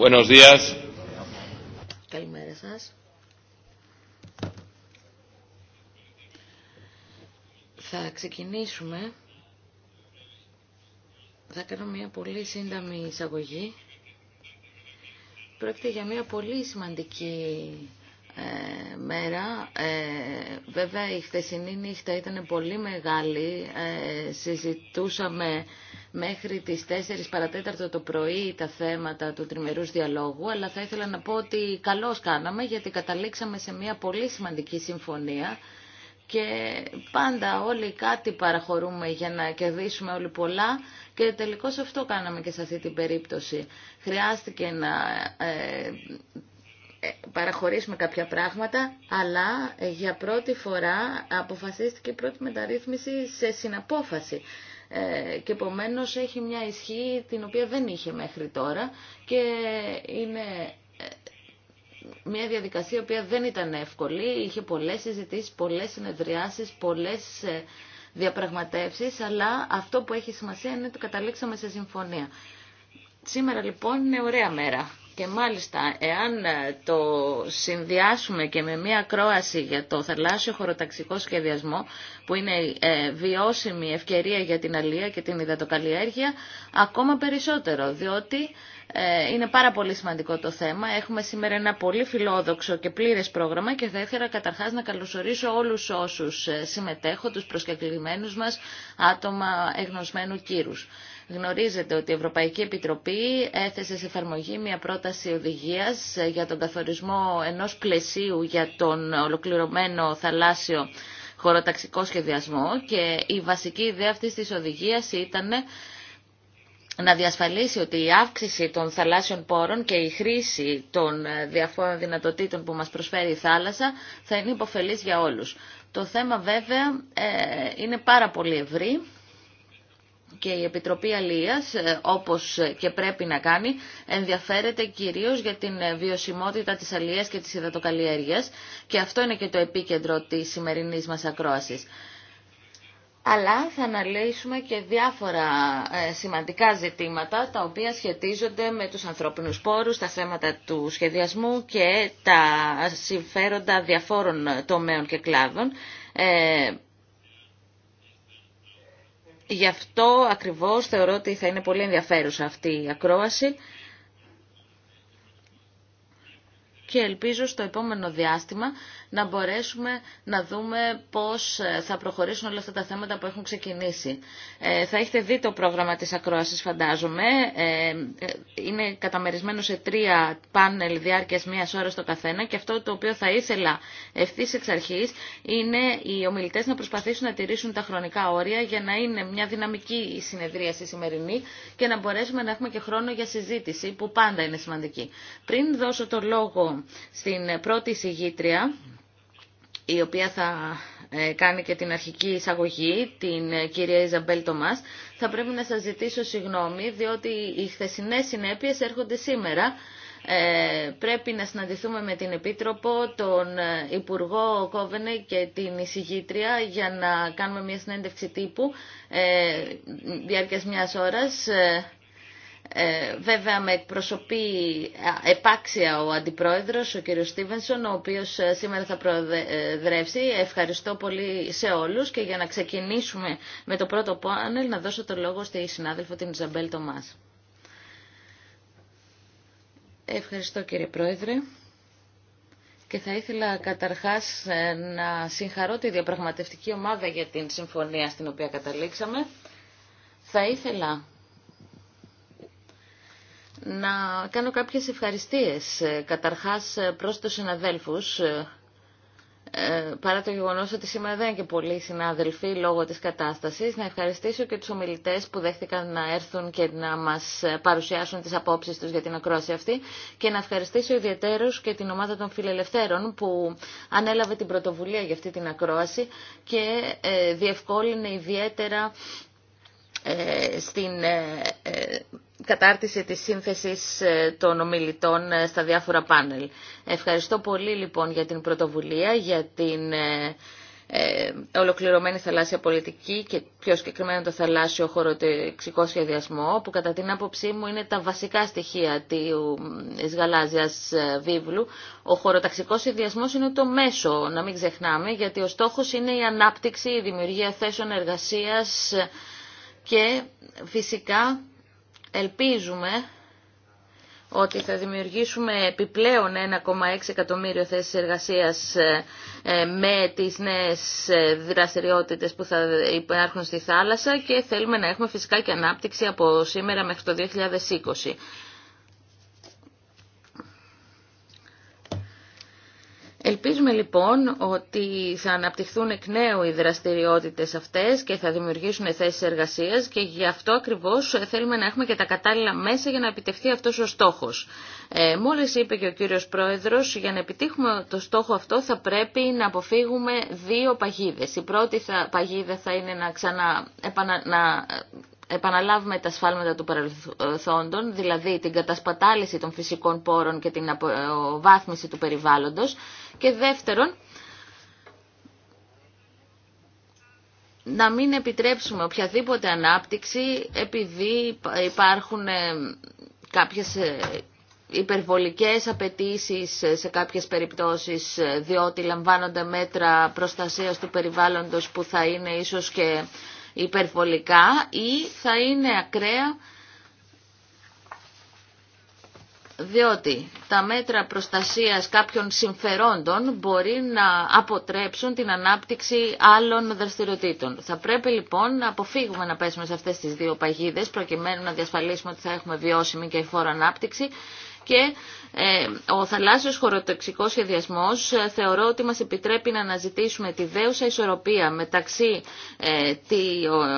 Buenos Καλημέρα σα. Θα ξεκινήσουμε. Θα κάνω μια πολύ σύνταμη εισαγωγή. Πρόκειται για μια πολύ σημαντική ε, μέρα. Ε, βέβαια η χθεσινή νύχτα ήταν πολύ μεγάλη. Ε, συζητούσαμε μέχρι τις 4 παρατέταρτο το πρωί τα θέματα του τριμερούς διαλόγου, αλλά θα ήθελα να πω ότι καλώς κάναμε γιατί καταλήξαμε σε μια πολύ σημαντική συμφωνία και πάντα όλοι κάτι παραχωρούμε για να κερδίσουμε όλοι πολλά και τελικώς αυτό κάναμε και σε αυτή την περίπτωση. Χρειάστηκε να ε, ε, παραχωρήσουμε κάποια πράγματα, αλλά ε, για πρώτη φορά αποφασίστηκε η πρώτη μεταρρύθμιση σε συναπόφαση. Ε, και επομένω έχει μια ισχύ την οποία δεν είχε μέχρι τώρα και είναι ε, μια διαδικασία η οποία δεν ήταν εύκολη, είχε πολλές συζητήσεις, πολλές συνεδριάσεις, πολλές ε, διαπραγματεύσεις, αλλά αυτό που έχει σημασία είναι ότι καταλήξαμε σε συμφωνία. Σήμερα λοιπόν είναι ωραία μέρα. Και μάλιστα, εάν ε, το συνδυάσουμε και με μία κρόαση για το θαλάσσιο χωροταξικό σχεδιασμό, που είναι ε, βιώσιμη ευκαιρία για την αλία και την υδατοκαλλιέργεια, ακόμα περισσότερο, διότι ε, είναι πάρα πολύ σημαντικό το θέμα. Έχουμε σήμερα ένα πολύ φιλόδοξο και πλήρες πρόγραμμα και θα ήθελα καταρχάς να καλωσορίσω όλους όσους συμμετέχω, τους προσκεκλημένους μας άτομα εγνωσμένου κύρους. Γνωρίζετε ότι η Ευρωπαϊκή Επιτροπή έθεσε σε εφαρμογή μια πρόταση οδηγίας για τον καθορισμό ενός πλαισίου για τον ολοκληρωμένο θαλάσσιο χωροταξικό σχεδιασμό και η βασική ιδέα αυτής της οδηγίας ήταν να διασφαλίσει ότι η αύξηση των θαλάσσιων πόρων και η χρήση των διαφόρων δυνατοτήτων που μας προσφέρει η θάλασσα θα είναι υποφελής για όλους. Το θέμα βέβαια ε, είναι πάρα πολύ ευρύ και η Επιτροπή Αλίας, ε, όπως και πρέπει να κάνει, ενδιαφέρεται κυρίως για την ε, βιωσιμότητα της αλίας και της υδατοκαλλιέργειας και αυτό είναι και το επίκεντρο της σημερινής μας ακρόασης. Αλλά θα αναλύσουμε και διάφορα ε, σημαντικά ζητήματα τα οποία σχετίζονται με τους ανθρώπινους πόρους, τα θέματα του σχεδιασμού και τα συμφέροντα διαφόρων τομέων και κλάδων Γι' αυτό ακριβώς θεωρώ ότι θα είναι πολύ ενδιαφέρουσα αυτή η ακρόαση και ελπίζω στο επόμενο διάστημα να μπορέσουμε να δούμε πώς ε, θα προχωρήσουν όλα αυτά τα θέματα που έχουν ξεκινήσει. Ε, θα έχετε δει το πρόγραμμα της ακρόασης φαντάζομαι. Ε, ε είναι καταμερισμένο σε τρία πάνελ διάρκειας μίας ώρας το καθένα και αυτό το οποίο θα ήθελα ευθύ εξ αρχής είναι οι ομιλητές να προσπαθήσουν να τηρήσουν τα χρονικά όρια για να είναι μια δυναμική η στη σημερινή και να μπορέσουμε να έχουμε και χρόνο για συζήτηση που πάντα είναι σημαντική. Πριν δώσω το λόγο στην πρώτη συγγήτρια, η οποία θα ε, κάνει και την αρχική εισαγωγή, την ε, κυρία Ιζαμπέλ Τομάς, θα πρέπει να σας ζητήσω συγγνώμη, διότι οι χθεσινές συνέπειες έρχονται σήμερα. Ε, πρέπει να συναντηθούμε με την Επίτροπο, τον ε, Υπουργό Κόβενε και την Ισηγήτρια για να κάνουμε μια συνέντευξη τύπου ε, διάρκειας μιας ώρας. Ε, βέβαια με εκπροσωπεί επάξια ο Αντιπρόεδρος, ο κύριος Στίβενσον, ο οποίος ε, σήμερα θα προεδρεύσει. Ευχαριστώ πολύ σε όλους και για να ξεκινήσουμε με το πρώτο πάνελ να δώσω το λόγο στη συνάδελφο την Ιζαμπέλ Τομάς. Ευχαριστώ κύριε Πρόεδρε. Και θα ήθελα καταρχάς ε, να συγχαρώ τη διαπραγματευτική ομάδα για την συμφωνία στην οποία καταλήξαμε. Θα ήθελα να κάνω κάποιες ευχαριστίες. Καταρχάς προς τους συναδέλφους, ε, παρά το γεγονός ότι σήμερα δεν είναι και πολλοί συνάδελφοι λόγω της κατάστασης, να ευχαριστήσω και τους ομιλητές που δέχτηκαν να έρθουν και να μας παρουσιάσουν τις απόψεις τους για την ακρόαση αυτή και να ευχαριστήσω ιδιαίτερως και την ομάδα των φιλελευθέρων που ανέλαβε την πρωτοβουλία για αυτή την ακρόαση και ε, διευκόλυνε ιδιαίτερα ε, στην ε, ε, κατάρτιση της σύνθεσης των ομιλητών στα διάφορα πάνελ. Ευχαριστώ πολύ λοιπόν για την πρωτοβουλία, για την ολοκληρωμένη θαλάσσια πολιτική και πιο συγκεκριμένα το θαλάσσιο χωροτεξικό σχεδιασμό που κατά την άποψή μου είναι τα βασικά στοιχεία της γαλάζιας βίβλου. Ο χωροταξικός σχεδιασμός είναι το μέσο, να μην ξεχνάμε, γιατί ο στόχος είναι η ανάπτυξη, η δημιουργία θέσεων εργασίας, και φυσικά ελπίζουμε ότι θα δημιουργήσουμε επιπλέον 1,6 εκατομμύριο θέσεις εργασίας ε, ε, με τις νέες ε, δραστηριότητες που θα υπάρχουν στη θάλασσα και θέλουμε να έχουμε φυσικά και ανάπτυξη από σήμερα μέχρι το 2020. Ελπίζουμε λοιπόν ότι θα αναπτυχθούν εκ νέου οι δραστηριότητες αυτές και θα δημιουργήσουν θέσεις εργασίας και γι' αυτό ακριβώς θέλουμε να έχουμε και τα κατάλληλα μέσα για να επιτευχθεί αυτός ο στόχος. Ε, μόλις είπε και ο κύριος Πρόεδρος, για να επιτύχουμε το στόχο αυτό θα πρέπει να αποφύγουμε δύο παγίδες. Η πρώτη παγίδα θα είναι να, ξανά, επανα, να επαναλάβουμε τα σφάλματα του παρελθόντων, δηλαδή την κατασπατάληση των φυσικών πόρων και την ε, βάθμιση του περιβάλλοντος. Και δεύτερον, να μην επιτρέψουμε οποιαδήποτε ανάπτυξη επειδή υπάρχουν ε, κάποιες ε, υπερβολικές απαιτήσει σε κάποιες περιπτώσεις διότι λαμβάνονται μέτρα προστασίας του περιβάλλοντος που θα είναι ίσως και υπερβολικά ή θα είναι ακραία διότι τα μέτρα προστασίας κάποιων συμφερόντων μπορεί να αποτρέψουν την ανάπτυξη άλλων δραστηριοτήτων. Θα πρέπει λοιπόν να αποφύγουμε να πέσουμε σε αυτές τις δύο παγίδες προκειμένου να διασφαλίσουμε ότι θα έχουμε βιώσιμη και εφόρο ανάπτυξη και ε, ο θαλάσσιος χωροτεξικό σχεδιασμός ε, θεωρώ ότι μας επιτρέπει να αναζητήσουμε τη δέουσα ισορροπία μεταξύ ε, των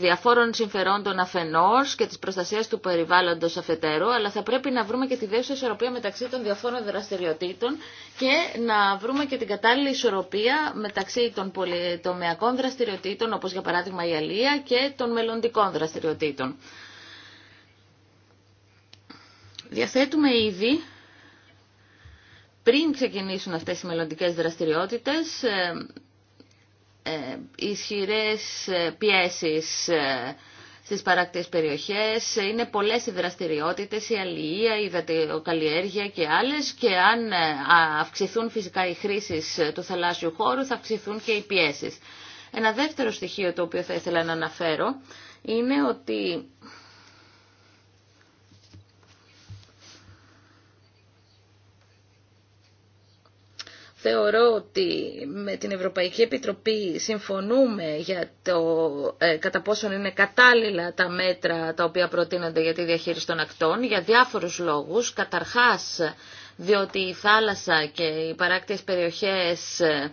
διαφόρων συμφερόντων αφενός και της προστασίας του περιβάλλοντος αφετέρου, αλλά θα πρέπει να βρούμε και τη δέουσα ισορροπία μεταξύ των διαφόρων δραστηριοτήτων και να βρούμε και την κατάλληλη ισορροπία μεταξύ των πολυτομιακών δραστηριοτήτων, όπως για παράδειγμα η Αλία, και των μελλοντικών δραστηριοτήτων διαθέτουμε ήδη πριν ξεκινήσουν αυτές οι μελλοντικές δραστηριότητες ε, ε ισχυρές ε, πιέσεις ε, στις παράκτιες περιοχές. Είναι πολλές οι δραστηριότητες, η αλληλεία, η καλλιέργεια και άλλες και αν αυξηθούν φυσικά οι χρήσεις του θαλάσσιου χώρου θα αυξηθούν και οι πιέσεις. Ένα δεύτερο στοιχείο το οποίο θα ήθελα να αναφέρω είναι ότι Θεωρώ ότι με την Ευρωπαϊκή Επιτροπή συμφωνούμε για το ε, κατά πόσον είναι κατάλληλα τα μέτρα τα οποία προτείνονται για τη διαχείριση των ακτών για διάφορους λόγους. Καταρχάς, διότι η θάλασσα και οι παράκτιες περιοχές ε,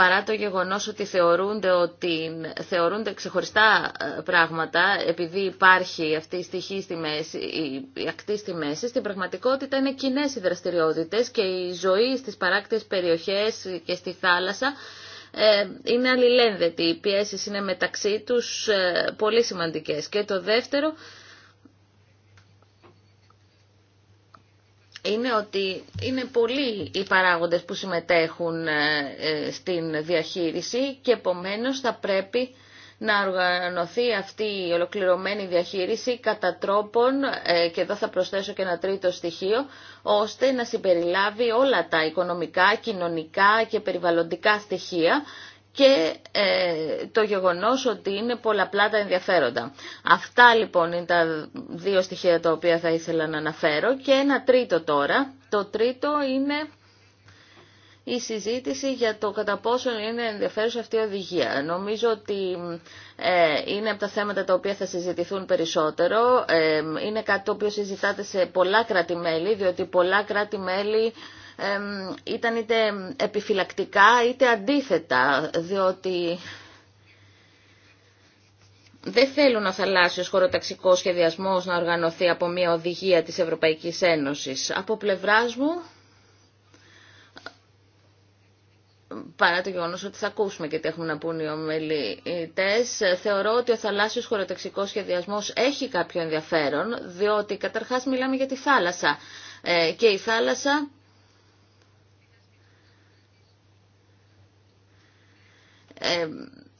παρά το γεγονός ότι θεωρούνται, ότι θεωρούνται ξεχωριστά ε, πράγματα, επειδή υπάρχει αυτή η στοιχή στη μέση, η ακτή στη μέση, στην πραγματικότητα είναι κοινέ οι δραστηριότητες και η ζωή στις παράκτιες περιοχές και στη θάλασσα ε, είναι αλληλένδετη. Οι πιέσει είναι μεταξύ τους ε, πολύ σημαντικές. Και το δεύτερο είναι ότι είναι πολλοί οι παράγοντες που συμμετέχουν ε, ε, στην διαχείριση και επομένως θα πρέπει να οργανωθεί αυτή η ολοκληρωμένη διαχείριση κατά τρόπον, ε, και εδώ θα προσθέσω και ένα τρίτο στοιχείο, ώστε να συμπεριλάβει όλα τα οικονομικά, κοινωνικά και περιβαλλοντικά στοιχεία, και ε, το γεγονός ότι είναι πολλαπλά τα ενδιαφέροντα. Αυτά λοιπόν είναι τα δύο στοιχεία τα οποία θα ήθελα να αναφέρω και ένα τρίτο τώρα. Το τρίτο είναι η συζήτηση για το κατά πόσο είναι ενδιαφέρουσα αυτή η οδηγία. Νομίζω ότι ε, είναι από τα θέματα τα οποία θα συζητηθούν περισσότερο. Ε, είναι κάτι το οποίο συζητάται σε πολλά κράτη-μέλη, διότι πολλά κράτη-μέλη ήταν είτε επιφυλακτικά είτε αντίθετα, διότι δεν θέλουν ο θαλάσσιος χωροταξικός σχεδιασμός να οργανωθεί από μια οδηγία της Ευρωπαϊκής Ένωσης. Από πλευράς μου, παρά το γεγονός ότι θα ακούσουμε και τι έχουν να πούν οι ομιλητές, θεωρώ ότι ο θαλάσσιος χωροταξικός σχεδιασμός έχει κάποιο ενδιαφέρον, διότι καταρχάς μιλάμε για τη θάλασσα. Ε, και η θάλασσα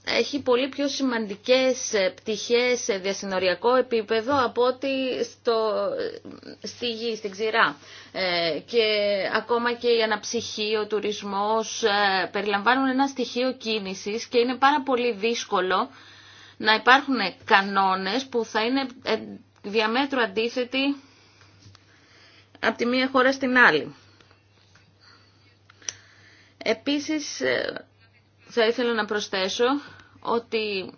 έχει πολύ πιο σημαντικές ε, πτυχές σε διασυνοριακό επίπεδο από ότι στο, ε, στη γη, στην ξηρά. Ε, και ακόμα και η αναψυχή, ο τουρισμός περιλαμβάνουν ένα στοιχείο κίνησης και είναι πάρα πολύ δύσκολο να υπάρχουν κανόνες που θα είναι διαμέτρου αντίθετοι από τη μία χώρα στην άλλη. Επίσης, θα ήθελα να προσθέσω ότι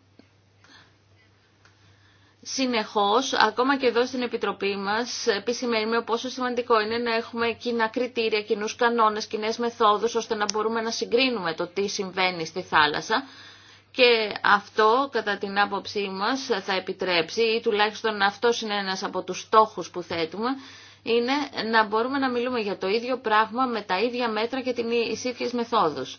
συνεχώς, ακόμα και εδώ στην Επιτροπή μας, επισημαίνουμε πόσο σημαντικό είναι να έχουμε κοινά κριτήρια, κοινού κανόνες, κοινέ μεθόδους, ώστε να μπορούμε να συγκρίνουμε το τι συμβαίνει στη θάλασσα. Και αυτό, κατά την άποψή μας, θα επιτρέψει, ή τουλάχιστον αυτό είναι ένας από τους στόχους που θέτουμε, είναι να μπορούμε να μιλούμε για το ίδιο πράγμα με τα ίδια μέτρα και τις ίδιες μεθόδους.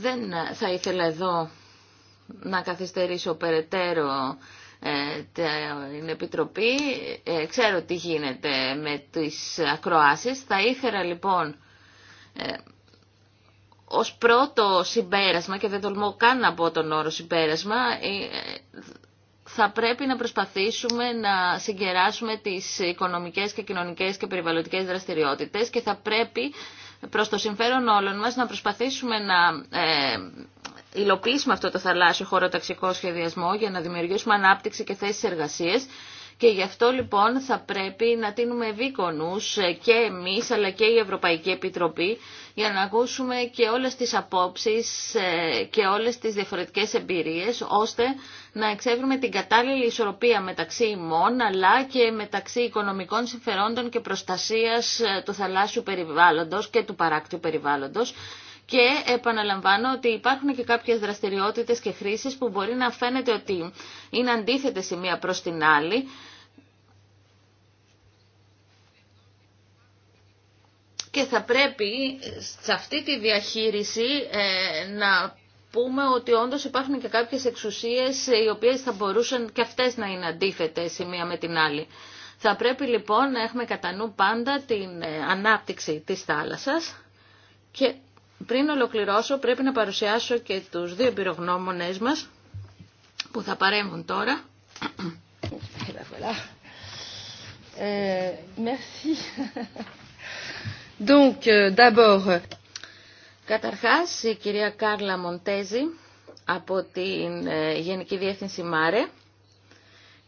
Δεν θα ήθελα εδώ να καθυστερήσω περαιτέρω ε, την Επιτροπή. Ε, ξέρω τι γίνεται με τις ακροάσεις. Θα ήθελα λοιπόν ε, ως πρώτο συμπέρασμα, και δεν τολμώ καν να πω τον όρο συμπέρασμα, θα πρέπει να προσπαθήσουμε να συγκεράσουμε τις οικονομικές και κοινωνικές και περιβαλλοντικές δραστηριότητες και θα πρέπει προς το συμφέρον όλων μας να προσπαθήσουμε να ε, υλοποιήσουμε αυτό το θαλάσσιο χωροταξικό σχεδιασμό για να δημιουργήσουμε ανάπτυξη και θέσεις εργασίες και γι' αυτό λοιπόν θα πρέπει να τίνουμε βίκονους και εμείς αλλά και η Ευρωπαϊκή Επιτροπή για να ακούσουμε και όλες τις απόψεις ε, και όλες τις διαφορετικές εμπειρίες ώστε να εξεύρουμε την κατάλληλη ισορροπία μεταξύ ημών αλλά και μεταξύ οικονομικών συμφερόντων και προστασίας ε, του θαλάσσιου περιβάλλοντος και του παράκτιου περιβάλλοντος και επαναλαμβάνω ότι υπάρχουν και κάποιες δραστηριότητες και χρήσεις που μπορεί να φαίνεται ότι είναι αντίθετες η μία προς την άλλη και θα πρέπει σε αυτή τη διαχείριση ε, να πούμε ότι όντως υπάρχουν και κάποιες εξουσίες ε, οι οποίες θα μπορούσαν και αυτές να είναι αντίθετες η μία με την άλλη. Θα πρέπει λοιπόν να έχουμε κατά νου πάντα την ε, ανάπτυξη της θάλασσας και πριν ολοκληρώσω πρέπει να παρουσιάσω και τους δύο πυρογνώμονές μας που θα παρέμβουν τώρα. Donc, euh, Καταρχάς, η κυρία Κάρλα Μοντέζη από την ε, Γενική Διεύθυνση ΜΑΡΕ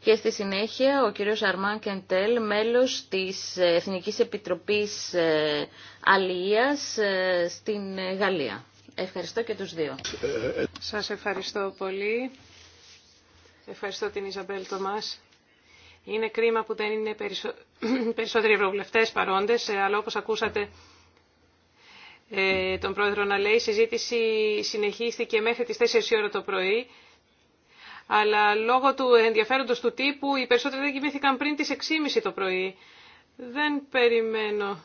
και στη συνέχεια ο κύριος Αρμάν Κεντέλ, μέλος της Εθνικής Επιτροπής ε, Αλίας ε, στην Γαλλία. Ευχαριστώ και τους δύο. Σας ευχαριστώ πολύ. Ευχαριστώ την Ιζαμπέλ Τομάς είναι κρίμα που δεν είναι περισσότεροι ευρωβουλευτέ παρόντες, ε, αλλά όπως ακούσατε ε, τον πρόεδρο να λέει, η συζήτηση συνεχίστηκε μέχρι τις 4 ώρα το πρωί, αλλά λόγω του ενδιαφέροντος του τύπου οι περισσότεροι δεν κοιμήθηκαν πριν τις 6.30 το πρωί. Δεν περιμένω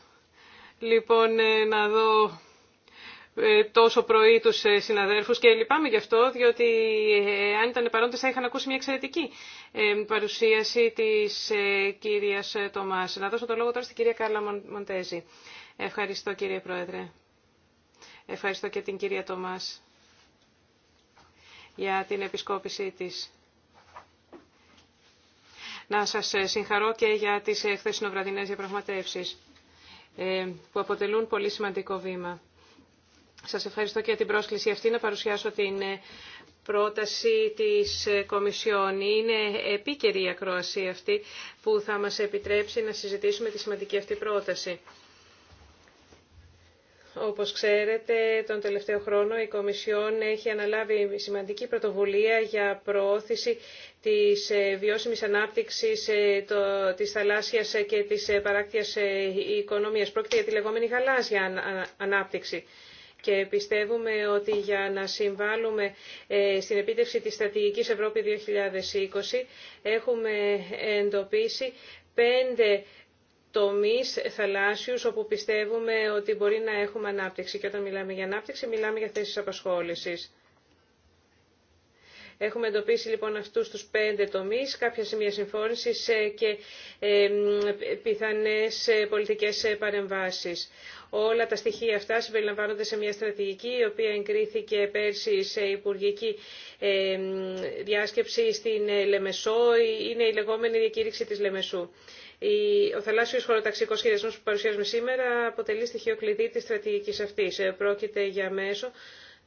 λοιπόν ε, να δω ε, τόσο πρωί του ε, συναδέλφους και λυπάμαι γι' αυτό, διότι ε, αν ήταν παρόντες θα είχαν ακούσει μια εξαιρετική παρουσίαση της κυρίας Τομάς. Να δώσω το λόγο τώρα στην κυρία Κάρλα Μοντέζη. Ευχαριστώ κύριε Πρόεδρε. Ευχαριστώ και την κυρία Τομάς για την επισκόπησή της. Να σα συγχαρώ και για τις χθεσινοβραδινέ διαπραγματεύσει που αποτελούν πολύ σημαντικό βήμα. Σας ευχαριστώ και την πρόσκληση αυτή να παρουσιάσω την ε, πρόταση της ε, Κομισιόν. Είναι επίκαιρη η ακρόαση αυτή που θα μας επιτρέψει να συζητήσουμε τη σημαντική αυτή πρόταση. Όπως ξέρετε, τον τελευταίο χρόνο η Κομισιόν έχει αναλάβει σημαντική πρωτοβουλία για προώθηση της ε, βιώσιμης ανάπτυξης της θαλάσσιας και της παράκτιας οικονομίας. Πρόκειται για τη λεγόμενη γαλάζια ανάπτυξη και πιστεύουμε ότι για να συμβάλλουμε ε, στην επίτευξη της στρατηγικής Ευρώπη 2020 έχουμε εντοπίσει πέντε τομείς θαλάσσιους όπου πιστεύουμε ότι μπορεί να έχουμε ανάπτυξη. Και όταν μιλάμε για ανάπτυξη μιλάμε για θέσεις απασχόλησης. Έχουμε εντοπίσει λοιπόν αυτούς τους πέντε τομείς, κάποια σημεία συμφώνησης ε, και ε, πιθανές ε, πολιτικές παρεμβάσεις. Όλα τα στοιχεία αυτά συμπεριλαμβάνονται σε μια στρατηγική η οποία εγκρίθηκε πέρσι σε υπουργική διάσκεψη στην Λεμεσό. Είναι η λεγόμενη διακήρυξη της Λεμεσού. Ο θαλάσσιος χωροταξικός σχεδιασμός που παρουσιάζουμε σήμερα αποτελεί στοιχείο κλειδί της στρατηγικής αυτής. Πρόκειται για μέσο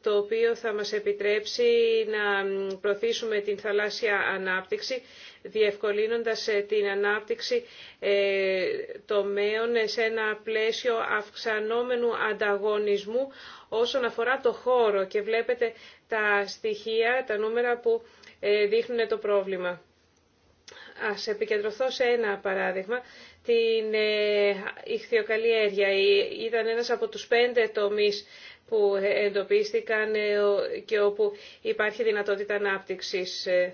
το οποίο θα μας επιτρέψει να προωθήσουμε την θαλάσσια ανάπτυξη, διευκολύνοντας ε, την ανάπτυξη ε, τομέων σε ένα πλαίσιο αυξανόμενου ανταγωνισμού όσον αφορά το χώρο. Και βλέπετε τα στοιχεία, τα νούμερα που ε, δείχνουν το πρόβλημα. Ας επικεντρωθώ σε ένα παράδειγμα. Την ηχθειοκαλλιέργεια ήταν ένας από τους πέντε τομείς που εντοπίστηκαν ε, και όπου υπάρχει δυνατότητα ανάπτυξης. Ε,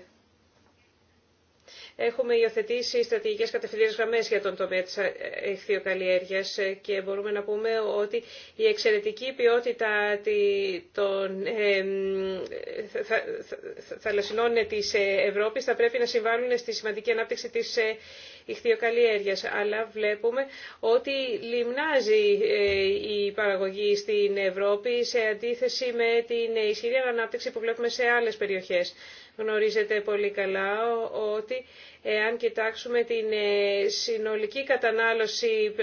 έχουμε υιοθετήσει στρατηγικέ κατευθυντήριες γραμμέ για τον τομέα τη ηχθειοκαλλιέργεια ε, και μπορούμε να πούμε ότι η εξαιρετική ποιότητα των θαλασσινών τη Ευρώπη θα πρέπει να συμβάλλουν στη σημαντική ανάπτυξη τη αλλά βλέπουμε ότι λιμνάζει ε, η παραγωγή στην Ευρώπη σε αντίθεση με την ισχυρή ανάπτυξη που βλέπουμε σε άλλε περιοχέ. Γνωρίζετε πολύ καλά ότι εάν κοιτάξουμε την ε, συνολική κατανάλωση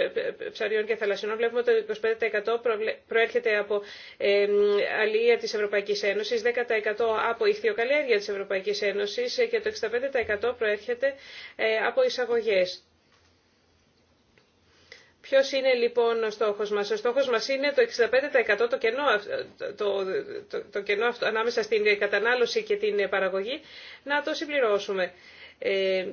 ψαριών και θαλασσινών, βλέπουμε ότι το 25% προέρχεται από αλληλεία της Ευρωπαϊκής Ένωσης, 10% από ηχθειοκαλλιέργεια της Ευρωπαϊκής Ένωσης και το 65% προέρχεται ε, από εισαγωγές. Ποιο είναι λοιπόν ο στόχο μας. Ο στόχο μας είναι το 65% το κενό, το, το, το κενό αυτό, ανάμεσα στην κατανάλωση και την παραγωγή να το συμπληρώσουμε. Ε,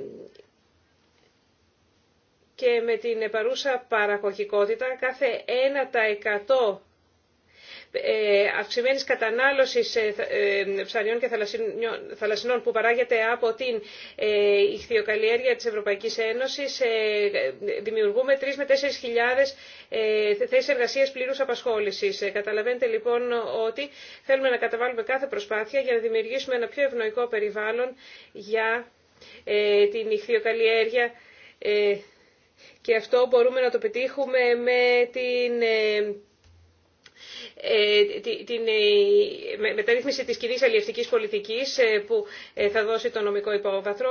και με την παρούσα παραγωγικότητα κάθε 1% ε, αυξημένης κατανάλωσης ε, ε, ψαριών και θαλασσινών που παράγεται από την ιχθυοκαλλιέργεια της Ευρωπαϊκής Ένωσης δημιουργούμε 3 με 4 χιλιάδες θέσεις εργασίας πλήρους απασχόλησης. Καταλαβαίνετε λοιπόν ότι θέλουμε να καταβάλουμε κάθε προσπάθεια για να δημιουργήσουμε ένα πιο ευνοϊκό περιβάλλον για την ηχθειοκαλλιέργεια και αυτό μπορούμε να το πετύχουμε με την ε, την ε, μεταρρύθμιση της κοινή αλλιευτικής πολιτικής ε, που θα δώσει το νομικό υπόβαθρο.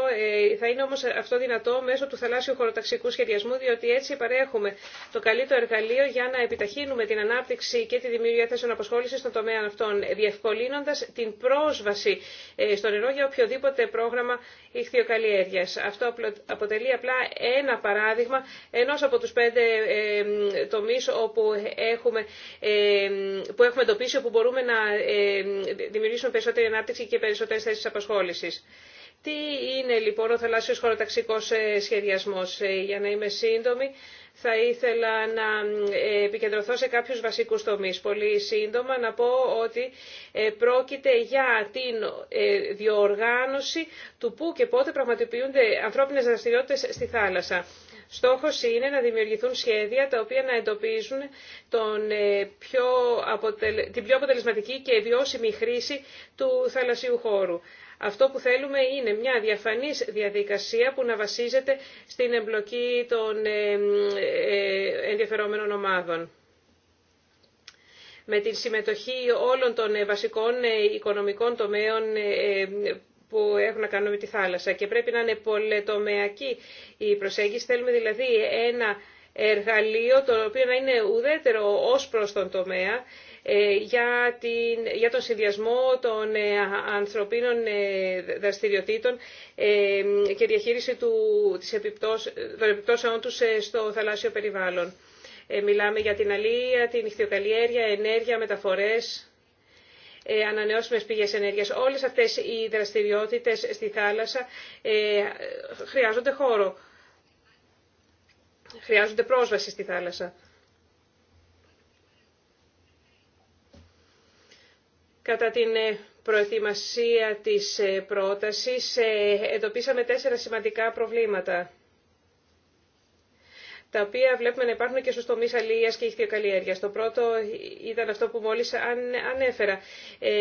Θα είναι όμως αυτό δυνατό μέσω του θαλάσσιου χωροταξικού σχεδιασμού, διότι έτσι παρέχουμε το καλύτερο εργαλείο για να επιταχύνουμε την ανάπτυξη και τη δημιουργία θέσεων απασχόλησης στον τομέα αυτών, διευκολύνοντας την πρόσβαση στο νερό για οποιοδήποτε πρόγραμμα ηχθειοκαλλιέργειας. Αυτό αποτελεί απλά ένα παράδειγμα ενός από τους πέντε τομείς όπου έχουμε που έχουμε εντοπίσει όπου μπορούμε να δημιουργήσουμε περισσότερη ανάπτυξη και περισσότερες θέσει απασχόλησης. Τι είναι λοιπόν ο θαλάσσιος χωροταξικός ε, σχεδιασμός. Ε, για να είμαι σύντομη, θα ήθελα να ε, επικεντρωθώ σε κάποιους βασικούς τομείς. Πολύ σύντομα να πω ότι πρόκειται για την διοργάνωση του πού και πότε πραγματοποιούνται ανθρώπινες δραστηριότητες στη θάλασσα. Στόχος είναι να δημιουργηθούν σχέδια τα οποία να εντοπίζουν τον ε, πιο την πιο αποτελεσματική και βιώσιμη χρήση του θαλασσίου χώρου. Αυτό που θέλουμε είναι μια διαφανής διαδικασία που να βασίζεται στην εμπλοκή των ε, ε, ενδιαφερόμενων ομάδων. Με τη συμμετοχή όλων των βασικών οικονομικών τομέων που έχουν να κάνουν με τη θάλασσα και πρέπει να είναι πολετομεακή η προσέγγιση. Θέλουμε δηλαδή ένα εργαλείο το οποίο να είναι ουδέτερο ως προς τον τομέα ε, για, την, για τον συνδυασμό των ε, ανθρωπίνων ε, δραστηριοτήτων και διαχείριση του, της των επιπτώσεων τους στο θαλάσσιο περιβάλλον. Μιλάμε για την αλία, την ηχθειοκαλλιέργεια, ενέργεια, μεταφορές ε, ανανεώσιμες πηγές ενέργειας. Όλες αυτές οι δραστηριότητες στη θάλασσα ε, χρειάζονται χώρο. Χρειάζονται πρόσβαση στη θάλασσα. Κατά την ε, προετοιμασία της πρότασης εντοπίσαμε τέσσερα σημαντικά προβλήματα τα οποία βλέπουμε να υπάρχουν και στου τομεί αλληλεία και ηχθειοκαλλιέργεια. Το πρώτο ήταν αυτό που μόλι ανέφερα. Ε,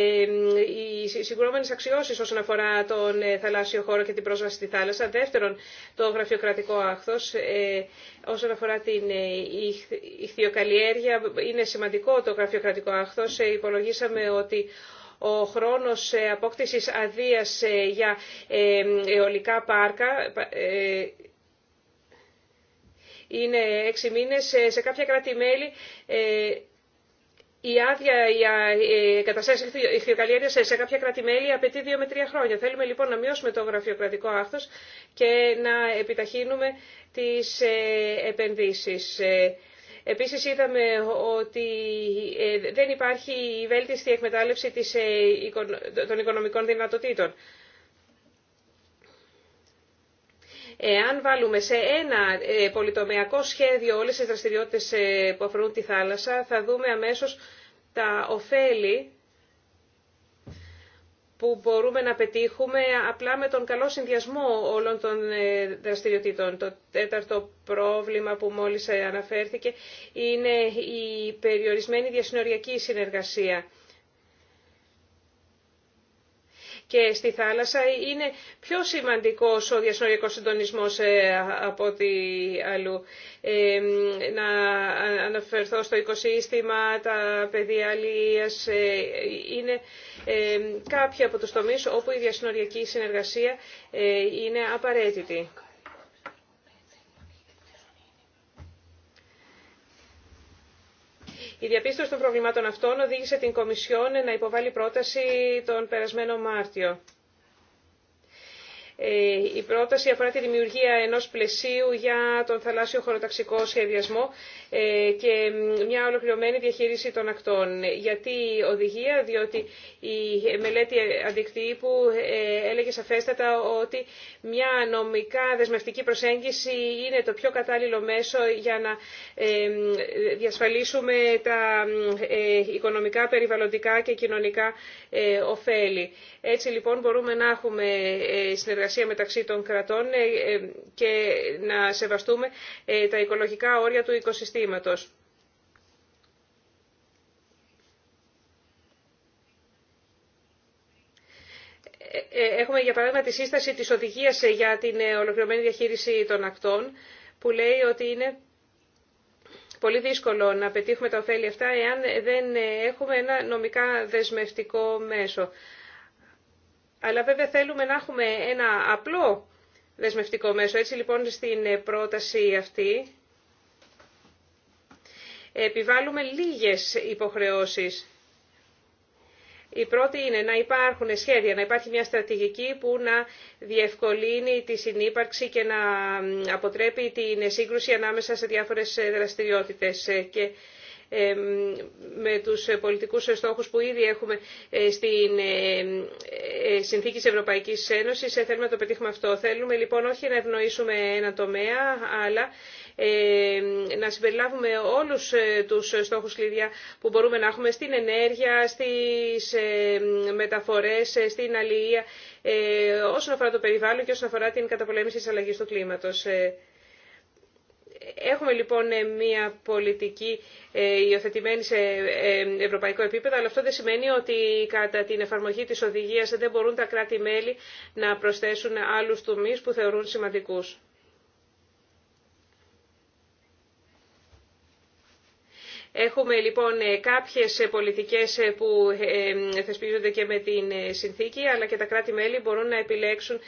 οι συγκρούμενε αξιώσει όσον αφορά τον ε, θαλάσσιο χώρο και την πρόσβαση στη θάλασσα. Δεύτερον, το γραφειοκρατικό άχθο. Ε, όσον αφορά την ηχθειοκαλλιέργεια, είναι σημαντικό το γραφειοκρατικό άχθο. υπολογίσαμε ότι ο χρόνος απόκτησης αδείας για αιωλικά πάρκα είναι έξι μήνες. Ε, σε κάποια κράτη-μέλη ε, η άδεια για ε, καταστάσει ηχθειοκαλλιέργεια σε κάποια κράτη-μέλη απαιτεί δύο με τρία χρόνια. Θέλουμε λοιπόν να μειώσουμε το γραφειοκρατικό άρθρο και να επιταχύνουμε τι επενδύσει. Επίσης είδαμε ότι δεν υπάρχει η βέλτιστη εκμετάλλευση των οικονομικών δυνατοτήτων. Εάν βάλουμε σε ένα ε, πολυτομεακό σχέδιο όλες τις δραστηριότητες ε, που αφορούν τη θάλασσα, θα δούμε αμέσως τα ωφέλη που μπορούμε να πετύχουμε απλά με τον καλό συνδυασμό όλων των ε, δραστηριοτήτων. Το τέταρτο πρόβλημα που μόλις αναφέρθηκε είναι η περιορισμένη διασυνοριακή συνεργασία. και στη θάλασσα είναι πιο σημαντικός ο διασυνοριακός συντονισμός ε, από ό,τι αλλού. Ε, να αναφερθώ στο οικοσύστημα, τα παιδεία αλληλείας, ε, είναι κάποια από τους τομείς όπου η διασυνοριακή συνεργασία είναι απαραίτητη. Η διαπίστωση των προβλημάτων αυτών οδήγησε την Κομισιόν να υποβάλει πρόταση τον περασμένο Μάρτιο. Ε, η πρόταση αφορά τη δημιουργία ενός πλαισίου για τον θαλάσσιο χωροταξικό σχεδιασμό ε, και μια ολοκληρωμένη διαχείριση των ακτών. Γιατί οδηγία, διότι η μελέτη αντικτύπου ε, έλεγε σαφέστατα ότι μια νομικά δεσμευτική προσέγγιση είναι το πιο κατάλληλο μέσο για να διασφαλίσουμε τα οικονομικά, περιβαλλοντικά και κοινωνικά ωφέλη. Έτσι λοιπόν μπορούμε να έχουμε συνεργασία συνεργασία μεταξύ των κρατών ε, ε, και να σεβαστούμε ε, τα οικολογικά όρια του οικοσυστήματος. Έχουμε για παράδειγμα τη σύσταση της οδηγίας για την ολοκληρωμένη διαχείριση των ακτών που λέει ότι είναι πολύ δύσκολο να πετύχουμε τα ωφέλη αυτά εάν δεν έχουμε ένα νομικά δεσμευτικό μέσο. Αλλά βέβαια θέλουμε να έχουμε ένα απλό δεσμευτικό μέσο. Έτσι λοιπόν στην πρόταση αυτή επιβάλλουμε λίγες υποχρεώσεις. Η πρώτη είναι να υπάρχουν σχέδια, να υπάρχει μια στρατηγική που να διευκολύνει τη συνύπαρξη και να αποτρέπει την σύγκρουση ανάμεσα σε διάφορες ε, δραστηριότητες. Ε, και με τους πολιτικούς στόχους που ήδη έχουμε ε, στην ε, ε, Συνθήκη της Ευρωπαϊκής Ένωσης. Θέλουμε να το πετύχουμε αυτό. Θέλουμε λοιπόν όχι να ευνοήσουμε ένα τομέα, αλλά να συμπεριλάβουμε όλους τους στόχους κλειδιά που μπορούμε να έχουμε στην ενέργεια, στις μεταφορές, στην αλληλεία, όσον αφορά το περιβάλλον και όσον αφορά την καταπολέμηση της αλλαγής του κλίματος. Έχουμε λοιπόν ε, μια πολιτική ε, υιοθετημένη σε ε, ευρωπαϊκό επίπεδο, αλλά αυτό δεν σημαίνει ότι κατά την εφαρμογή της οδηγίας δεν μπορούν τα κράτη-μέλη να προσθέσουν άλλους τομείς που θεωρούν σημαντικούς. Έχουμε λοιπόν κάποιες πολιτικές που θεσπίζονται και με την συνθήκη, αλλά και τα κράτη-μέλη μπορούν να επιλέξουν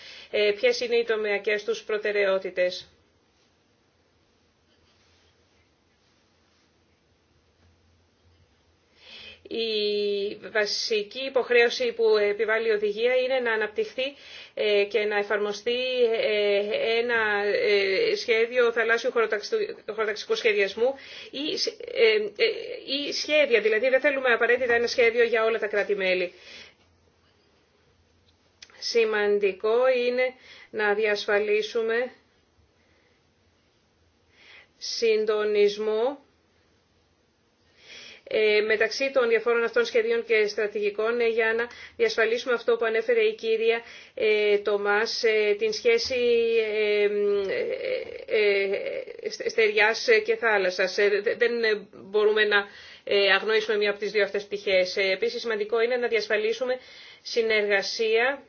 ποιες είναι οι τομεακές τους προτεραιότητες. Η βασική υποχρέωση που επιβάλλει η οδηγία είναι να αναπτυχθεί ε, και να εφαρμοστεί ε, ένα ε, σχέδιο θαλάσσιου χωροταξικού σχεδιασμού ή σχέδια, δηλαδή δεν θέλουμε απαραίτητα ένα σχέδιο για όλα τα κράτη-μέλη. Σημαντικό είναι να διασφαλίσουμε συντονισμό ε, μεταξύ των διαφόρων αυτών σχεδίων και στρατηγικών ε, για να διασφαλίσουμε αυτό που ανέφερε η κυρία ε, Τομάς, την σχέση στεριάς και θάλασσας. Δεν μπορούμε να αγνοήσουμε μία από τις δύο αυτές πτυχές. Επίσης σημαντικό είναι να διασφαλίσουμε συνεργασία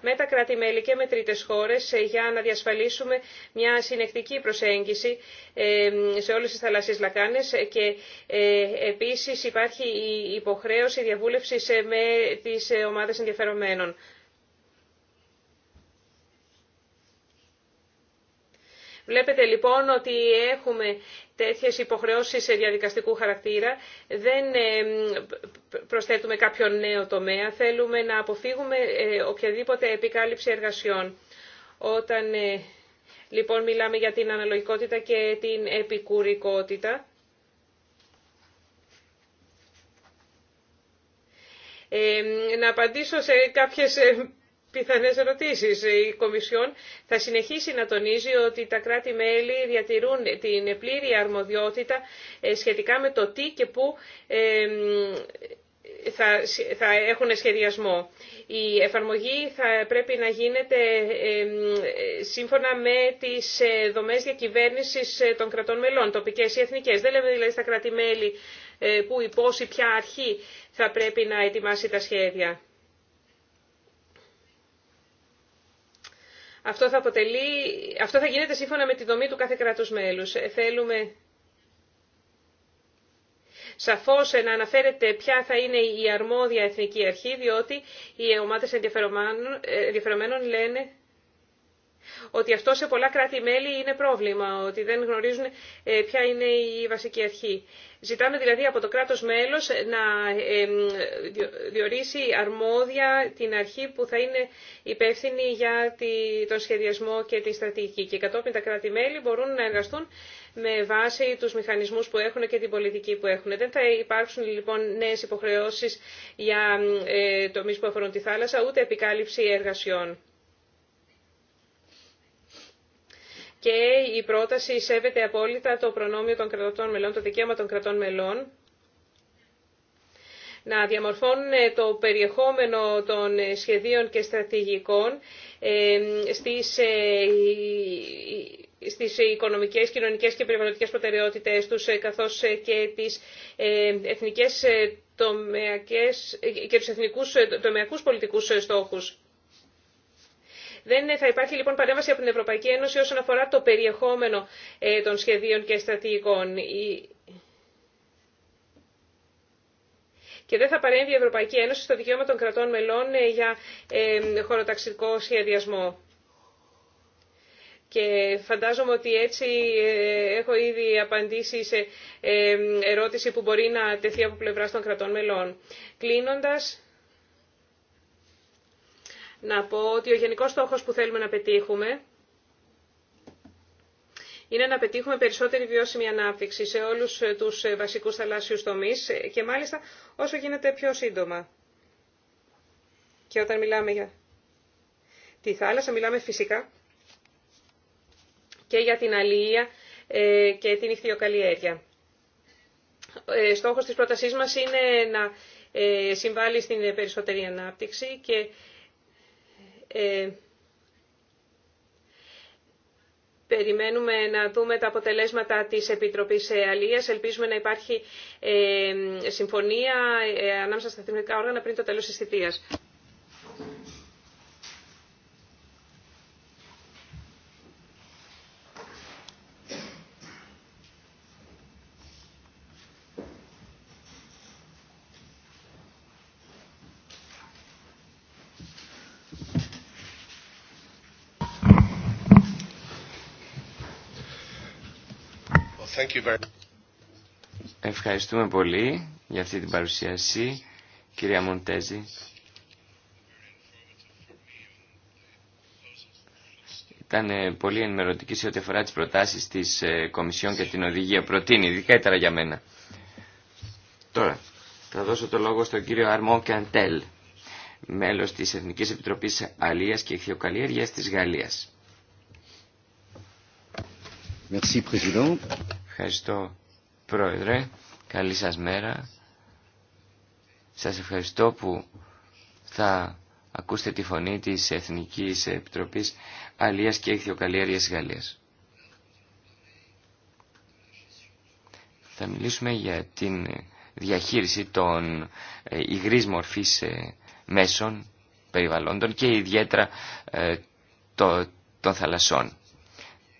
με τα κράτη-μέλη και με τρίτες χώρες ε, για να διασφαλίσουμε μια συνεκτική προσέγγιση ε, σε όλες τις θαλασσίες λακάνες ε, και επίσης υπάρχει η υποχρέωση διαβούλευσης με τις ομάδες ενδιαφερομένων. Βλέπετε λοιπόν ότι έχουμε τέτοιες υποχρεώσεις σε διαδικαστικού χαρακτήρα. Δεν ε, προσθέτουμε κάποιο νέο τομέα. Θέλουμε να αποφύγουμε ε, οποιαδήποτε επικάλυψη εργασιών. Όταν ε, λοιπόν μιλάμε για την αναλογικότητα και την επικουρικότητα, να απαντήσω σε κάποιες πιθανές ερωτήσεις. Η Κομισιόν θα συνεχίσει να τονίζει ότι τα κράτη-μέλη διατηρούν την πλήρη αρμοδιότητα ε, σχετικά με το τι και πού ε, θα έχουν σχεδιασμό. Η εφαρμογή θα πρέπει να γίνεται ε, σύμφωνα με τις δομές διακυβέρνησης των κρατών μελών, τοπικές ή εθνικές. Δεν λέμε δηλαδή στα κράτη-μέλη που ή ποια αρχή θα πρέπει να ετοιμάσει τα σχέδια. Αυτό θα, αποτελεί, αυτό θα γίνεται σύμφωνα με τη δομή του κάθε κράτους μέλους. Ε, θέλουμε σαφώς να αναφέρεται ποια θα είναι η αρμόδια εθνική αρχή, διότι οι ομάδες ενδιαφερομένων ε, λένε ότι αυτό σε πολλά κράτη-μέλη είναι πρόβλημα, ότι δεν γνωρίζουν ε, ποια είναι η βασική αρχή. Ζητάμε δηλαδή από το κράτος μέλος να διορίσει αρμόδια την αρχή που θα είναι υπεύθυνη για τον σχεδιασμό και τη στρατηγική. Και κατόπιν τα κράτη-μέλη μπορούν να εργαστούν με βάση τους μηχανισμούς που έχουν και την πολιτική που έχουν. Δεν θα υπάρξουν λοιπόν νέες υποχρεώσεις για ε, τομείς που αφορούν τη θάλασσα, ούτε επικάλυψη εργασιών. και η πρόταση σέβεται απόλυτα το προνόμιο των κρατών μελών, το δικαίωμα των κρατών μελών να διαμορφώνουν ε, το περιεχόμενο των ε, σχεδίων και στρατηγικών ε, στις, στις οικονομικές, κοινωνικές και περιβαλλοντικές προτεραιότητες τους, καθώς και τις εθνικές και τους εθνικούς τομεακούς πολιτικούς στόχους. Δεν θα υπάρχει λοιπόν παρέμβαση από την Ευρωπαϊκή Ένωση όσον αφορά το περιεχόμενο ε, των σχεδίων και στρατηγικών. Και δεν θα παρέμβει η Ευρωπαϊκή Ένωση στο δικαίωμα των κρατών μελών ε, για ε, χωροταξικό σχεδιασμό. Και φαντάζομαι ότι έτσι έχω ήδη απαντήσει σε ερώτηση που μπορεί να τεθεί από πλευρά των κρατών μελών. Κλείνοντας, να πω ότι ο γενικός στόχος που θέλουμε να πετύχουμε είναι να πετύχουμε περισσότερη βιώσιμη ανάπτυξη σε όλους τους βασικούς θαλάσσιους τομείς και μάλιστα όσο γίνεται πιο σύντομα. Και όταν μιλάμε για τη θάλασσα, μιλάμε φυσικά και για την αλληλεία ε, και την ηχθειοκαλλιέργεια. Ε, στόχος της πρότασής μας είναι να ε, συμβάλλει στην περισσότερη ανάπτυξη και ε, περιμένουμε να δούμε τα αποτελέσματα της Επιτροπής Αλίας. Ελπίζουμε να υπάρχει ε, συμφωνία ε, ανάμεσα στα θεσμικά όργανα πριν το τέλος της θητείας. Ευχαριστούμε πολύ για αυτή την παρουσίαση, κυρία Μοντέζη. Ήταν ε, πολύ ενημερωτική σε ό,τι αφορά τι προτάσεις της ε, Κομισιόν και την οδηγία. Προτείνει, ειδικά για μένα. Τώρα, θα δώσω το λόγο στον κύριο Αρμό Καντέλ, μέλο της Εθνικής Επιτροπή Αλία και τη της Γαλλίας. Merci, Ευχαριστώ πρόεδρε. Καλή σας μέρα. Σας ευχαριστώ που θα ακούσετε τη φωνή της Εθνικής Επιτροπής Αλίας και Εχθιοκαλλιέργειας Γαλλίας. Θα μιλήσουμε για την διαχείριση των ε, υγρής μορφής ε, μέσων περιβαλλόντων και ιδιαίτερα ε, των θαλασσών.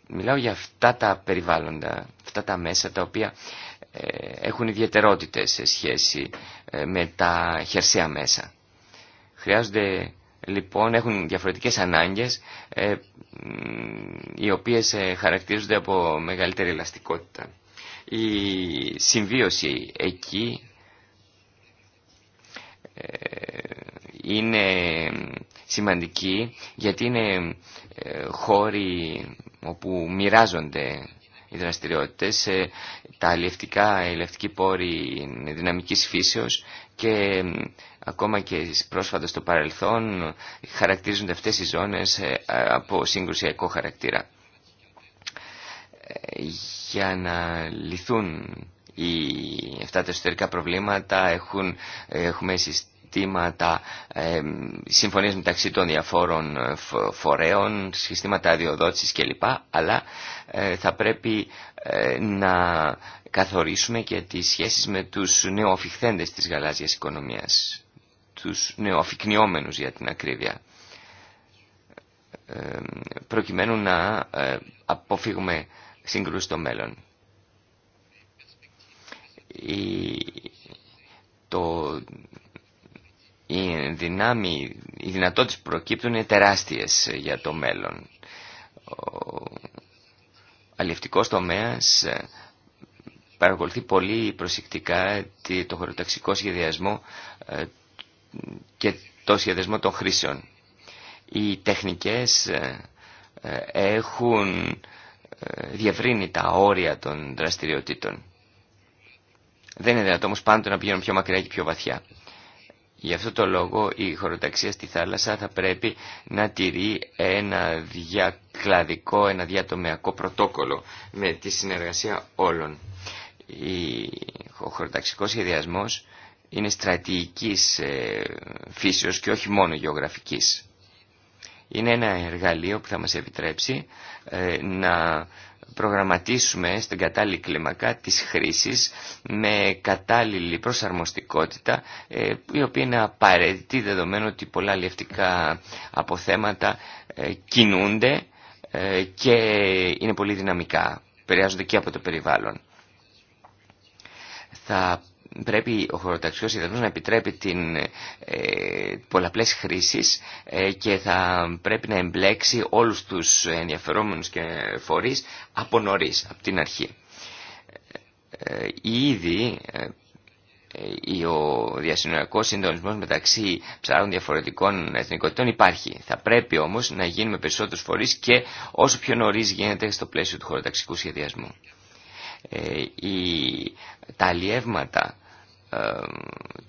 Μιλάω για αυτά τα περιβάλλοντα αυτά τα μέσα τα οποία ε, έχουν ιδιαιτερότητες σε σχέση ε, με τα χερσαία μέσα. Χρειάζονται λοιπόν, έχουν διαφορετικές ανάγκες ε, οι οποίες χαρακτηρίζονται από μεγαλύτερη ελαστικότητα. Η συμβίωση εκεί είναι σημαντική γιατί είναι χώροι όπου μοιράζονται οι δραστηριότητε, Τα αλληλευτικά, οι αλληλευτικοί πόροι είναι δυναμικής φύσεως και ακόμα και πρόσφατα στο παρελθόν χαρακτηρίζονται αυτές οι ζώνες ε, από συγκρουσιακό χαρακτήρα. Για να λυθούν οι, αυτά τα εσωτερικά προβλήματα έχουν, έχουμε συστήματα ε, συμφωνίες μεταξύ των διαφόρων ε, φορέων, συστήματα αδειοδότησης κλπ. Αλλά ε, θα πρέπει ε, να καθορίσουμε και τις σχέσεις με τους νεοαφιχθέντες της γαλάζιας οικονομίας, τους νεοαφικνιόμενους για την ακρίβεια, προκειμένου να αποφύγουμε σύγκρουση στο μέλλον. Η... Το οι, δυνατότητε οι δυνατότητες που προκύπτουν είναι τεράστιες για το μέλλον. Ο αλληλευτικός τομέας ε, παρακολουθεί πολύ προσεκτικά το χωροταξικό σχεδιασμό ε, και το σχεδιασμό των χρήσεων. Οι τεχνικές ε, έχουν διευρύνει τα όρια των δραστηριοτήτων. Δεν είναι δυνατό όμως πάντοτε να πηγαίνουν πιο μακριά και πιο βαθιά. Γι' αυτό το λόγο η χωροταξία στη θάλασσα θα πρέπει να τηρεί ένα διακλαδικό, ένα διατομεακό πρωτόκολλο με τη συνεργασία όλων. Ο χωροταξικός σχεδιασμός είναι στρατηγικής ε, φύσεως και όχι μόνο γεωγραφικής. Είναι ένα εργαλείο που θα μας επιτρέψει ε, να προγραμματίσουμε στην κατάλληλη κλίμακα της χρήσης με κατάλληλη προσαρμοστικότητα ε, η οποία είναι απαραίτητη δεδομένου ότι πολλά λιευτικά αποθέματα ε, κινούνται ε, και είναι πολύ δυναμικά, επηρεάζονται και από το περιβάλλον. Θα πρέπει ο χωροταξιός ιδανός να επιτρέπει την ε, πολλαπλές χρήσεις ε, και θα πρέπει να εμπλέξει όλους τους ενδιαφερόμενους και φορείς από νωρίς, από την αρχή. Ε, ε, ήδη ο διασυνοριακός συντονισμός μεταξύ ψάρων διαφορετικών εθνικότητων υπάρχει. Θα πρέπει όμως να γίνουμε περισσότερους φορείς και όσο πιο νωρίς γίνεται στο πλαίσιο του χωροταξικού σχεδιασμού. Ε, η, τα αλλιεύματα ε,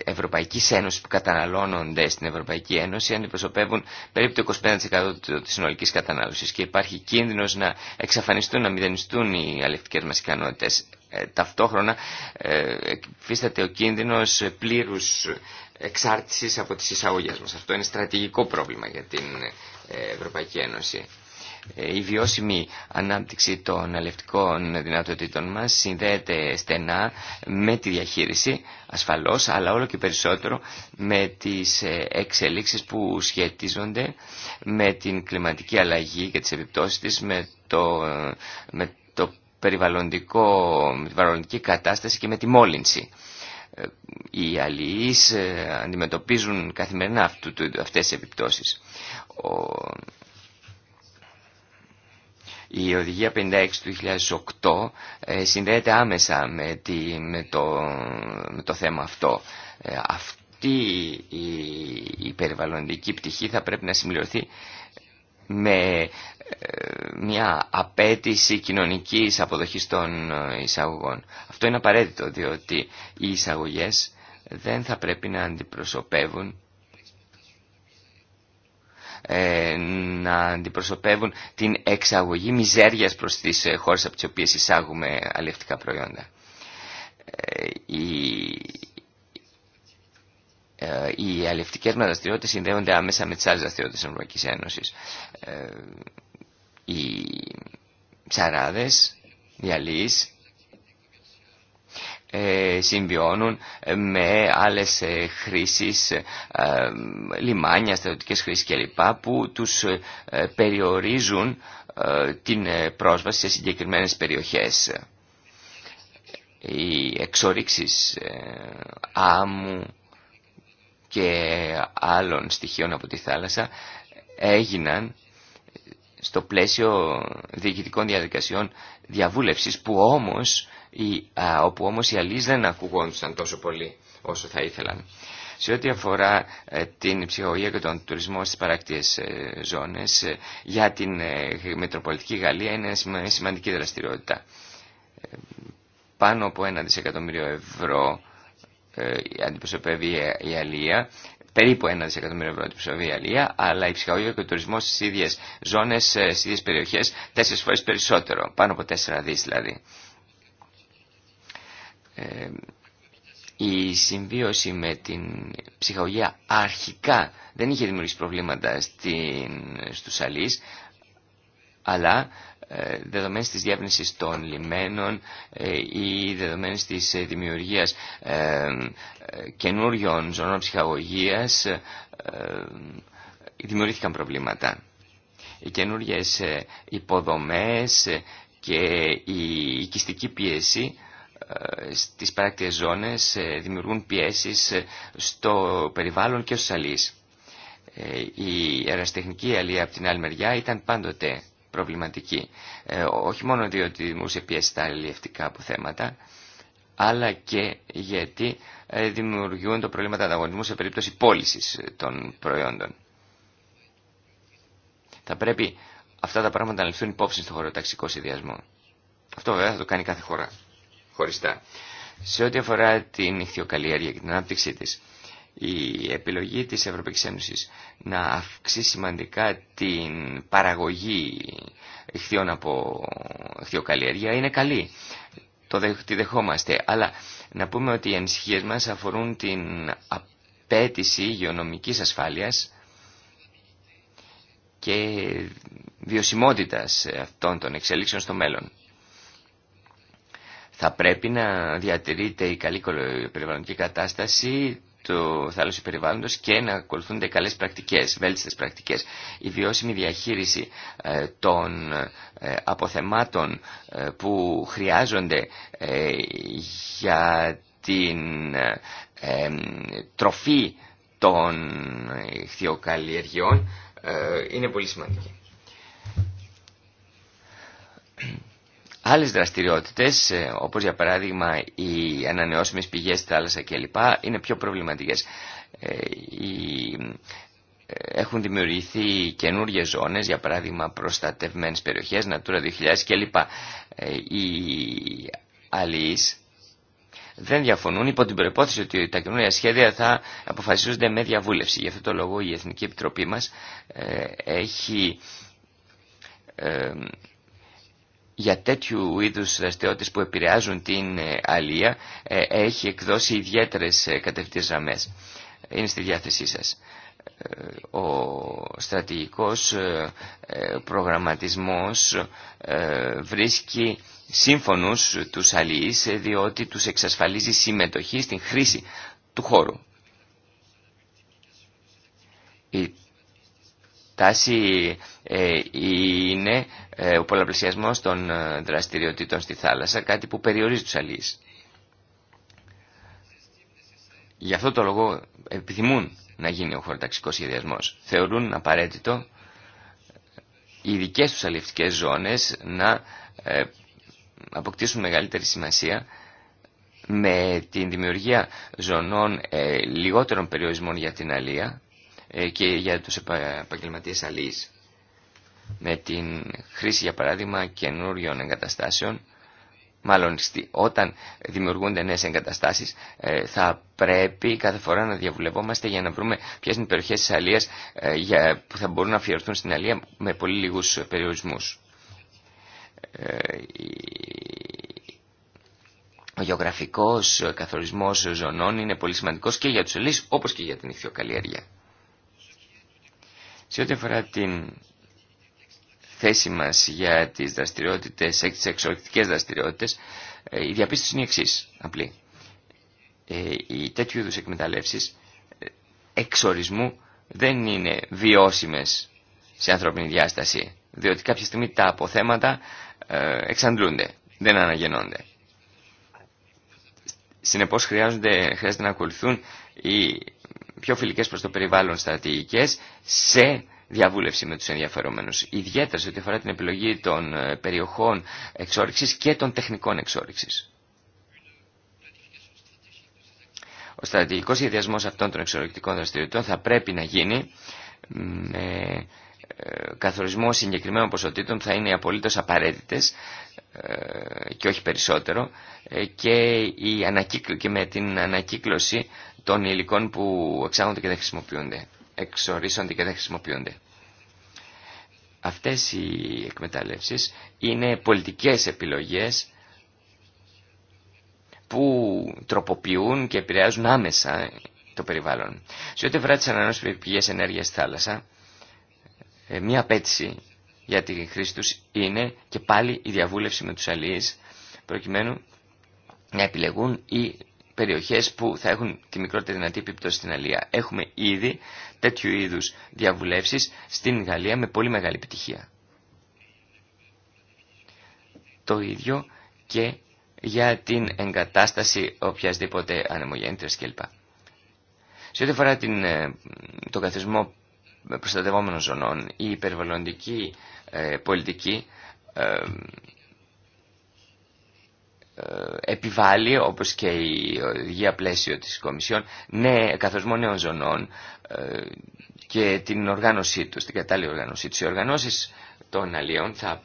Ευρωπαϊκή Ένωση που καταναλώνονται στην Ευρωπαϊκή Ένωση αντιπροσωπεύουν περίπου το 25% της συνολικής κατανάλωσης και υπάρχει κίνδυνος να εξαφανιστούν, να μηδενιστούν οι αλευτικές μας ικανότητες. Ε, ταυτόχρονα ε, φύσταται ο κίνδυνος πλήρους εξάρτησης από τις εισαγωγές μας. Αυτό είναι στρατηγικό πρόβλημα για την Ευρωπαϊκή Ένωση. Ε, η βιώσιμη ανάπτυξη των αλληλευτικών δυνατοτήτων μας συνδέεται στενά με τη διαχείριση ασφαλώς, αλλά όλο και περισσότερο με τις ε, εξελίξεις που σχετίζονται με την κλιματική αλλαγή και τις επιπτώσεις της, με το, ε, με το περιβαλλοντικό, την περιβαλλοντική κατάσταση και με τη μόλυνση. Οι αλληλείς αντιμετωπίζουν καθημερινά αυτές τις επιπτώσεις. Η οδηγία 56 του 2008 ε, συνδέεται άμεσα με, το, με το θέμα αυτό. Ε, αυτή η, η περιβαλλοντική πτυχή θα πρέπει να συμπληρωθεί με ε, μια απέτηση κοινωνικής αποδοχής των εισαγωγών. Αυτό είναι απαραίτητο διότι οι εισαγωγές δεν θα πρέπει να αντιπροσωπεύουν ε, να αντιπροσωπεύουν την εξαγωγή μιζέριας προς τις ε, χώρες από τις οποίες εισάγουμε αλληλευτικά προϊόντα. Ε, η, οι αλληλευτικέ μα δραστηριότητε συνδέονται άμεσα με τι άλλε δραστηριότητε τη Ευρωπαϊκή Ένωση. οι ψαράδε, οι αλληλεί συμβιώνουν με άλλες ε, χρήσεις, ε, λιμάνια, στρατιωτικές χρήσεις κλπ. που τους ε, περιορίζουν την πρόσβαση σε συγκεκριμένες περιοχές. Οι εξορίξεις άμμου και άλλων στοιχείων από τη θάλασσα έγιναν στο πλαίσιο διοικητικών διαδικασιών διαβούλευσης που όμως η, α, όπου όμως οι αλείς δεν ακουγόντουσαν τόσο πολύ όσο θα ήθελαν. Σε ό,τι αφορά ε, την ψυχολογία και τον τουρισμό στις παράκτιες ε, ζώνες, ε, για την ε, Μετροπολιτική Γαλλία είναι σημαντική δραστηριότητα. Ε, πάνω από ένα δισεκατομμύριο ευρώ ε, αντιπροσωπεύει η Αλία, περίπου ένα δισεκατομμύριο ευρώ αντιπροσωπεύει η Αλία, αλλά η ψυχολογία και ο τουρισμό στι ίδιε ζώνε, στις ίδιες περιοχέ, τέσσερι φορέ περισσότερο, πάνω από τέσσερα δι δηλαδή. Ε, η συμβίωση με την ψυχαγωγία αρχικά δεν είχε δημιουργήσει προβλήματα στην, στους αλείς, αλλά ε, δεδομένης της των λιμένων ε, ή δεδομένες της ε, δημιουργίας ε, καινούριων ζωνών ψυχαγωγίας δημιουργήθηκαν προβλήματα. Οι καινούριες υποδομές και η οικιστική πίεση στις πράκτιες ζώνες ε, δημιουργούν πιέσεις ε, στο περιβάλλον και στους αλείς. Ε, η αεραστεχνική αλία από την άλλη μεριά ήταν πάντοτε προβληματική. όχι μόνο διότι δημιουργούσε πιέσεις στα αλληλευτικά αποθέματα, αλλά και γιατί δημιουργούν το πρόβλημα ανταγωνισμού σε περίπτωση πώληση των προϊόντων. Θα πρέπει αυτά τα πράγματα να ληφθούν υπόψη στο χωροταξικό συνδυασμό. Αυτό βέβαια θα το κάνει κάθε χώρα χωριστά. Σε ό,τι αφορά την ηχθειοκαλλιέργεια και την ανάπτυξή της, η επιλογή της Ευρωπαϊκής Ένωσης να αυξήσει σημαντικά την παραγωγή ηχθειών από ηχθειοκαλλιέργεια είναι καλή. Το δε, τη δεχόμαστε. Αλλά να πούμε ότι οι ανησυχίε μας αφορούν την απέτηση υγειονομικής ασφάλειας και βιωσιμότητας αυτών των εξελίξεων στο μέλλον. Θα πρέπει να διατηρείται η καλή περιβαλλοντική κατάσταση του θάλασσιου περιβάλλοντος και να ακολουθούνται καλές πρακτικές, βέλτιστες πρακτικές. Η βιώσιμη διαχείριση ε, των ε, αποθεμάτων ε, που χρειάζονται για την τροφή των χθιοκαλλιεργειών είναι πολύ σημαντική. Άλλες δραστηριότητες, ε, όπως για παράδειγμα οι ανανεώσιμες πηγές στη θάλασσα κλπ, είναι πιο προβληματικές. Ε, ε, έχουν δημιουργηθεί καινούργιες ζώνες, για παράδειγμα προστατευμένες περιοχές, Natura 2000 κλπ. Οι αλληλείς δεν διαφωνούν υπό την προπόθεση ότι τα καινούργια σχέδια θα αποφασίζονται με διαβούλευση. Γι' αυτό το λόγο η Εθνική Επιτροπή μας έχει για τέτοιου είδους δραστηριότητες που επηρεάζουν την ε, αλία ε, έχει εκδώσει ιδιαίτερες ε, κατευθυντές γραμμέ. Είναι στη διάθεσή σας. Ο στρατηγικός προγραμματισμός βρίσκει σύμφωνους τους αλληλείς διότι τους εξασφαλίζει συμμετοχή στην χρήση του χώρου τάση ε, είναι ε, ο πολλαπλασιασμός των ε, δραστηριοτήτων στη θάλασσα, κάτι που περιορίζει τους αλλοίς. Γι' αυτό το λόγο επιθυμούν να γίνει ο χωροταξικός σχεδιασμός. Θεωρούν απαραίτητο οι ειδικές τους αλληλευτικές ζώνες να αποκτήσουν μεγαλύτερη σημασία με την δημιουργία ζωνών λιγότερων περιορισμών για την αλία ε, και για τους επαγγελματίες αλληλείς. Με την χρήση, για παράδειγμα, καινούριων εγκαταστάσεων, μάλλον όταν δημιουργούνται νέες εγκαταστάσεις, ε, θα πρέπει κάθε φορά να διαβουλευόμαστε για να βρούμε ποιες είναι οι περιοχές της ε, που θα μπορούν να αφιερωθούν στην αλία με πολύ λίγους περιορισμούς. Ο γεωγραφικός καθορισμός ζωνών είναι πολύ σημαντικός και για τους ελείς όπως και για την ηθιοκαλλιέργεια. Σε ό,τι αφορά την θέση μας για τις δραστηριότητες, τις εξορρυκτικές δραστηριότητες, ε, η διαπίστωση είναι η εξής, απλή. Ε, οι τέτοιου είδους εκμεταλλεύσεις ε, εξορισμού δεν είναι βιώσιμες σε ανθρώπινη διάσταση, διότι κάποια στιγμή τα αποθέματα εξαντλούνται, δεν αναγεννώνται. Συνεπώς χρειάζονται, χρειάζεται να ακολουθούν οι πιο φιλικές προς το περιβάλλον στρατηγικές σε διαβούλευση με τους ενδιαφερόμενους. Ιδιαίτερα σε ό,τι αφορά την επιλογή των ε, περιοχών εξόρυξης και των τεχνικών εξόρυξης. Ο στρατηγικός σχεδιασμός αυτών των εξορυκτικών δραστηριοτήτων θα πρέπει να γίνει με ε, καθορισμό συγκεκριμένων ποσοτήτων που θα είναι απολύτως απαραίτητες ε, και όχι περισσότερο και, η και με την ανακύκλωση των υλικών που εξάγονται και δεν χρησιμοποιούνται, εξορίσονται και δεν χρησιμοποιούνται. Αυτές οι εκμεταλλεύσεις είναι πολιτικές επιλογές που τροποποιούν και επηρεάζουν άμεσα το περιβάλλον. Σε ό,τι αφορά σαν ανανεώσιμε πηγέ ενέργειας στη θάλασσα, ε, μία απέτηση για τη χρήση τους είναι και πάλι η διαβούλευση με του αλληλεί, προκειμένου να επιλεγούν ή περιοχές που θα έχουν τη μικρότερη δυνατή επιπτώση στην Αλία. Έχουμε ήδη τέτοιου είδους διαβουλεύσεις στην Γαλλία με πολύ μεγάλη επιτυχία. Το ίδιο και για την εγκατάσταση οποιασδήποτε ανεμογέννητρες κλπ. Σε ό,τι αφορά την, ε, τον καθισμό προστατευόμενων ζωνών, η υπερβολοντική ε, πολιτική ε, ε, επιβάλλει, όπως και η οδηγία πλαίσιο της Κομισιόν, ναι, καθορισμό νέων ζωνών ε, και την οργάνωσή του, την κατάλληλη οργάνωσή του Οι οργανώσεις των αλλιών θα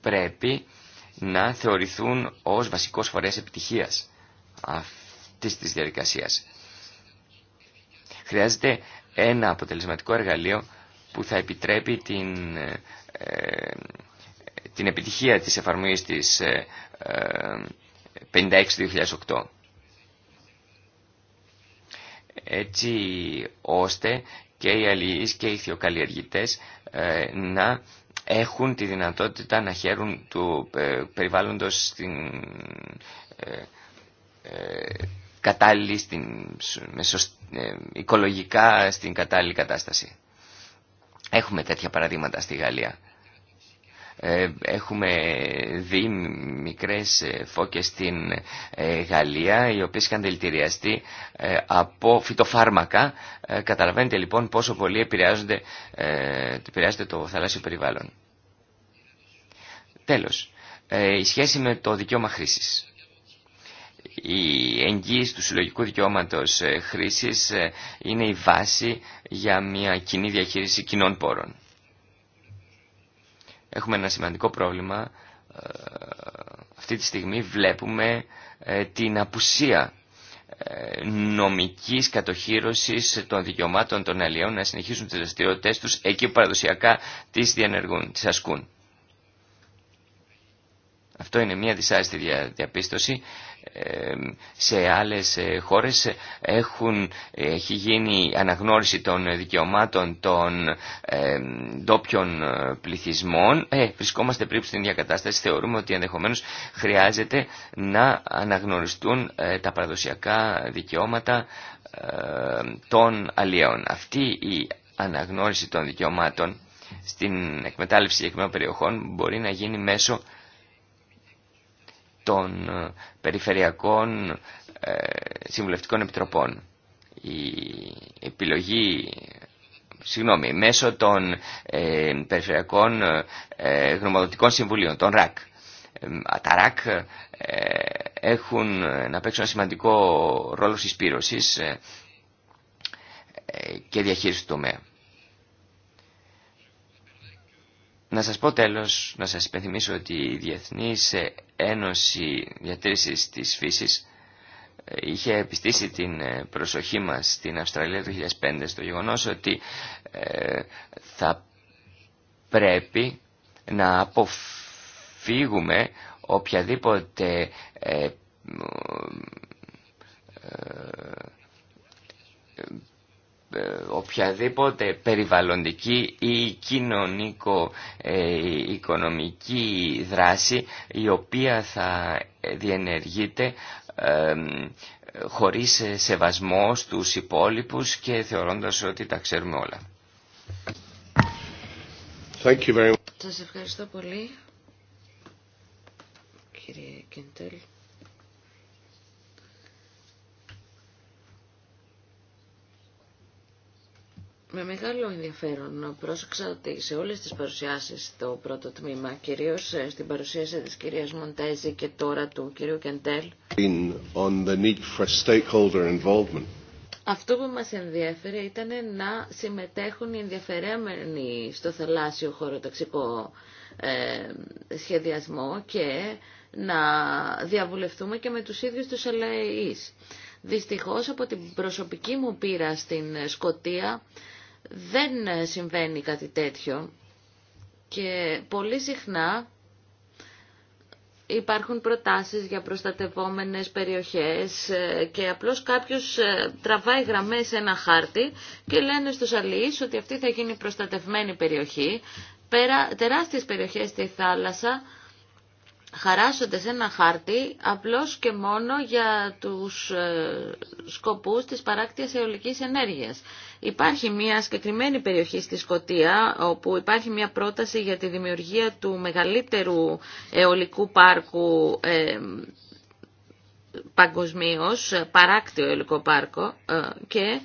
πρέπει να θεωρηθούν ως βασικός φορέας επιτυχίας αυτής της διαδικασίας. Χρειάζεται ένα αποτελεσματικό εργαλείο που θα επιτρέπει την ε, την επιτυχία της εφαρμογής της 56-2008. Ε, ε, Έτσι ώστε και οι αλληλείς και οι θεοκαλλιεργητές ε, να έχουν τη δυνατότητα να χαίρουν του περιβάλλοντος στην κατάλληλη, στην, οικολογικά στην κατάλληλη κατάσταση. Έχουμε τέτοια παραδείγματα στη Γαλλία. Ε, έχουμε δει μικρές φώκες στην ε, Γαλλία οι οποίες είχαν δηλητηριαστεί ε, από φυτοφάρμακα. Καταλαβαίνετε λοιπόν πόσο πολύ επηρεάζονται, επηρεάζεται το θαλάσσιο περιβάλλον. Τέλος, η σχέση με το δικαίωμα χρήσης. Η εγγύηση του συλλογικού δικαιώματος χρήσης είναι η βάση για μια κοινή διαχείριση κοινών πόρων. Έχουμε ένα σημαντικό πρόβλημα. Ε, αυτή τη στιγμή βλέπουμε ε, την απουσία ε, νομικής κατοχήρωσης των δικαιωμάτων των αλλιών να συνεχίσουν τις δραστηριότητε τους εκεί που παραδοσιακά τις τις ασκούν. Αυτό είναι μια δυσάρεστη διαπίστωση. Ε, σε άλλες ε, χώρες έχουν, έχει γίνει αναγνώριση των δικαιωμάτων των ε, ντόπιων ε, πληθυσμών. Ε, βρισκόμαστε πριν στην ίδια κατάσταση. Θεωρούμε ότι ενδεχομένως χρειάζεται να αναγνωριστούν τα παραδοσιακά δικαιώματα των αλλιέων. Αυτή η αναγνώριση των δικαιωμάτων στην εκμετάλλευση συγκεκριμένων περιοχών μπορεί να γίνει μέσω των ε, περιφερειακών ε, συμβουλευτικών επιτροπών. Η επιλογή, συγγνώμη, μέσω των ε, περιφερειακών γνωμοδοτικών συμβουλίων, των ΡΑΚ. Τα ΡΑΚ έχουν να παίξουν ένα σημαντικό ρόλο συσπήρωσης και διαχείριση του τομέα. Να σας πω τέλος, να σας υπενθυμίσω ότι η Διεθνής Ένωση Διατήρησης της Φύσης ε, είχε επιστήσει την ε, προσοχή μας στην Αυστραλία το 2005 στο γεγονός ότι ε, θα πρέπει να αποφύγουμε οποιαδήποτε ε, οποιαδήποτε περιβαλλοντική ή κοινωνικο-οικονομική ε, δράση η οποία θα διενεργείται χωρίς σεβασμό στους υπόλοιπους και θεωρώντας ότι τα ξέρουμε όλα. Σας ευχαριστώ πολύ, κύριε Κεντέλ. Με μεγάλο ενδιαφέρον πρόσεξα ότι σε όλες τις παρουσιάσεις το πρώτο τμήμα, κυρίως ε, στην παρουσίαση της κυρίας Μοντέζη και τώρα του κυρίου Κεντέλ, Αυτό που μας ενδιαφέρει ήταν να συμμετέχουν οι ενδιαφερέμενοι στο θαλάσσιο χωροταξικό ε, σχεδιασμό και να διαβουλευτούμε και με τους ίδιους τους ΕΛΕΗΣ. Δυστυχώς από την προσωπική μου πείρα στην Σκοτία δεν συμβαίνει κάτι τέτοιο και πολύ συχνά υπάρχουν προτάσεις για προστατευόμενες περιοχές ε, και απλώς κάποιος ε, τραβάει γραμμές σε ένα χάρτη και λένε στους αλληλείς ότι αυτή θα γίνει προστατευμένη περιοχή, πέρα τεράστιες περιοχές στη θάλασσα, χαράσσονται σε ένα χάρτη απλώς και μόνο για τους ε, σκοπούς της παράκτειας αιωλικής ενέργειας. Υπάρχει μια συγκεκριμένη περιοχή στη Σκωτία όπου υπάρχει μια πρόταση για τη δημιουργία του μεγαλύτερου αιωλικού πάρκου ε, παγκοσμίως, παράκτιο αιωλικό πάρκο ε, και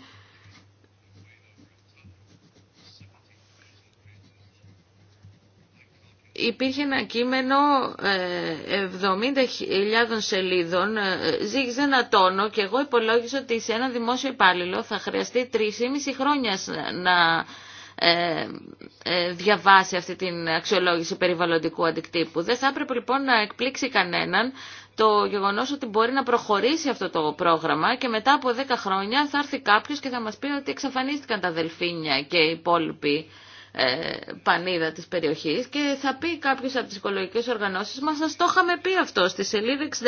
υπήρχε ένα κείμενο 70.000 ε, σελίδων, ε, ζήγησε ένα τόνο και εγώ υπολόγισα ότι σε ένα δημόσιο υπάλληλο θα χρειαστεί 3,5 χρόνια να ε, διαβάσει αυτή την αξιολόγηση περιβαλλοντικού αντικτύπου. Δεν θα έπρεπε λοιπόν να εκπλήξει κανέναν το γεγονός ότι μπορεί να προχωρήσει αυτό το πρόγραμμα και μετά από 10 χρόνια θα έρθει κάποιο και θα μας πει ότι εξαφανίστηκαν τα δελφίνια και οι υπόλοιποι ε, πανίδα της περιοχής και θα πει κάποιος από τις οικολογικές οργανώσεις μας να το είχαμε πει αυτό στη σελίδα 69.702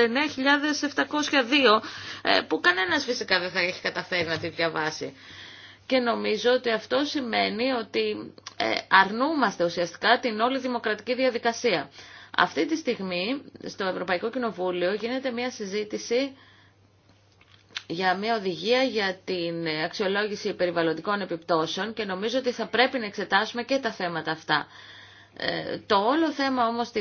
ε, που κανένας φυσικά δεν θα έχει καταφέρει να τη διαβάσει. Και νομίζω ότι αυτό σημαίνει ότι ε, αρνούμαστε ουσιαστικά την όλη δημοκρατική διαδικασία. Αυτή τη στιγμή στο Ευρωπαϊκό Κοινοβούλιο γίνεται μια συζήτηση για μια οδηγία για την αξιολόγηση περιβαλλοντικών επιπτώσεων και νομίζω ότι θα πρέπει να εξετάσουμε και τα θέματα αυτά. Ε, το όλο θέμα όμως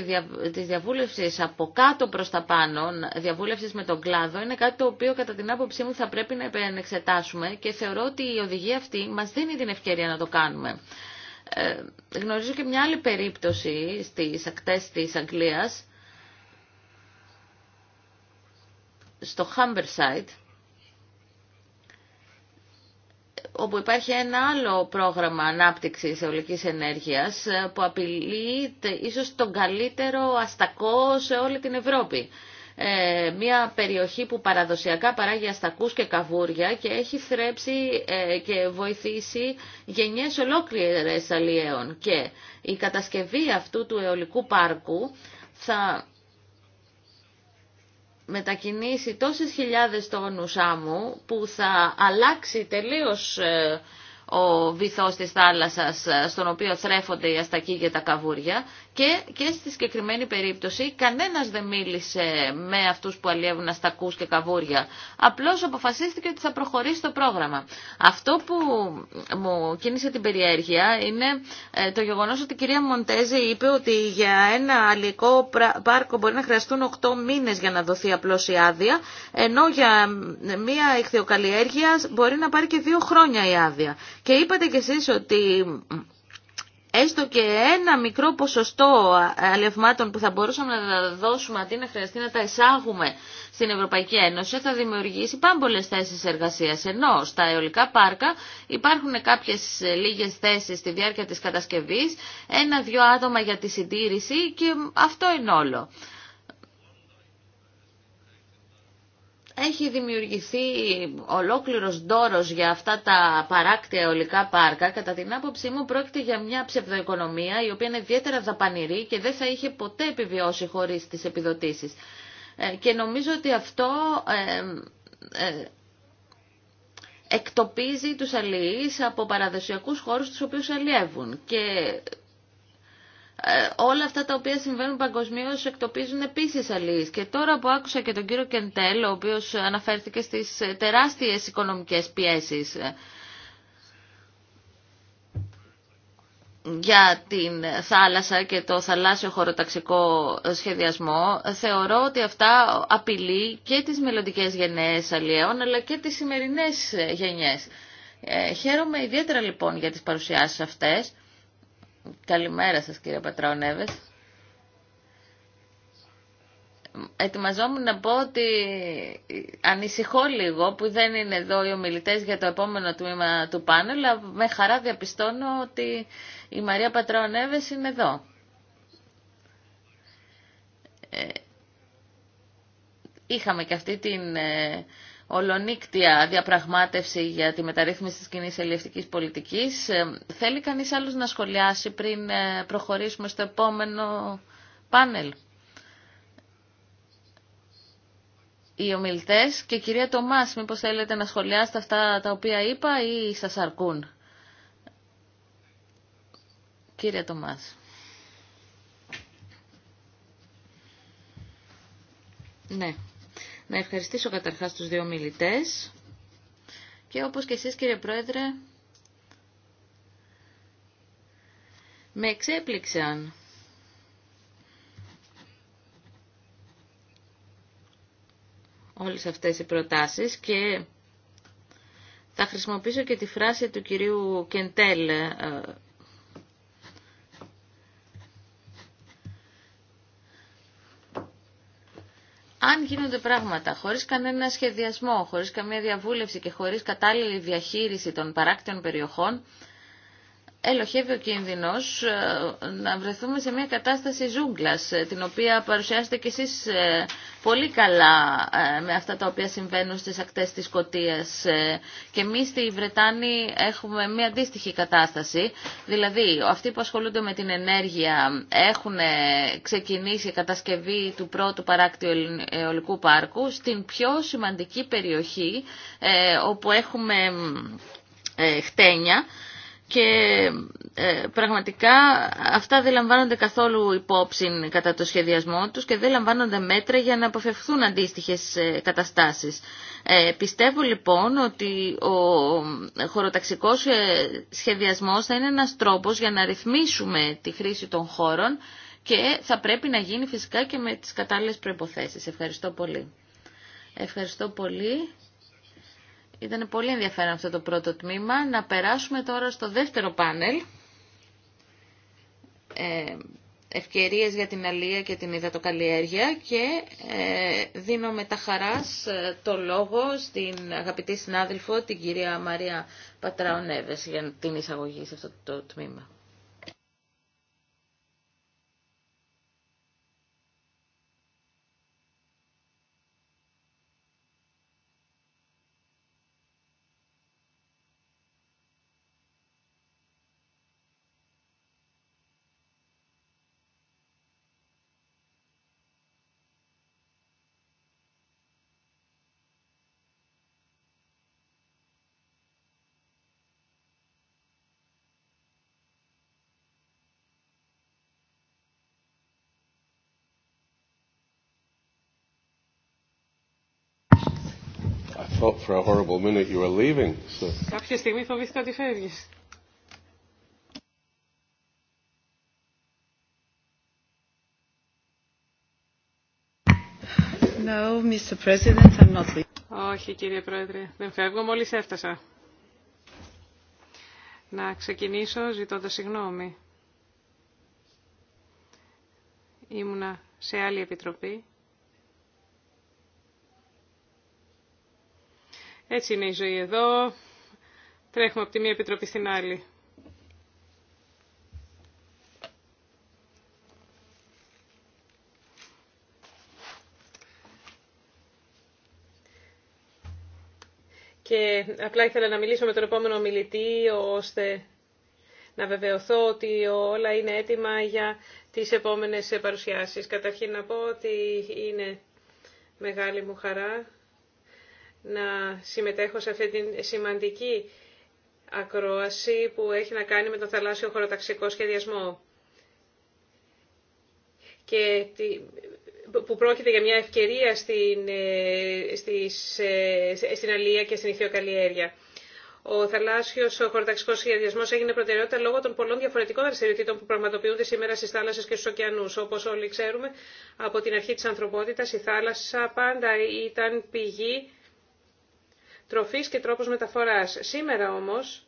της διαβούλευσης από κάτω προς τα πάνω, διαβούλευσης με τον κλάδο, είναι κάτι το οποίο κατά την άποψή μου θα πρέπει να εξετάσουμε... και θεωρώ ότι η οδηγία αυτή μας δίνει την ευκαιρία να το κάνουμε. Ε, γνωρίζω και μια άλλη περίπτωση στις ακτές της Αγγλίας, στο Humberside, όπου υπάρχει ένα άλλο πρόγραμμα ανάπτυξης αιωλικής ενέργειας ε, που απειλεί ίσως τον καλύτερο αστακό σε όλη την Ευρώπη. Ε, μια περιοχή που παραδοσιακά παράγει αστακούς και καβούρια και έχει θρέψει ε, και βοηθήσει γενιές ολόκληρες αλλιέων. Και η κατασκευή αυτού του αιωλικού πάρκου θα μετακινήσει τόσες χιλιάδες τόνους άμμου που θα αλλάξει τελείως ε, ο βυθός της θάλασσας ε, στον οποίο θρέφονται οι αστακοί και τα καβούρια και, και στη συγκεκριμένη περίπτωση κανένας δεν μίλησε με αυτούς που αλλιεύουν αστακούς και καβούρια. Απλώς αποφασίστηκε ότι θα προχωρήσει το πρόγραμμα. Αυτό που μου κίνησε την περιέργεια είναι ε, το γεγονός ότι η κυρία Μοντέζη είπε ότι για ένα αλληλικό πάρκο μπορεί να χρειαστούν 8 μήνες για να δοθεί απλώς η άδεια, ενώ για μία ηχθειοκαλλιέργεια μπορεί να πάρει και δύο χρόνια η άδεια. Και είπατε κι εσείς ότι έστω και ένα μικρό ποσοστό αλευμάτων που θα μπορούσαμε να δώσουμε αντί να χρειαστεί να τα εισάγουμε στην Ευρωπαϊκή Ένωση θα δημιουργήσει πάμπολες θέσεις εργασίας. Ενώ στα αεολικά πάρκα υπάρχουν κάποιες λίγες θέσεις στη διάρκεια της κατασκευής, ένα-δυο άτομα για τη συντήρηση και αυτό είναι όλο. έχει δημιουργηθεί ολόκληρος δόρος για αυτά τα παράκτια ολικά πάρκα. Κατά την άποψή μου πρόκειται για μια ψευδοοικονομία η οποία είναι ιδιαίτερα δαπανηρή και δεν θα είχε ποτέ επιβιώσει χωρίς τις επιδοτήσεις. Ε, και νομίζω ότι αυτό ε, ε, εκτοπίζει τους αλληλείς από παραδοσιακούς χώρους τους οποίους αλλιεύουν. Και ε, όλα αυτά τα οποία συμβαίνουν παγκοσμίω εκτοπίζουν επίση αλληλεί. Και τώρα που άκουσα και τον κύριο Κεντέλ, ο οποίο αναφέρθηκε στι ε, τεράστιε οικονομικέ πιέσει ε, για την θάλασσα και το θαλάσσιο χωροταξικό σχεδιασμό, θεωρώ ότι αυτά απειλεί και τις μελλοντικέ γενναίες αλλιέων, αλλά και τις σημερινές γενιές. χαίρομαι ιδιαίτερα λοιπόν για τις παρουσιάσεις αυτές. Καλημέρα σας κύριε Πατραονέβες. Ετοιμαζόμουν να πω ότι ανησυχώ λίγο που δεν είναι εδώ οι ομιλητές για το επόμενο τμήμα του πάνελ, αλλά με χαρά διαπιστώνω ότι η Μαρία Πατραονέβες είναι εδώ. Ε, είχαμε και αυτή την ε, ολονύκτια διαπραγμάτευση για τη μεταρρύθμιση της κοινή ελευθερικής πολιτικής. Ε, θέλει κανείς άλλος να σχολιάσει πριν ε, προχωρήσουμε στο επόμενο πάνελ. Οι ομιλητές και κυρία Τομάς, μήπως θέλετε να σχολιάσετε αυτά τα οποία είπα ή σας αρκούν. Κύριε Τομάς. Ναι, να ευχαριστήσω καταρχάς τους δύο μιλητές και όπως και εσείς κύριε Πρόεδρε με εξέπληξαν όλες αυτές οι προτάσεις και θα χρησιμοποιήσω και τη φράση του κυρίου Κεντέλ ε, αν γίνονται πράγματα χωρίς κανένα σχεδιασμό, χωρίς καμία διαβούλευση και χωρίς κατάλληλη διαχείριση των παράκτιων περιοχών, ελοχεύει ο κίνδυνος ε, να βρεθούμε σε μια κατάσταση ζούγκλας, ε, την οποία παρουσιάσετε κι εσείς ε, πολύ καλά ε, με αυτά τα οποία συμβαίνουν στις ακτές της Σκοτίας. Ε, και εμείς στη Βρετάνη έχουμε μια αντίστοιχη κατάσταση. Δηλαδή, αυτοί που ασχολούνται με την ενέργεια έχουν ε, ξεκινήσει η κατασκευή του πρώτου παράκτιου αιωλικού πάρκου στην πιο σημαντική περιοχή όπου έχουμε χτένια και ε, πραγματικά αυτά δεν λαμβάνονται καθόλου υπόψη κατά το σχεδιασμό τους και δεν λαμβάνονται μέτρα για να αποφευχθούν αντίστοιχες ε, καταστάσεις. Ε, πιστεύω λοιπόν ότι ο χωροταξικός σχεδιασμός θα είναι ένας τρόπος για να ρυθμίσουμε τη χρήση των χώρων και θα πρέπει να γίνει φυσικά και με τις κατάλληλες προϋποθέσεις. Ευχαριστώ πολύ. Ευχαριστώ πολύ. Ήταν πολύ ενδιαφέρον αυτό το πρώτο τμήμα. Να περάσουμε τώρα στο δεύτερο πάνελ. Ε, ευκαιρίες για την αλία και την υδατοκαλλιέργεια και ε, δίνω με τα χαράς ε, το λόγο στην αγαπητή συνάδελφο την κυρία Μαρία Πατραονέβες για την εισαγωγή σε αυτό το τμήμα. after a horrible minute you were leaving. So. Κάποια στιγμή φοβήθηκα ότι φεύγεις. No, Mr. President, I'm not leaving. Όχι, κύριε Πρόεδρε, δεν φεύγω, μόλις έφτασα. Να ξεκινήσω ζητώντας συγγνώμη. Ήμουνα σε άλλη επιτροπή. Έτσι είναι η ζωή εδώ. Τρέχουμε από τη μία επιτροπή στην άλλη. Και απλά ήθελα να μιλήσω με τον επόμενο μιλητή, ώστε να βεβαιωθώ ότι όλα είναι έτοιμα για τις επόμενες παρουσιάσεις. Καταρχήν να πω ότι είναι μεγάλη μου χαρά να συμμετέχω σε αυτή την σημαντική ακρόαση που έχει να κάνει με τον θαλάσσιο χωροταξικό σχεδιασμό και που πρόκειται για μια ευκαιρία στην, ε, στις, ε, στην Αλία και στην Ιθιοκαλλιέργεια. Ο θαλάσσιο χωροταξικό σχεδιασμό έγινε προτεραιότητα λόγω των πολλών διαφορετικών δραστηριοτήτων που πραγματοποιούνται σήμερα στι θάλασσε και στου ωκεανού. Όπω όλοι ξέρουμε, από την αρχή τη ανθρωπότητα η θάλασσα πάντα ήταν πηγή τροφής και τρόπος μεταφοράς. Σήμερα όμως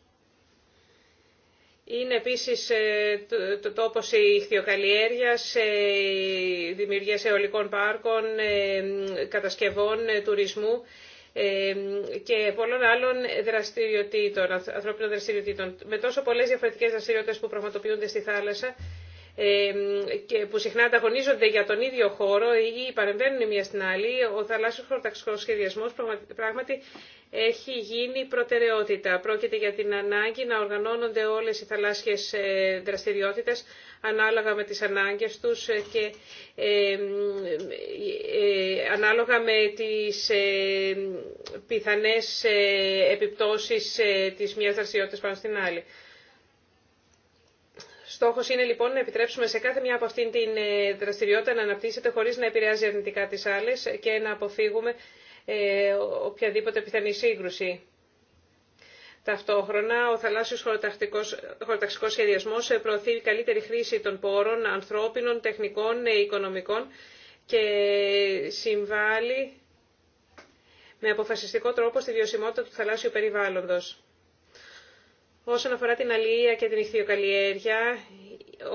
είναι επίσης ε, το τόπος ηχθειοκαλλιέργειας, δημιουργίας αιωλικών πάρκων, ε, κατασκευών, ε, τουρισμού και πολλών άλλων δραστηριοτήτων, ανθρώπινων δραστηριοτήτων. Με τόσο πολλές διαφορετικές δραστηριότητες που πραγματοποιούνται στη θάλασσα, που συχνά ανταγωνίζονται για τον ίδιο χώρο ή παρεμβαίνουν η μία στην άλλη, ο θαλάσσιος χωροταξικός σχεδιασμός πράγματι έχει γίνει προτεραιότητα. Πρόκειται για την ανάγκη να οργανώνονται όλες οι θαλάσσιες ε, δραστηριότητες ανάλογα με τις ανάγκες τους και ε, ανάλογα με τις ε, πιθανές επιπτώσεις της μιας δραστηριότητας πάνω στην άλλη. Στόχος είναι λοιπόν να επιτρέψουμε σε κάθε μια από αυτήν την ε, δραστηριότητα να αναπτύσσεται χωρίς να επηρεάζει αρνητικά τις άλλες και να αποφύγουμε ε, οποιαδήποτε πιθανή σύγκρουση. Ταυτόχρονα, ο θαλάσσιος χωροταξικός σχεδιασμός ε, προωθεί καλύτερη χρήση των πόρων ανθρώπινων, τεχνικών, οικονομικών και συμβάλλει με αποφασιστικό τρόπο στη βιωσιμότητα του θαλάσσιου περιβάλλοντος. Όσον αφορά την αλληλεία και την ηχθειοκαλλιέργεια,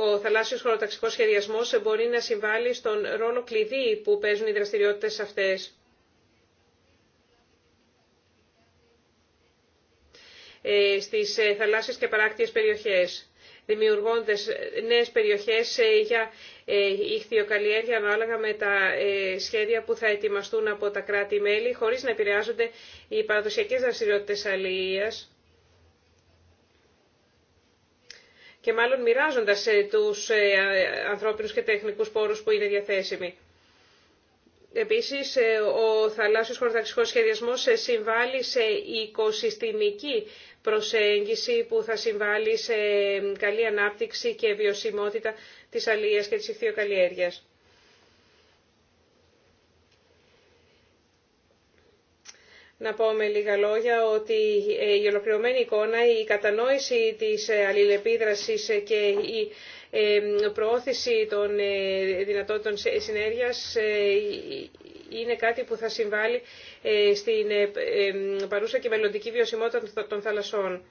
ο θαλάσσιος χωροταξικός σχεδιασμός μπορεί να συμβάλλει στον ρόλο κλειδί που παίζουν οι δραστηριότητες αυτές. Ε, στις ε, θαλάσσιες και παράκτιες περιοχές, δημιουργώντας ε, νέες περιοχές για ηχθειοκαλλιέργεια ανάλογα με τα σχέδια που θα ετοιμαστούν από τα κράτη-μέλη, χωρίς να επηρεάζονται οι παραδοσιακές δραστηριότητες αλληλείας και μάλλον μοιράζοντας ε, τους ε, ανθρώπινους και τεχνικούς πόρους που είναι διαθέσιμοι. Επίσης, ε, ο θαλάσσιος χωροταξικός σχεδιασμός συμβάλλει σε οικοσυστημική προσέγγιση που θα συμβάλλει σε καλή ανάπτυξη και βιωσιμότητα της αλίας και της ηχθειοκαλλιέργειας. να πω με λίγα λόγια ότι ε, η ολοκληρωμένη εικόνα, η κατανόηση της ε, αλληλεπίδρασης και η ε, προώθηση των δυνατότητων συνέργειας είναι κάτι που θα συμβάλλει στην παρούσα και μελλοντική βιωσιμότητα των θαλασσών.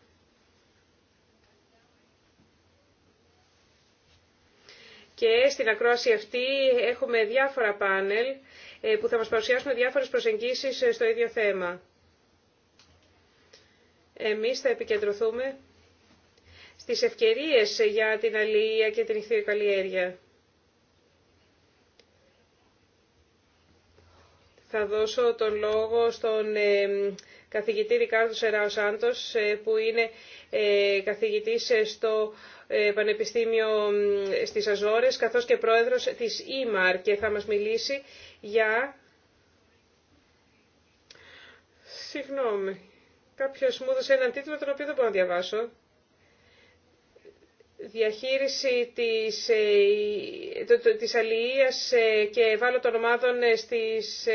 Και στην ακρόαση αυτή έχουμε διάφορα πάνελ ε, που θα μας παρουσιάσουν διάφορες προσεγγίσεις ε, στο ίδιο θέμα. Εμείς θα επικεντρωθούμε στις ευκαιρίες ε, για την αλληλεία και την καλλιέργεια. Θα δώσω τον λόγο στον καθηγητή Ρικάρδο Σεράου Σάντος, που είναι καθηγητής στο Πανεπιστήμιο στις Αζόρες, καθώς και πρόεδρος της ΕΜΑΡ και θα μας μιλήσει για... Συγγνώμη. Κάποιος μου έδωσε έναν τίτλο τον οποίο δεν μπορώ να διαβάσω. Διαχείριση της, ε, της αλληλείας ε, και των ομάδων ε, στις,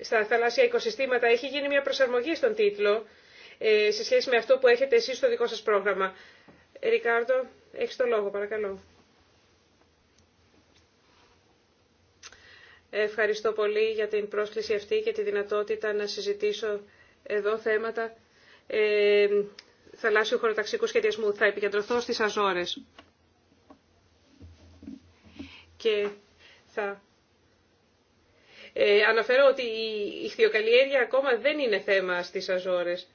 στα θαλάσσια οικοσυστήματα. Έχει γίνει μια προσαρμογή στον τίτλο σε σχέση με αυτό που έχετε εσείς στο δικό σας πρόγραμμα. Ρικάρδο, έχεις το λόγο, παρακαλώ. Ευχαριστώ πολύ για την πρόσκληση αυτή και τη δυνατότητα να συζητήσω εδώ θέματα ε, θαλάσσιου χωροταξικού σχεδιασμού. Θα επικεντρωθώ στις Αζόρες. Και θα ε, αναφέρω ότι η ηχθειοκαλλιέργεια ακόμα δεν είναι θέμα στις Αζόρες.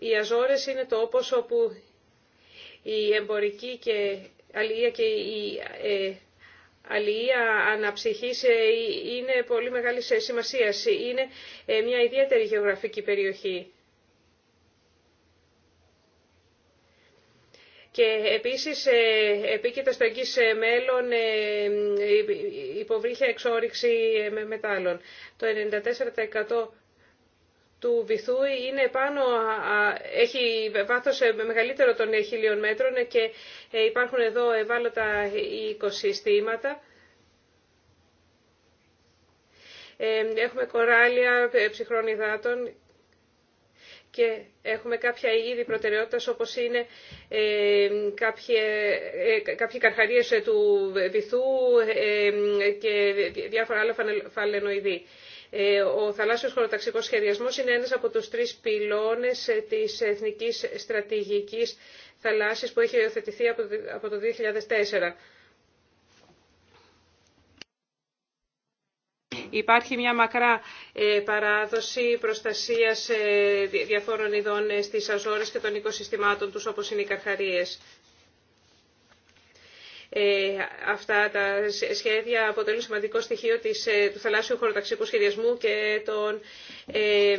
Οι Αζόρες είναι το όπως όπου η εμπορική και αλληλεία και η ε, αλληλεία αναψυχής ε, είναι πολύ μεγάλη σημασία. Είναι ε, μια ιδιαίτερη γεωγραφική περιοχή. Και επίσης ε, επίκειται στο εγγύς μέλλον υποβρύχια εξόριξη με μετάλλων. Το 94% του βυθού είναι πάνω, έχει βάθος ε, μεγαλύτερο των χιλίων μέτρων και ε, υπάρχουν εδώ ευάλωτα οικοσυστήματα. Ε, έχουμε κοράλια ψυχρών υδάτων και έχουμε κάποια είδη προτεραιότητας όπως είναι κάποιοι καρχαρίες του βυθού και διάφορα άλλα φαλαινοειδή. Ε, ο θαλάσσιος χωροταξικός σχεδιασμός είναι ένας από τους τρεις πυλώνες ε, της Εθνικής Στρατηγικής Θαλάσσης που έχει υιοθετηθεί από το 2004. Υπάρχει μια μακρά ε, παράδοση προστασίας διαφόρων ειδών στις αζόρες και των οικοσυστημάτων τους όπως είναι οι καρχαρίες. Ε, αυτά τα σχέδια αποτελούν σημαντικό στοιχείο της, ε, του θαλάσσιου χωροταξικού σχεδιασμού και των ε,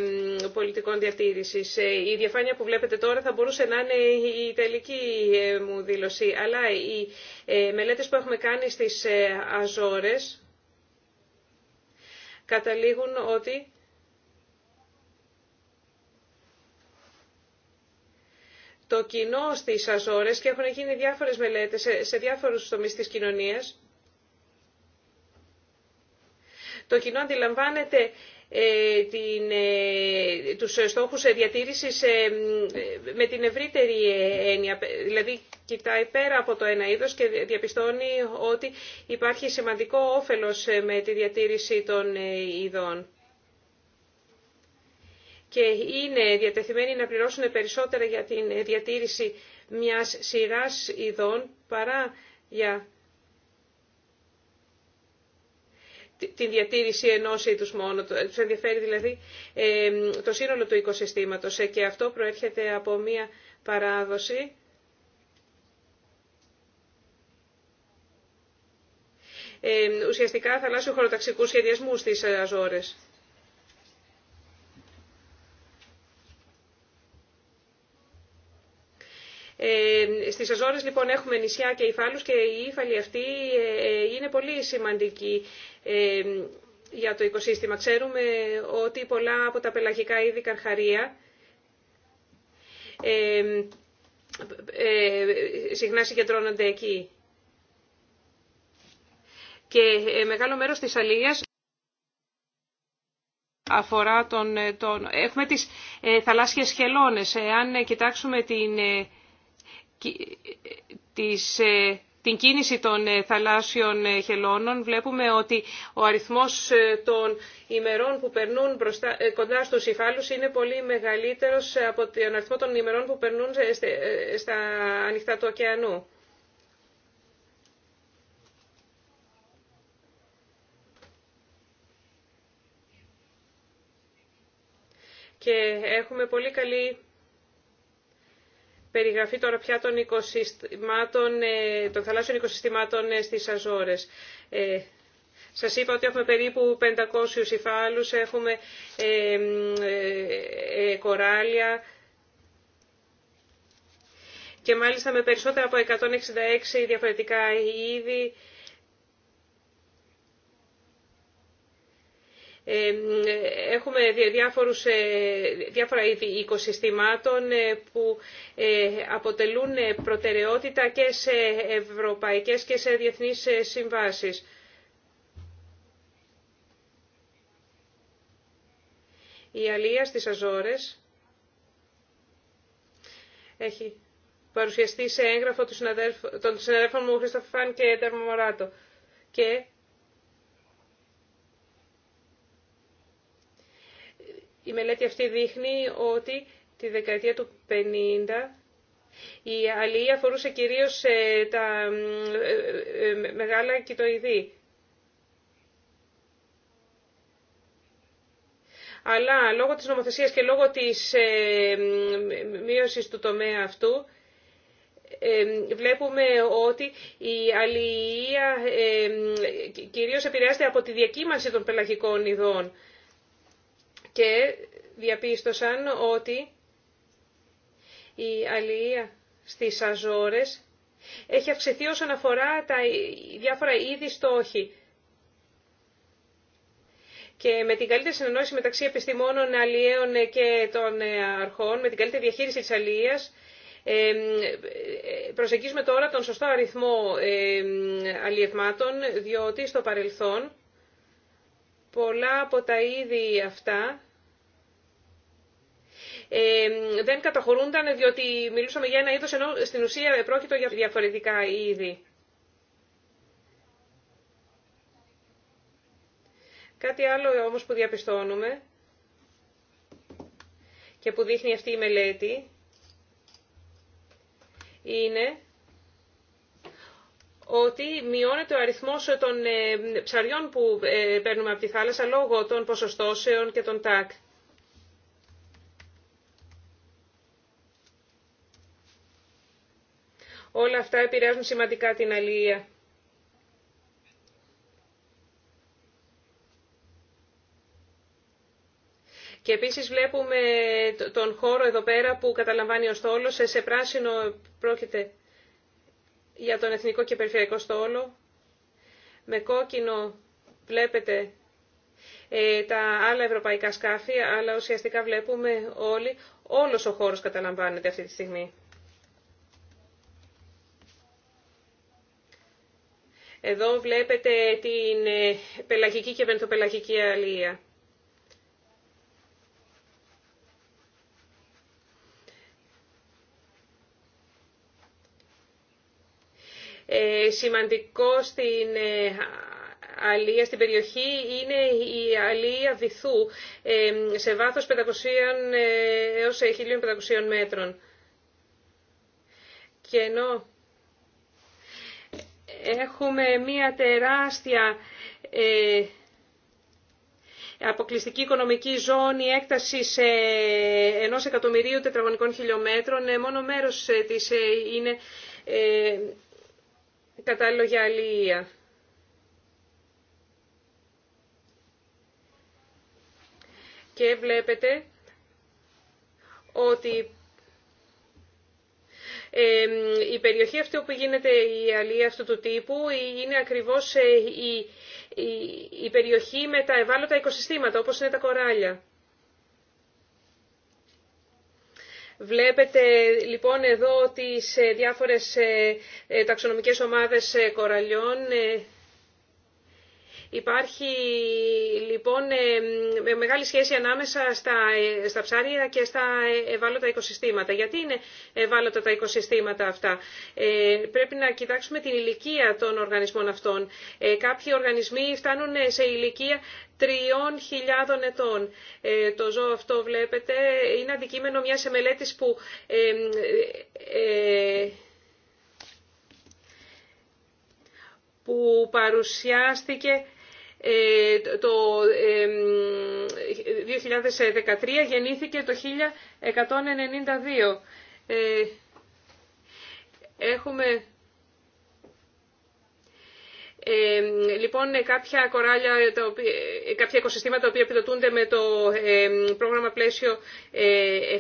πολιτικών διατήρησης. Η διαφάνεια που βλέπετε τώρα θα μπορούσε να είναι η τελική μου δήλωση, αλλά οι μελέτες που έχουμε κάνει στις Αζόρες καταλήγουν ότι το κοινό στις Αζόρες και έχουν γίνει διάφορες μελέτες σε, σε διάφορους τομείς της κοινωνίας. Το κοινό αντιλαμβάνεται ε, την, ε, τους στόχους διατήρησης ε, με την ευρύτερη έννοια. Δηλαδή κοιτάει πέρα από το ένα είδος και διαπιστώνει ότι υπάρχει σημαντικό όφελος με τη διατήρηση των ειδών και είναι διατεθειμένοι να πληρώσουν περισσότερα για την διατήρηση μιας σειράς ειδών παρά για την διατήρηση ενός είδους μόνο. Του ενδιαφέρει δηλαδή ε, το σύνολο του οικοσυστήματος ε, και αυτό προέρχεται από μια παράδοση ε, ουσιαστικά θαλάσσιο χωροταξικού σχεδιασμού στις Αζόρες. Σε Αζόρες λοιπόν έχουμε νησιά και υφάλους και η ύφαλοι αυτή ε, ε, είναι πολύ σημαντική ε, για το οικοσύστημα. Ξέρουμε ότι πολλά από τα πελαγικά είδη καρχαρία συχνά συγκεντρώνονται εκεί. Και μεγάλο μέρος της αλίας αφορά τον... τον έχουμε τις θαλάσσιες χελώνες. Αν κοιτάξουμε την ε, την κίνηση των ε, θαλάσσιων ε, χελώνων βλέπουμε ότι ο αριθμός των ημερών που περνούν κοντά στους υφάλους είναι πολύ μεγαλύτερος από τον αριθμό των ημερών που περνούν στα ανοιχτά του ωκεανού. Και έχουμε πολύ καλή περιγραφή τώρα πια των, οικοσυστημάτων, ε, των θαλάσσιων οικοσυστημάτων ε, στις Αζόρες. Ε, σας είπα ότι έχουμε περίπου 500 υφάλους, έχουμε κοράλια και μάλιστα με περισσότερα από 166 διαφορετικά είδη Έχουμε διάφορους, ε, διάφορα είδη οικοσυστημάτων ε, που ε, αποτελούν προτεραιότητα και σε ευρωπαϊκές και σε διεθνείς συμβάσεις. Η αλία στις Αζόρες έχει παρουσιαστεί σε έγγραφο των συναδέλφων μου Χριστοφάν και Τερμομοράτο. Και Η μελέτη αυτή δείχνει ότι τη δεκαετία του 50 η αλληλεία αφορούσε κυρίως ε, τα ε, ε, μεγάλα κοιτοειδή. Αλλά λόγω της νομοθεσίας και λόγω της μείωσης του τομέα αυτού, βλέπουμε ότι η αλληλεία κυρίως επηρεάζεται από τη διακύμανση των πελαγικών ειδών και διαπίστωσαν ότι η αλληλεία στις αζόρες έχει αυξηθεί όσον αφορά τα διάφορα είδη στόχη. Και με την καλύτερη συνεννόηση μεταξύ επιστημόνων, αλλιέων και των αρχών, με την καλύτερη διαχείριση της αλληλείας, προσεγγίζουμε τώρα τον σωστό αριθμό αλλιευμάτων, διότι στο παρελθόν πολλά από τα είδη αυτά ε, δεν καταχωρούνταν διότι μιλούσαμε για ένα είδος ενώ στην ουσία πρόκειτο για διαφορετικά είδη. Κάτι άλλο όμως που διαπιστώνουμε και που δείχνει αυτή η μελέτη είναι ότι μειώνεται ο αριθμός των ε, ψαριών που ε, παίρνουμε από τη θάλασσα λόγω των ποσοστώσεων και των τάκ. Όλα αυτά επηρεάζουν σημαντικά την αλληλεία. Και επίσης βλέπουμε τον χώρο εδώ πέρα που καταλαμβάνει ο στόλος. Σε πράσινο πρόκειται για τον εθνικό και περιφερειακό στόλο. Με κόκκινο βλέπετε ε, τα άλλα ευρωπαϊκά σκάφη, αλλά ουσιαστικά βλέπουμε όλοι, όλος ο χώρος καταλαμβάνεται αυτή τη στιγμή. Εδώ βλέπετε την ε, πελαγική και βενθοπελαγική αλληλεία. Ε, σημαντικό στην ε, αλία στην περιοχή είναι η αλία βυθού ε, σε βάθος 500 έως 1500 μέτρων. Και ενώ έχουμε μία τεράστια αποκλειστική οικονομική ζώνη έκτασης ενός εκατομμυρίου τετραγωνικών χιλιόμετρων, μόνο μέρος της είναι κατάλληλο για αλληλεία. Και βλέπετε ότι η περιοχή αυτή όπου γίνεται η αλία αυτού του τύπου είναι ακριβώς ε, η, η, η περιοχή με τα ευάλωτα οικοσυστήματα όπως είναι τα κοράλια. Βλέπετε λοιπόν εδώ τις ε, διάφορες ε, ε, ταξονομικές ομάδες κοραλιών Υπάρχει λοιπόν ε, μεγάλη σχέση ανάμεσα στα, ε, στα ψάρια και στα ευάλωτα οικοσυστήματα. Γιατί είναι ευάλωτα τα οικοσυστήματα αυτά. Ε, πρέπει να κοιτάξουμε την ηλικία των οργανισμών αυτών. Ε, κάποιοι οργανισμοί φτάνουν σε ηλικία 3.000 ετών. το ζώο αυτό βλέπετε είναι αντικείμενο μιας μελέτης που που παρουσιάστηκε ε, το 2013 γεννήθηκε το 1192. Ε, έχουμε ε, λοιπόν, κάποια κοράλια, κάποια οικοσυστήματα τα οποία επιδοτούνται με το πρόγραμμα πλαίσιο 7 ε,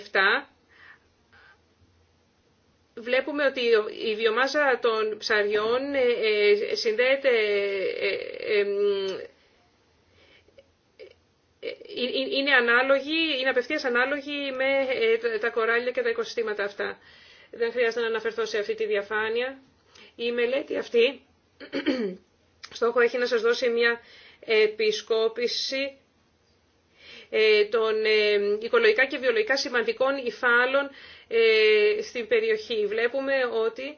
βλέπουμε ότι η βιομάζα των ψαριών ε, ε, συνδέεται ε, είναι ανάλογη, είναι απευθείας ανάλογη με τα κοράλια και τα οικοσυστήματα αυτά. Δεν χρειάζεται να αναφερθώ σε αυτή τη διαφάνεια. Η μελέτη αυτή στόχο έχει να σας δώσει μια επισκόπηση ε, των ε, οικολογικά και βιολογικά σημαντικών υφάλων ε, στην περιοχή. Βλέπουμε ότι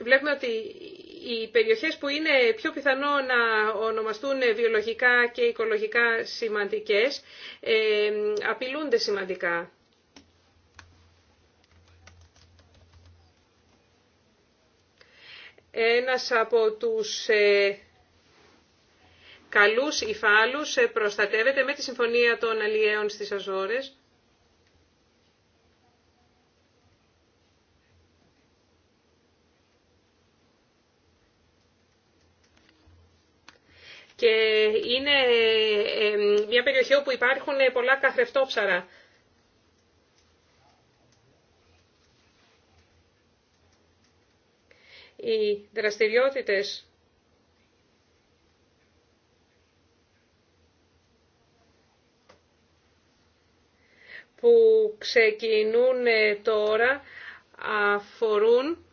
Βλέπουμε ότι οι περιοχές που είναι πιο πιθανό να ονομαστούν βιολογικά και οικολογικά σημαντικές ε, απειλούνται σημαντικά. Ένας από τους ε, καλούς υφάλους ε, προστατεύεται με τη Συμφωνία των Αλλιέων στις Αζόρες. και είναι μια περιοχή όπου υπάρχουν πολλά καθρεφτόψαρα. Οι δραστηριότητες που ξεκινούν τώρα αφορούν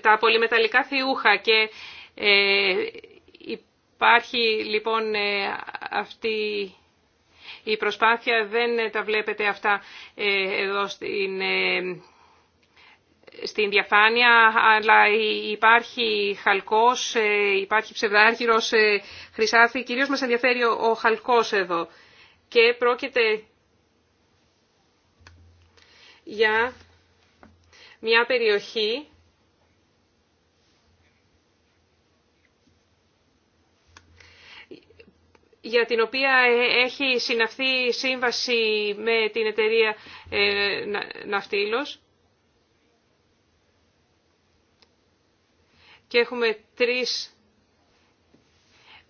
τα πολυμεταλλικά θιούχα και ε, υπάρχει λοιπόν ε, αυτή η προσπάθεια, δεν τα βλέπετε αυτά ε, εδώ στην στην διαφάνεια, αλλά υπάρχει χαλκός, υπάρχει ψευδάργυρος, χρυσάφι. Κυρίως μας ενδιαφέρει ο χαλκός εδώ. Και πρόκειται για μια περιοχή για την οποία έχει συναυθεί σύμβαση με την εταιρεία ε, Ναυτίλος. Και έχουμε τρεις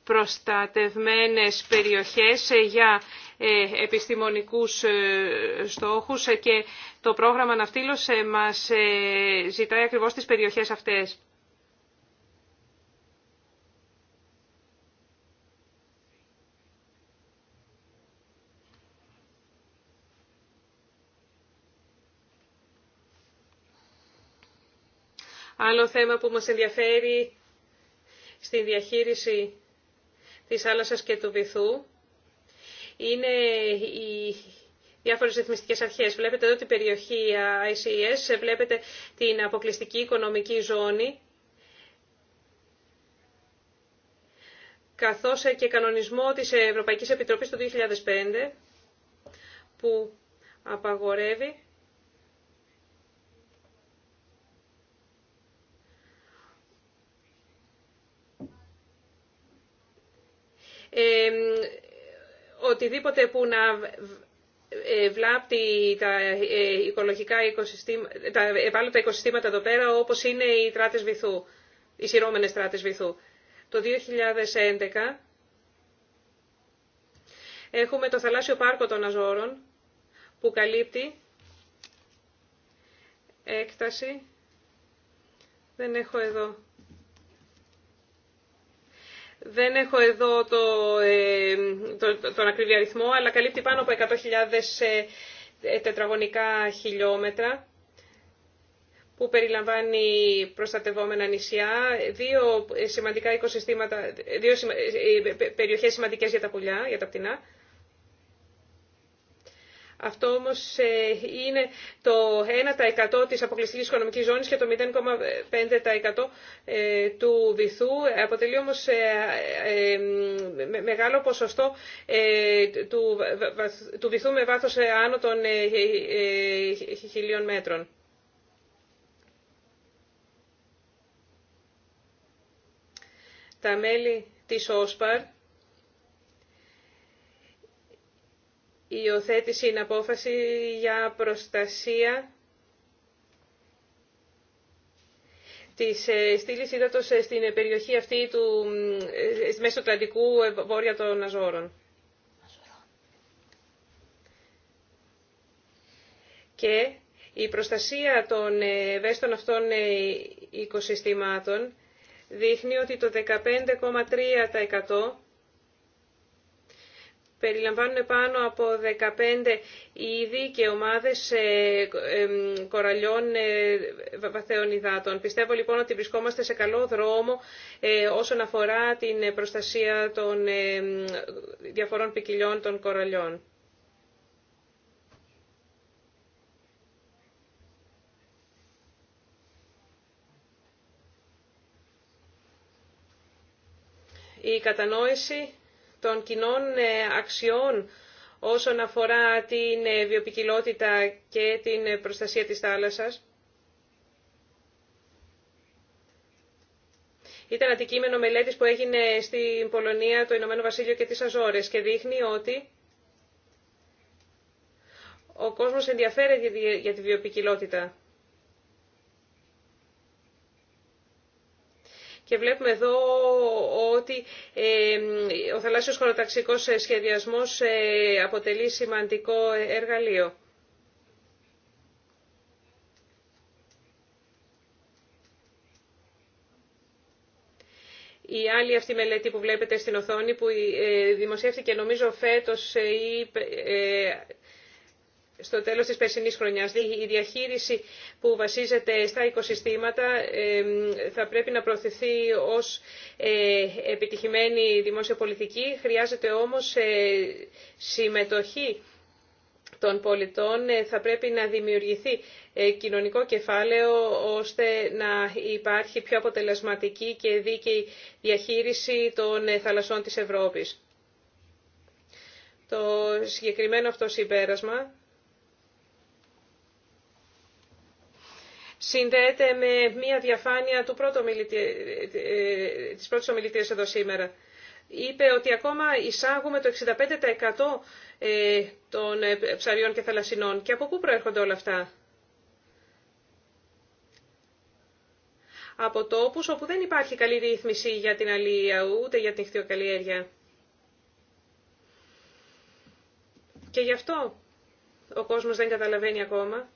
προστατευμένες περιοχές ε, για ε, επιστημονικούς ε, στόχους ε, και το πρόγραμμα Ναυτίλος μας ζητάει ακριβώς τις περιοχές αυτές. Άλλο θέμα που μας ενδιαφέρει στη διαχείριση της θάλασσας και του βυθού είναι οι διάφορες ρυθμιστικές αρχές. Βλέπετε εδώ την περιοχή ICS, βλέπετε την αποκλειστική οικονομική ζώνη, καθώς και κανονισμό της Ευρωπαϊκής Επιτροπής του 2005, που απαγορεύει ε, οτιδήποτε που να ε, βλάπτει τα ε, οικολογικά οικοσυστήματα, τα ευάλωτα οικοσυστήματα εδώ πέρα, όπως είναι οι τράτες βυθού, οι σειρώμενες τράτες βυθού. Το 2011 έχουμε το θαλάσσιο πάρκο των Αζόρων, που καλύπτει έκταση, δεν έχω εδώ δεν έχω εδώ ε, το, το, τον ακριβή αριθμό, αλλά καλύπτει πάνω από 100.000 ε, ε, τετραγωνικά χιλιόμετρα που περιλαμβάνει προστατευόμενα νησιά, δύο, σημαντικά οικοσυστήματα, δύο περιοχές σημαντικές για τα πουλιά, για τα πτηνά, αυτό όμως ε, είναι το 1% της αποκλειστικής οικονομικής ζώνης και το 0,5% ε, του βυθού. Αποτελεί όμως ε, μεγάλο ποσοστό του βυθού με βάθο άνω των χιλίων μέτρων. Τα μέλη της ΟΣΠΑΡ υιοθέτηση είναι απόφαση για προστασία της ε, στήλης ύδατος ε, στην ε, περιοχή αυτή του μέσω Ατλαντικού βόρεια των Αζόρων. Και η προστασία των ευαίσθητων αυτών οικοσυστημάτων δείχνει ότι το 15,3% περιλαμβάνουν πάνω από 15 είδη και ομάδες ε, κοραλιών ε, βαθέων υδάτων. Πιστεύω λοιπόν ότι βρισκόμαστε σε καλό δρόμο ε, όσον αφορά την προστασία των διαφορών ποικιλιών των κοραλιών. Η κατανόηση των κοινών ε, αξιών όσον αφορά την ε, βιοπικιλότητα και την ε, προστασία της θάλασσας. Ήταν αντικείμενο μελέτης που έγινε στην Πολωνία, το Ηνωμένο Βασίλειο και τις Αζόρες και δείχνει ότι ο κόσμος ενδιαφέρεται για τη βιοπικιλότητα. και βλέπουμε εδώ ότι ο θαλάσσιος χωροταξικός ε, σχεδιασμός ε, αποτελεί σημαντικό εργαλείο. Η άλλη αυτή μελέτη που βλέπετε στην οθόνη που ε, δημοσιεύτηκε νομίζω φέτος ή στο τέλος της περσινής χρονιάς. Δηλαδή, η διαχείριση που βασίζεται στα οικοσυστήματα θα πρέπει να προωθηθεί ως ε, επιτυχημένη δημόσια πολιτική. Χρειάζεται όμως ε, συμμετοχή των πολιτών. Ε, θα πρέπει να δημιουργηθεί κοινωνικό κεφάλαιο ώστε να υπάρχει πιο αποτελεσματική και δίκαιη διαχείριση των θαλασσών της Ευρώπης. Το συγκεκριμένο αυτό συμπέρασμα συνδέεται με μία διαφάνεια του πρώτου ομιλητή, ε, της πρώτης ομιλητής εδώ σήμερα. Είπε ότι ακόμα εισάγουμε το 65% ε, των ε, ψαριών και θαλασσινών. Και από πού προέρχονται όλα αυτά. Από τόπους όπου δεν υπάρχει καλή ρύθμιση για την αλληλεία ούτε για την χθιοκαλλιέργεια. Και γι' αυτό ο κόσμος δεν καταλαβαίνει ακόμα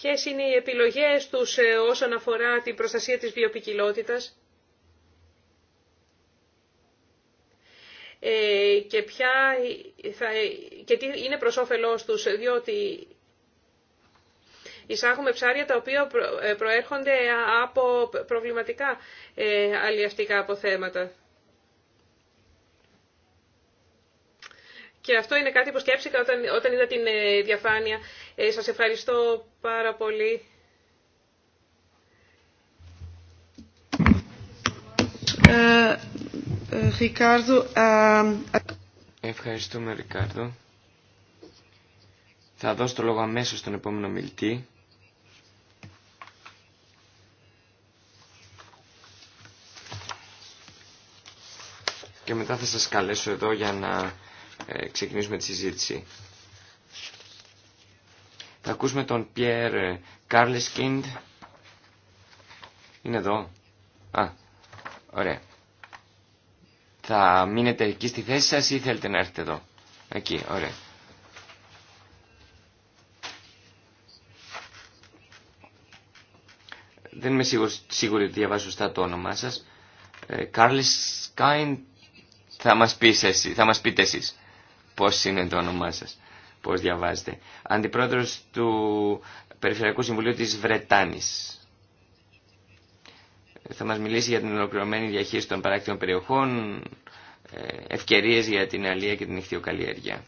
ποιες είναι οι επιλογές τους ε, όσον αφορά την προστασία της βιοπικιλότητας ε, και, ποια θα, και τι είναι προς όφελός τους, διότι εισάγουμε ψάρια τα οποία ε, προέρχονται από προβληματικά αλιευτικά αποθέματα. Και αυτό είναι κάτι που σκέφτηκα όταν, όταν είδα την ε, διαφάνεια. Ε, σας ευχαριστώ πάρα πολύ. Ε, ε, Ευχαριστούμε, Ρικάρδο. Θα δώσω το λόγο αμέσω στον επόμενο μιλητή. Και μετά θα σας καλέσω εδώ για να ε, ξεκινήσουμε τη συζήτηση. Θα ακούσουμε τον Πιέρ ε, Κάρλισκίντ. Είναι εδώ. Α, ωραία. Θα μείνετε εκεί στη θέση σας ή θέλετε να έρθετε εδώ. Εκεί, ωραία. Δεν είμαι σίγουρος, σίγουρη ότι διαβάζω σωστά το όνομά σας. Ε, Κάρλισκίντ θα μας, θα μας πείτε εσείς πώς είναι το όνομά σας, πώς διαβάζετε. Αντιπρόεδρος του Περιφερειακού Συμβουλίου της Βρετάνης. Θα μας μιλήσει για την ολοκληρωμένη διαχείριση των παράκτιων περιοχών, ε, ευκαιρίες για την αλία και την ηχθειοκαλλιέργεια.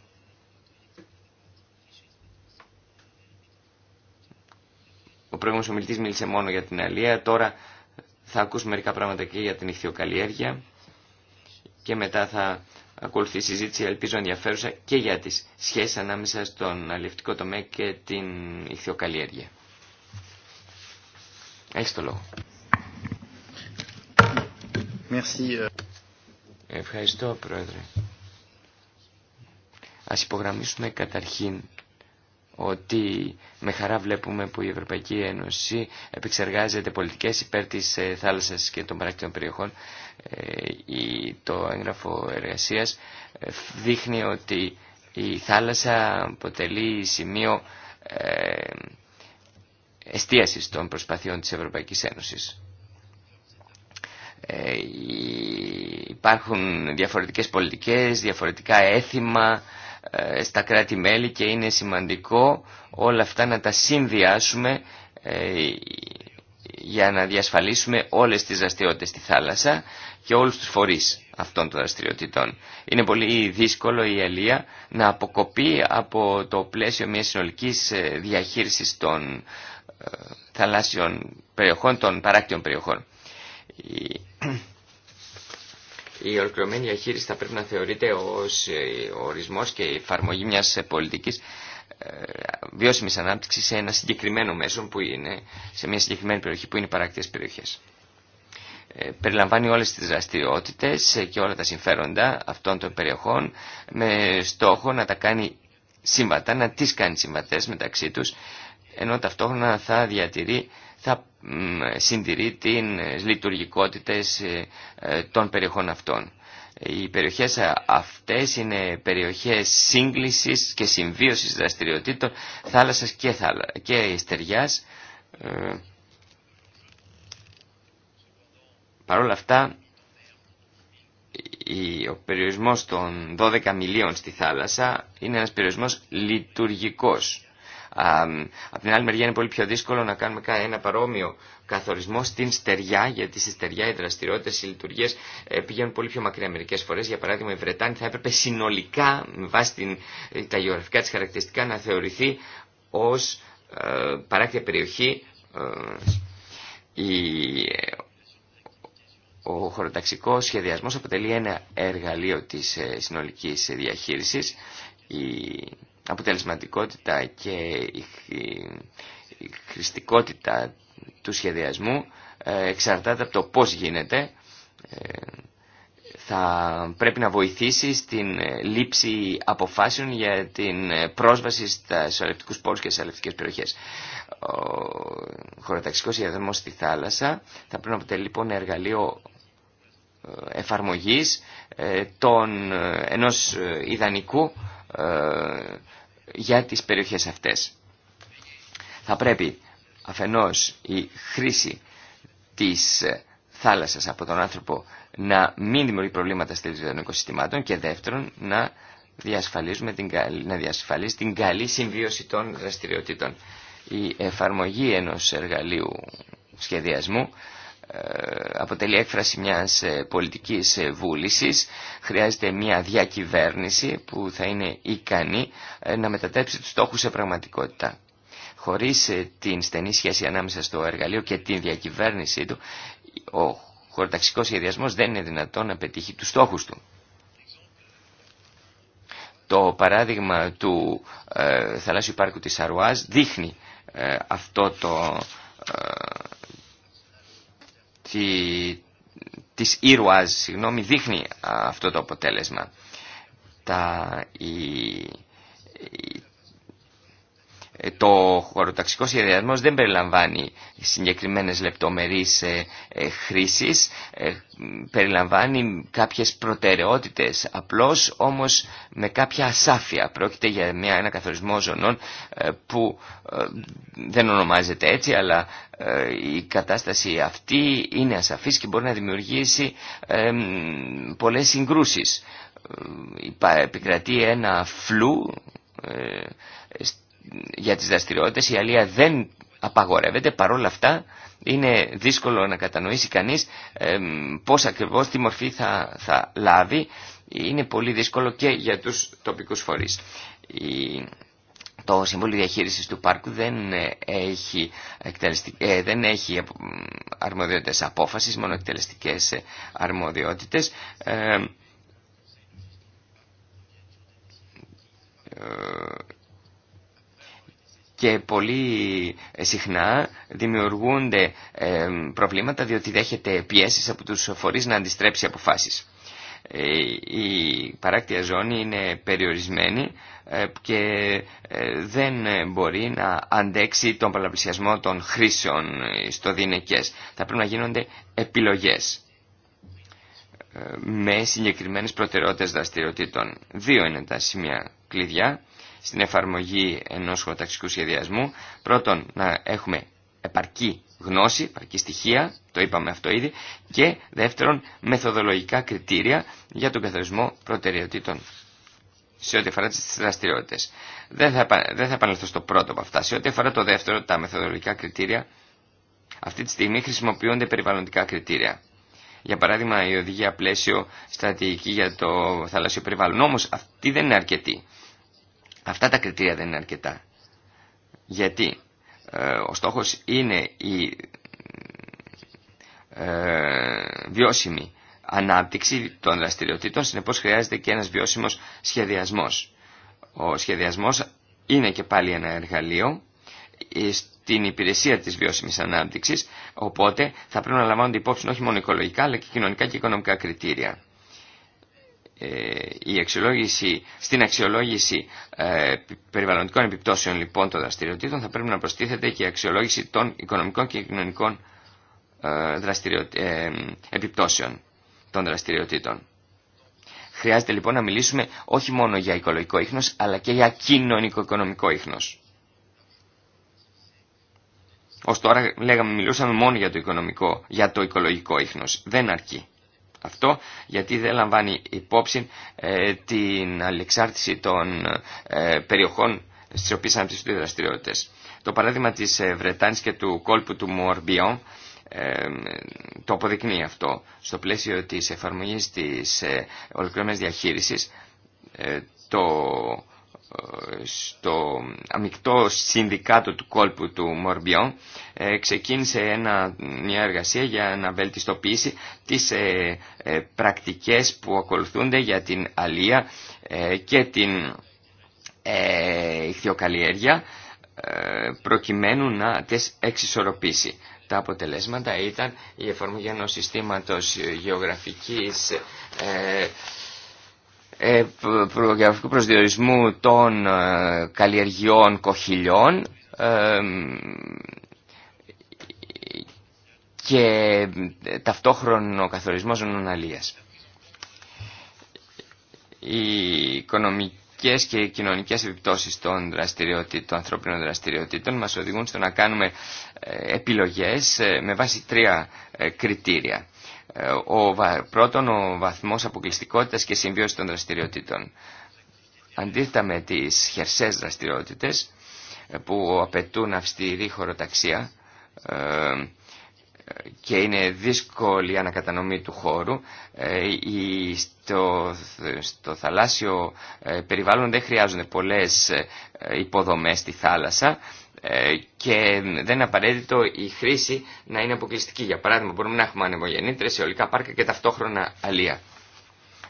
Ο πρώην ομιλητής μίλησε μόνο για την αλία, τώρα θα ακούσουμε μερικά πράγματα και για την ηχθειοκαλλιέργεια και μετά θα ακολουθεί συζήτηση ελπίζω ενδιαφέρουσα και για τις σχέσεις ανάμεσα στον αλληλευτικό τομέα και την ηχθειοκαλλιέργεια. Έχεις το λόγο. Merci. Ε. Ευχαριστώ Πρόεδρε. Ας υπογραμμίσουμε καταρχήν ότι με χαρά βλέπουμε που η Ευρωπαϊκή Ένωση επεξεργάζεται πολιτικές υπέρ της ε, θάλασσας και των παράκτητων περιοχών. Ε, το έγγραφο εργασίας ε, δείχνει ότι η θάλασσα αποτελεί σημείο εστίασης των προσπαθειών της Ευρωπαϊκής Ένωσης. Υπάρχουν διαφορετικές πολιτικές, διαφορετικά έθιμα ε, στα κράτη-μέλη και είναι σημαντικό όλα αυτά να τα συνδυάσουμε ε, για να διασφαλίσουμε όλες τις δραστηριότητε στη θάλασσα και όλους τους φορείς αυτών των δραστηριοτήτων. Είναι πολύ δύσκολο η Ελία να αποκοπεί από το πλαίσιο μιας συνολικής ε, διαχείρισης των θαλάσσιων περιοχών, των παράκτιων περιοχών η ολοκληρωμένη διαχείριση θα πρέπει να θεωρείται ως ε, ορισμός και η εφαρμογή μιας ε, πολιτικής ε, βιώσιμης ανάπτυξης σε ένα συγκεκριμένο μέσο που είναι σε μια συγκεκριμένη περιοχή που είναι οι παράκτιες περιοχές. Περιλαμβάνει όλες τις δραστηριότητες και όλα τα συμφέροντα αυτών των περιοχών με στόχο να τα κάνει σύμβατα, να τις κάνει συμβατές μεταξύ τους ενώ ταυτόχρονα θα διατηρεί θα συντηρεί την λειτουργικότητες ε, ε, των περιοχών αυτών. Οι περιοχές αυτές είναι περιοχές σύγκλησης και συμβίωσης δραστηριοτήτων θάλασσας και, θάλα, και ε, Παρ' όλα αυτά, ο περιορισμός των 12 μιλίων στη θάλασσα είναι ένας περιορισμός λειτουργικός. Από την άλλη μεριά είναι πολύ πιο δύσκολο να κάνουμε ένα παρόμοιο καθορισμό στην στεριά, γιατί στη στεριά οι δραστηριότητε, οι λειτουργίε ε, πηγαίνουν πολύ πιο μακριά μερικέ φορέ. Για παράδειγμα, η Βρετάνη θα έπρεπε συνολικά, με βάση την, τα γεωγραφικά τη χαρακτηριστικά, να θεωρηθεί ω ε, παράκτια περιοχή. Ε, ο χωροταξικό σχεδιασμός αποτελεί ένα εργαλείο της ε, συνολικής διαχείρισης. Η αποτελεσματικότητα και η χρηστικότητα του σχεδιασμού ε, εξαρτάται από το πώς γίνεται ε, θα πρέπει να βοηθήσει στην ε, λήψη αποφάσεων για την πρόσβαση στα σωρευτικούς πόρους και στις αλευτικές περιοχές. Ο χωροταξικός διαδρομός στη θάλασσα θα πρέπει να αποτελεί λοιπόν εργαλείο εφαρμογής των, ενός ιδανικού για τις περιοχές αυτές. Θα πρέπει αφενός η χρήση της ε, θάλασσας από τον άνθρωπο να μην δημιουργεί προβλήματα στη των οικοσυστημάτων και δεύτερον να, διασφαλίζουμε την, να διασφαλίσει την καλή συμβίωση των δραστηριοτήτων. Η εφαρμογή ενός εργαλείου σχεδιασμού αποτελεί έκφραση μιας ε, πολιτικής ε, βούλησης. Χρειάζεται μια διακυβέρνηση που θα είναι ικανή ε, να μετατρέψει τους στόχους σε πραγματικότητα. Χωρίς την στενή σχέση ανάμεσα στο εργαλείο και την διακυβέρνησή του, ο χωροταξικός σχεδιασμό δεν είναι δυνατόν να πετύχει τους στόχους του. Το παράδειγμα του ε, θαλάσσιου πάρκου της Αρουάς δείχνει αυτό το, τη, της ήρωας συγγνώμη, δείχνει αυτό το αποτέλεσμα. Τα, ε, το χωροταξικό σχεδιασμό δεν περιλαμβάνει συγκεκριμένες λεπτομερείς ε, ε, χρήσεις, περιλαμβάνει κάποιες προτεραιότητες, απλώς όμως με κάποια ασάφεια. Πρόκειται για μια, ένα καθορισμό ζωνών που δεν ονομάζεται έτσι, αλλά η κατάσταση αυτή είναι ασαφής και μπορεί να δημιουργήσει πολλές συγκρούσεις. Επικρατεί ένα φλού για τις δραστηριότητες. Η αλία δεν απαγορεύεται, παρόλα αυτά είναι δύσκολο να κατανοήσει κανείς ε, πώς ακριβώς τη μορφή θα, λάβει. Είναι πολύ δύσκολο και για τους τοπικούς φορείς. το Συμβούλιο Διαχείρισης του Πάρκου δεν έχει, ε, δεν έχει αρμοδιότητες απόφασης, μόνο εκτελεστικές αρμοδιότητες. Ε, ε, και πολύ ε, συχνά δημιουργούνται ε, προβλήματα διότι δέχεται πιέσεις από τους φορείς να αντιστρέψει αποφάσεις. Ε, η παράκτια ζώνη είναι περιορισμένη και δεν μπορεί να αντέξει τον παραπλησιασμό των χρήσεων στο δίνεκες. Θα πρέπει να γίνονται επιλογές με συγκεκριμένες προτεραιότητες δραστηριοτήτων. Δύο είναι τα σημεία κλειδιά στην εφαρμογή ενός χωροταξικού σχεδιασμού. Πρώτον, να έχουμε επαρκή γνώση, επαρκή στοιχεία, το είπαμε αυτό ήδη, και δεύτερον, μεθοδολογικά κριτήρια για τον καθορισμό προτεραιοτήτων σε ό,τι αφορά τις δραστηριότητες. Δεν θα, δεν θα επανελθώ στο πρώτο από αυτά. Σε ό,τι αφορά το δεύτερο, τα μεθοδολογικά κριτήρια, αυτή τη στιγμή χρησιμοποιούνται περιβαλλοντικά κριτήρια. Για παράδειγμα, η οδηγία πλαίσιο στρατηγική για το θαλασσιο περιβάλλον. Όμω αυτή δεν είναι αρκετή. Αυτά τα κριτήρια δεν είναι αρκετά. Γιατί ε, ο στόχος είναι η ε, βιώσιμη ανάπτυξη των δραστηριοτήτων, συνεπώς χρειάζεται και ένας βιώσιμος σχεδιασμός. Ο σχεδιασμός είναι και πάλι ένα εργαλείο ε, στην υπηρεσία της βιώσιμης ανάπτυξης, οπότε θα πρέπει να λαμβάνονται υπόψη όχι μόνο οικολογικά αλλά και κοινωνικά και οικονομικά κριτήρια. Ε, η αξιολόγηση, στην αξιολόγηση ε, περιβαλλοντικών επιπτώσεων λοιπόν των δραστηριοτήτων θα πρέπει να προστίθεται και η αξιολόγηση των οικονομικών και κοινωνικών ε, ε, επιπτώσεων των δραστηριοτήτων. Χρειάζεται λοιπόν να μιλήσουμε όχι μόνο για οικολογικό ίχνος αλλά και για κοινωνικο-οικονομικό ίχνος. Ως τώρα λέγαμε, μιλούσαμε μόνο για το, οικονομικό, για το οικολογικό ίχνος. Δεν αρκεί αυτό γιατί δεν λαμβάνει υπόψη ε, την αλεξάρτηση των ε, περιοχών στις οποίες αναπτύσσονται οι δραστηριότητες. Το παράδειγμα της ε, Βρετάνης και του κόλπου του Μορμπιόν το αποδεικνύει αυτό. Στο πλαίσιο της εφαρμογής της ολοκληρωμένης διαχείρισης το ε, στο αμυκτό συνδικάτο του κόλπου του Μορμπιόν ε, ξεκίνησε μια εργασία για να βελτιστοποιήσει τις ε, ε πρακτικές που ακολουθούνται για την αλία και την ε, ηχθειοκαλλιέργεια προκειμένου να τις εξισορροπήσει. Τα αποτελέσματα ήταν η εφαρμογή ενός συστήματος γεωγραφικής ε, Προγραφικού προσδιορισμού των ε, καλλιεργιών κοχυλιών ε, και ταυτόχρονο καθορισμό ζωνοναλίας. Οι οικονομικές και κοινωνικές επιπτώσεις των, δραστηριοτήτων, των ανθρώπινων δραστηριοτήτων μας οδηγούν στο να κάνουμε επιλογές με βάση τρία κριτήρια. Ε, ο, πρώτον ο βαθμός αποκλειστικότητας και συμβίωση των δραστηριοτήτων. Αντίθετα με τις χερσές δραστηριότητες ε, που απαιτούν αυστηρή χωροταξία ε, και είναι δύσκολη η ανακατανομή του χώρου, στο, στο θαλάσσιο περιβάλλον δεν χρειάζονται πολλές υποδομές στη θάλασσα ε, και δεν είναι απαραίτητο η χρήση να είναι αποκλειστική. Για παράδειγμα, μπορούμε να έχουμε ανεμογεννήτρες, αιωλικά πάρκα και ταυτόχρονα αλεία.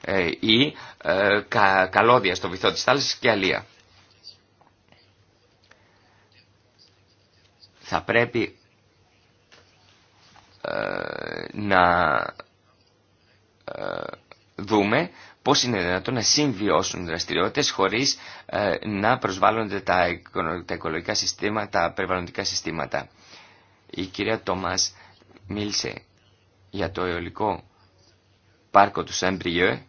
Ε, ή ε, καλώδια στο βυθό της θάλασσας και αλία Θα πρέπει να δούμε πώς είναι δυνατόν να συμβιώσουν δραστηριότητες χωρίς ε, να προσβάλλονται τα, τα οικολογικά συστήματα, τα περιβαλλοντικά συστήματα. Η κυρία Τόμας μίλησε για το αιωλικό πάρκο του Σέμπριγιό.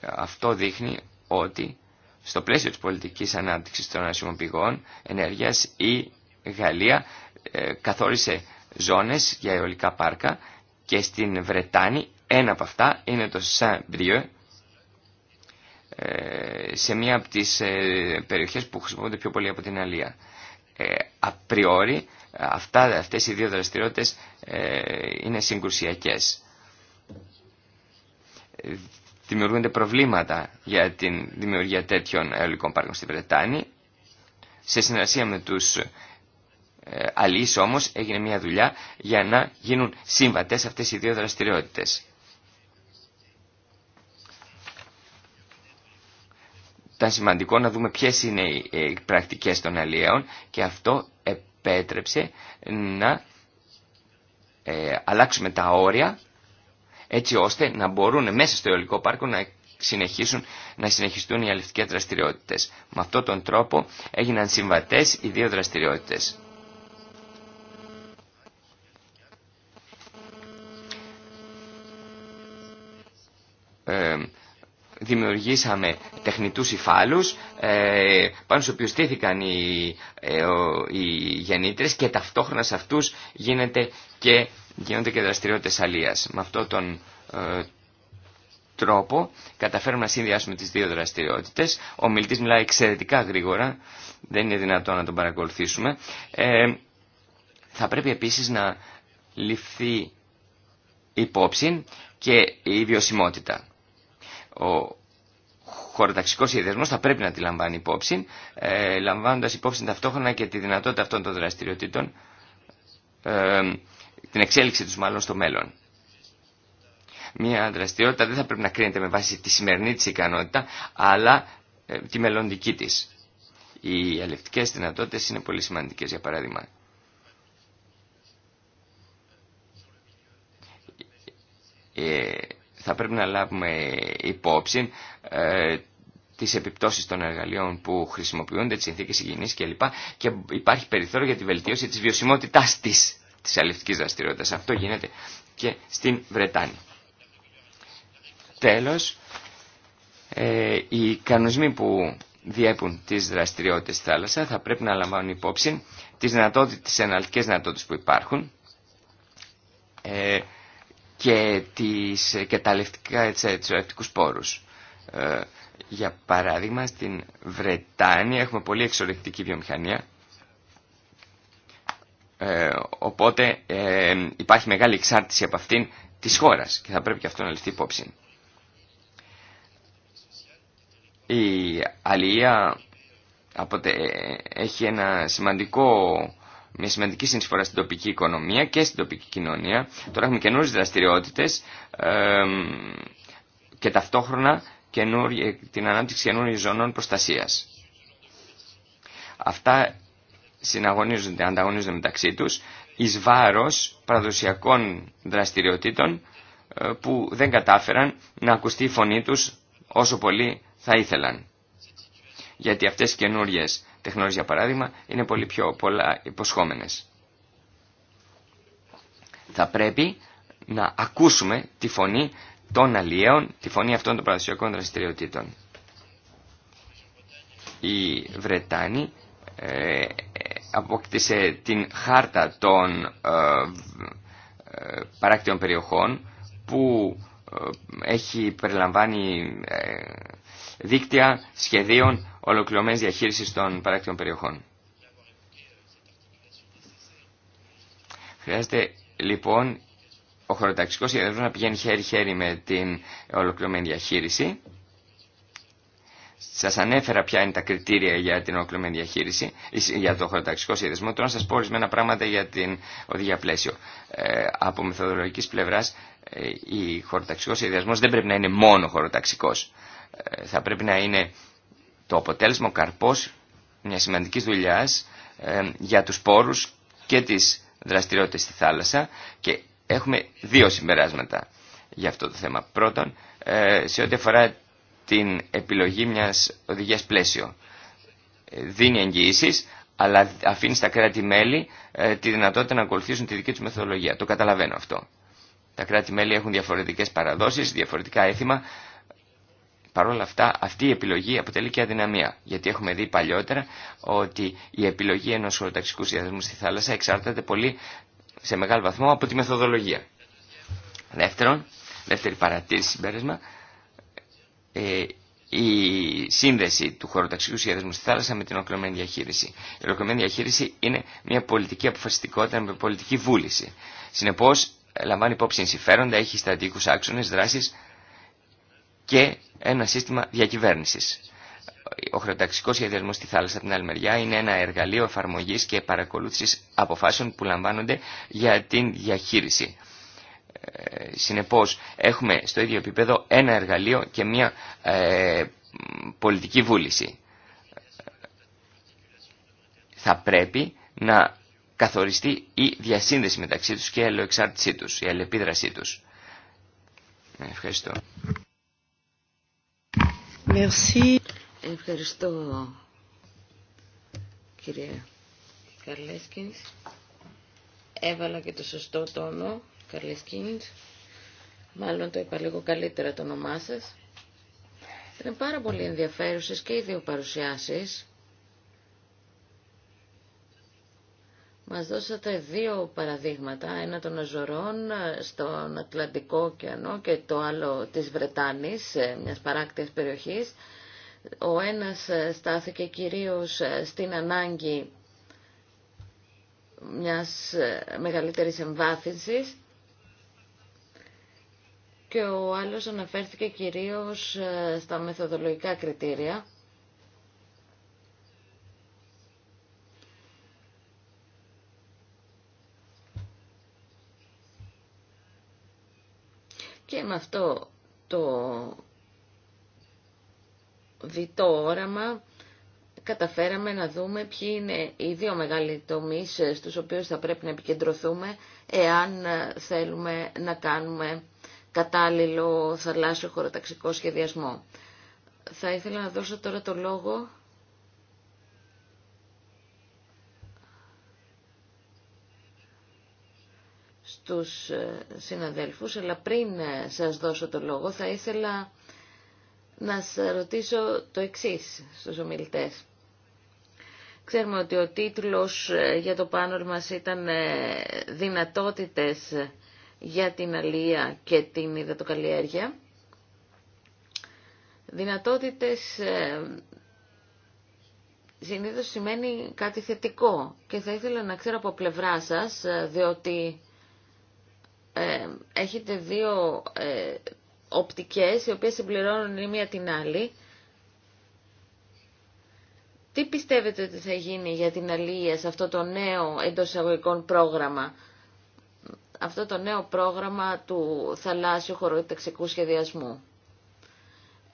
Αυτό δείχνει ότι στο πλαίσιο της πολιτικής ανάπτυξης των ανασύμων πηγών ενέργειας η Γαλλία ε, καθόρισε ζώνες για αιωλικά πάρκα και στην Βρετάνη ένα από αυτά είναι το Saint-Brieuc, ε, σε μία από τις ε, περιοχές που χρησιμοποιούνται πιο πολύ από την Αλία. Απριόρι, ε, αυτά, αυτές οι δύο δραστηριότητες είναι συγκρουσιακές. Δημιουργούνται προβλήματα για την δημιουργία τέτοιων αερολικών πάρκων στη Βρετάνη. Σε συνεργασία με τους αλείς όμως έγινε μια δουλειά για να γίνουν συμβατές αυτές οι δύο δραστηριότητες. ήταν σημαντικό να δούμε ποιες είναι ε, οι πρακτικές των αλλιέων και αυτό επέτρεψε να ε, αλλάξουμε τα όρια έτσι ώστε να μπορούν μέσα στο αιωλικό πάρκο να συνεχίσουν, να συνεχιστούν οι αλληλευτικές δραστηριότητες. Με αυτόν τον τρόπο έγιναν συμβατές οι δύο δραστηριότητες. Ε, δημιουργήσαμε τεχνητούς υφάλους ε, πάνω στους οποίους στήθηκαν οι, ε, οι γεννήτρες και ταυτόχρονα σε αυτούς γίνεται και, γίνονται και δραστηριότητες αλίας. Με αυτόν τον ε, τρόπο καταφέρουμε να συνδυάσουμε τις δύο δραστηριότητες. Ο μιλητής μιλάει εξαιρετικά γρήγορα, δεν είναι δυνατόν να τον παρακολουθήσουμε. θα πρέπει επίσης να ληφθεί υπόψη και η βιωσιμότητα ο χωροταξικό σχεδιασμό θα πρέπει να τη λαμβάνει υπόψη, ε, λαμβάνοντα υπόψη ταυτόχρονα και τη δυνατότητα αυτών των δραστηριοτήτων, ε, την εξέλιξη του μάλλον στο μέλλον. Μια δραστηριότητα δεν θα πρέπει να κρίνεται με βάση τη σημερινή τη ικανότητα, αλλά ε, τη μελλοντική τη. Οι αλευτικέ δυνατότητε είναι πολύ σημαντικέ, για παράδειγμα. Ε, θα πρέπει να λάβουμε υπόψη ε, τις επιπτώσεις των εργαλείων που χρησιμοποιούνται, τις συνθήκες υγιεινής κλπ. Και υπάρχει περιθώριο για τη βελτίωση της βιωσιμότητάς της, της αλληλευτικής δραστηριότητας. Αυτό γίνεται και στην Βρετάνη. Τέλος, ε, οι κανονισμοί που διέπουν τις δραστηριότητες στη θάλασσα θα πρέπει να λαμβάνουν υπόψη τις, τις εναλλακτικές δυνατότητες που υπάρχουν, ε, και, τις, και τα λευτικά, ε, τους πόρους. Ε, για παράδειγμα, στην Βρετάνια έχουμε πολύ εξορρεκτική βιομηχανία, ε, οπότε υπάρχει μεγάλη εξάρτηση από αυτήν της χώρας και θα πρέπει και αυτό να ληφθεί υπόψη. Η αλληλεία έχει ένα σημαντικό μια σημαντική συνεισφορά στην τοπική οικονομία και στην τοπική κοινωνία. Τώρα έχουμε καινούριε δραστηριότητε και ταυτόχρονα την ανάπτυξη καινούριων ζωνών προστασία. Αυτά συναγωνίζονται, ανταγωνίζονται μεταξύ τους εις βάρος παραδοσιακών δραστηριοτήτων ε, που δεν κατάφεραν να ακουστεί η φωνή τους όσο πολύ θα ήθελαν. Γιατί αυτές οι καινούριες τεχνολογία για παράδειγμα είναι πολύ πιο πολλά υποσχόμενες. Θα πρέπει να ακούσουμε τη φωνή των αλλιέων, τη φωνή αυτών των παραδοσιακών δραστηριοτήτων. Η Βρετάνη ε, αποκτήσε την χάρτα των ε, ε παράκτιων περιοχών που ε, έχει περιλαμβάνει δίκτυα σχεδίων ολοκληρωμένης διαχείρισης των παράκτηων περιοχών. Χρειάζεται λοιπόν ο χωροταξικός σχεδιασμό να πηγαίνει χέρι-χέρι με την ολοκληρωμένη διαχείριση. Σας ανέφερα ποια είναι τα κριτήρια για την ολοκληρωμένη διαχείριση, για το χωροταξικό σχεδιασμό. Τώρα να σας πω ορισμένα πράγματα για την οδηγία πλαίσιο. Ε, από μεθοδολογικής πλευράς, ο ε, η χωροταξικός δεν πρέπει να είναι μόνο χωροταξικός. Ε, θα πρέπει να είναι το αποτέλεσμα, ο καρπός μια σημαντικής δουλειάς ε, για τους πόρους και τις δραστηριότητες στη θάλασσα και έχουμε δύο συμπεράσματα για αυτό το θέμα. Πρώτον, ε, σε ό,τι αφορά την επιλογή μιας οδηγίας πλαίσιο. Δίνει εγγυήσεις, αλλά αφήνει στα κράτη-μέλη ε, τη δυνατότητα να ακολουθήσουν τη δική τους μεθοδολογία. Το καταλαβαίνω αυτό. Τα κράτη-μέλη έχουν διαφορετικές παραδόσεις, διαφορετικά έθιμα, Παρ' όλα αυτά αυτή η επιλογή αποτελεί και αδυναμία. Γιατί έχουμε δει παλιότερα ότι η επιλογή ενό χωροταξικού σχεδιασμού στη θάλασσα εξαρτάται πολύ σε μεγάλο βαθμό από τη μεθοδολογία. Δεύτερον, δεύτερη παρατήρηση συμπέρασμα, ε, η σύνδεση του χωροταξικού σχεδιασμού στη θάλασσα με την ολοκληρωμένη διαχείριση. Η ολοκληρωμένη διαχείριση είναι μια πολιτική αποφασιστικότητα με πολιτική βούληση. Συνεπώ, λαμβάνει υπόψη συμφέροντα, έχει στρατηγικού άξονε δράσει, και ένα σύστημα διακυβέρνησης. Ο χρεοταξικός σχεδιασμός στη θάλασσα την άλλη μεριά είναι ένα εργαλείο εφαρμογής και παρακολούθησης αποφάσεων που λαμβάνονται για την διαχείριση. Ε, συνεπώς έχουμε στο ίδιο επίπεδο ένα εργαλείο και μια ε, πολιτική βούληση. Θα πρέπει να καθοριστεί η διασύνδεση μεταξύ τους και η τους, η αλληλεπίδρασή τους. Ε, ευχαριστώ. Ευχαριστώ, κυρία Καρλέσκινς. Έβαλα και το σωστό τόνο, Καρλέσκινς. Μάλλον το είπα λίγο καλύτερα το όνομά σας. Είναι πάρα πολύ ενδιαφέρουσες και οι δύο παρουσιάσεις. Μας δώσατε δύο παραδείγματα, ένα των Αζωρών ε, στον Ατλαντικό ωκεανό και το άλλο της Βρετάνης, ε, μιας παράκτιας περιοχής. Ο ένας ε, στάθηκε κυρίως στην ανάγκη μιας μεγαλύτερης εμβάθυνσης και ο άλλος αναφέρθηκε κυρίως στα μεθοδολογικά κριτήρια Με αυτό το διτό όραμα, καταφέραμε να δούμε ποιοι είναι οι δύο μεγάλοι τομείς στους οποίους θα πρέπει να επικεντρωθούμε εάν θέλουμε να κάνουμε κατάλληλο θαλάσσιο χωροταξικό σχεδιασμό. Θα ήθελα να δώσω τώρα το λόγο τους ε, συναδέλφους, αλλά πριν ε, σας δώσω το λόγο θα ήθελα να σας ρωτήσω το εξής στους ομιλητές. Ξέρουμε ότι ο τίτλος ε, για το πάνω μας ήταν «Δυνατότητες για την αλία και την υδατοκαλλιέργεια». Δυνατότητες συνήθως σημαίνει κάτι θετικό και θα ήθελα να ξέρω από πλευρά σας, διότι ε, έχετε δύο ε, οπτικές οι οποίες συμπληρώνουν η μία την άλλη. Τι πιστεύετε ότι θα γίνει για την αλληλεία σε αυτό το νέο εντό εισαγωγικών πρόγραμμα, αυτό το νέο πρόγραμμα του θαλάσσιου χωροτεξικού σχεδιασμού.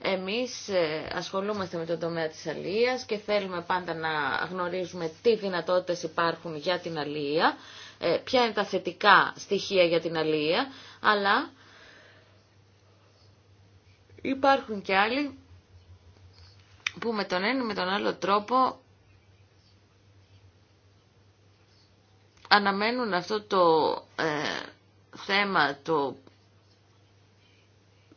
Εμείς ε, ασχολούμαστε με τον τομέα της αλληλείας και θέλουμε πάντα να γνωρίζουμε τι δυνατότητες υπάρχουν για την αλληλεία ε, ποια είναι τα θετικά στοιχεία για την αλληλεία, αλλά υπάρχουν και άλλοι που με τον ένα με τον άλλο τρόπο αναμένουν αυτό το ε, θέμα του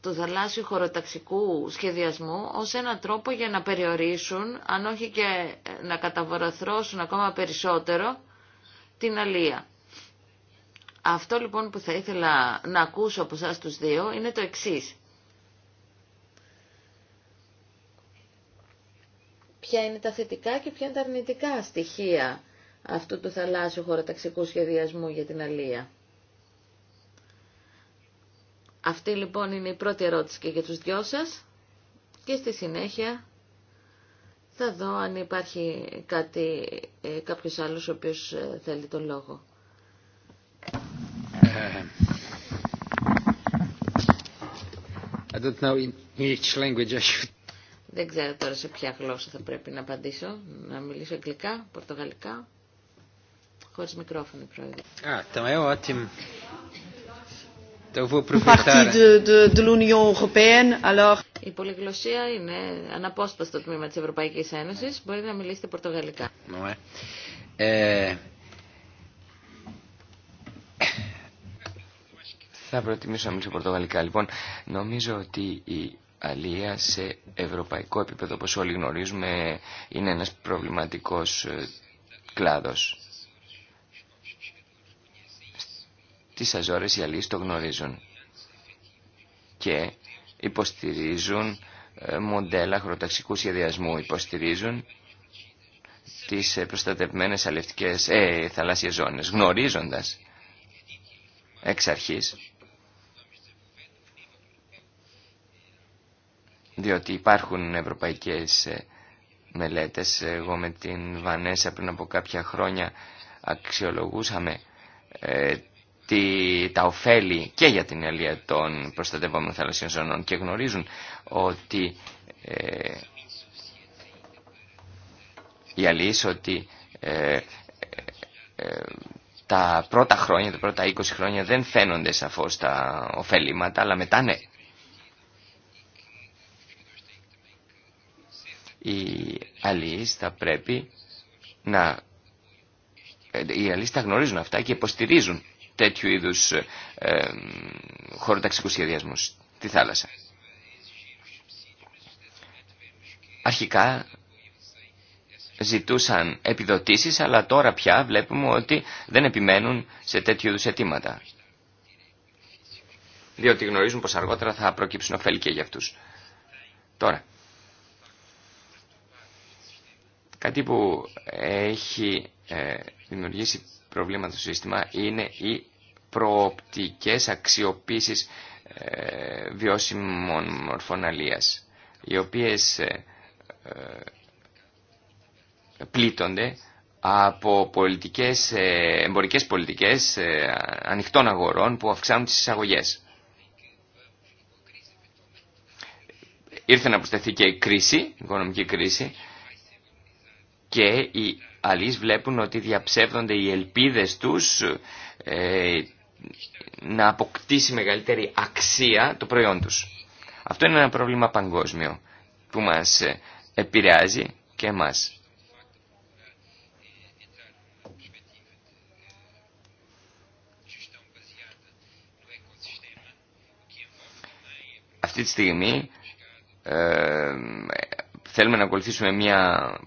το θαλάσσιου χωροταξικού σχεδιασμού ως ένα τρόπο για να περιορίσουν, αν όχι και να καταβοραθρώσουν ακόμα περισσότερο, την αλία. Αυτό λοιπόν που θα ήθελα να ακούσω από εσάς τους δύο είναι το εξής. Ποια είναι τα θετικά και ποια είναι τα αρνητικά στοιχεία αυτού του θαλάσσιου χωροταξικού σχεδιασμού για την αλία. Αυτή λοιπόν είναι η πρώτη ερώτηση και για τους δυο σας. Και στη συνέχεια θα δω αν υπάρχει κάτι, ε, κάποιος άλλος ο οποίος ε, θέλει τον λόγο. Ε, I in language I should... Δεν ξέρω τώρα σε ποια γλώσσα θα πρέπει να απαντήσω. Να μιλήσω αγγλικά, πορτογαλικά, χωρίς μικρόφωνο, πρόεδρε. ah, η πολυγλωσία είναι αναπόσπαστο τμήμα της Ευρωπαϊκής Ένωσης. Μπορείτε να μιλήσετε πορτογαλικά. Ε, θα προτιμήσω να μιλήσω πορτογαλικά. Λοιπόν, νομίζω ότι η αλία σε ευρωπαϊκό επίπεδο, όπως όλοι γνωρίζουμε, είναι ένας προβληματικός ε, κλάδος. τις Αζόρες οι το γνωρίζουν και υποστηρίζουν ε, μοντέλα χροταξικού σχεδιασμού, υποστηρίζουν τις ε, προστατευμένες αλευτικές, ε, θαλάσσιες ζώνες, γνωρίζοντας εξ αρχής διότι υπάρχουν ευρωπαϊκές ε, μελέτες. Εγώ με την Βανέσα πριν από κάποια χρόνια αξιολογούσαμε τη, τα ωφέλη και για την αλία των προστατευόμενων θαλασσίων ζωνών και γνωρίζουν ότι ε, οι αλίες ότι ε, ε, ε, τα πρώτα χρόνια, τα πρώτα 20 χρόνια δεν φαίνονται σαφώς τα ωφέληματα, αλλά μετά ναι. Οι αλίες θα πρέπει να... Οι αλίες τα γνωρίζουν αυτά και υποστηρίζουν τέτοιου είδου ε, χωροταξικούς σχεδιασμούς τη θάλασσα. Αρχικά ζητούσαν επιδοτήσεις, αλλά τώρα πια βλέπουμε ότι δεν επιμένουν σε τέτοιου είδους αιτήματα. Διότι γνωρίζουν πως αργότερα θα προκύψουν ωφέλη και για αυτούς. Τώρα, κάτι που έχει ε, δημιουργήσει προβλήματα στο σύστημα είναι η προοπτικές αξιοποίησης ε, βιώσιμων μορφών αλίας, οι οποίες ε, ε, πλήττονται από πολιτικές, ε, εμπορικές πολιτικές ανοιχτών αγορών που αυξάνουν τις εισαγωγές. Ήρθε να προσθεθεί και η κρίση, η οικονομική κρίση και οι αλείς βλέπουν ότι διαψεύδονται οι ελπίδες τους να αποκτήσει μεγαλύτερη αξία το προϊόν τους. Αυτό είναι ένα πρόβλημα παγκόσμιο που μας ε, επηρεάζει και εμάς. Αυτή τη στιγμή ε, θέλουμε να ακολουθήσουμε μια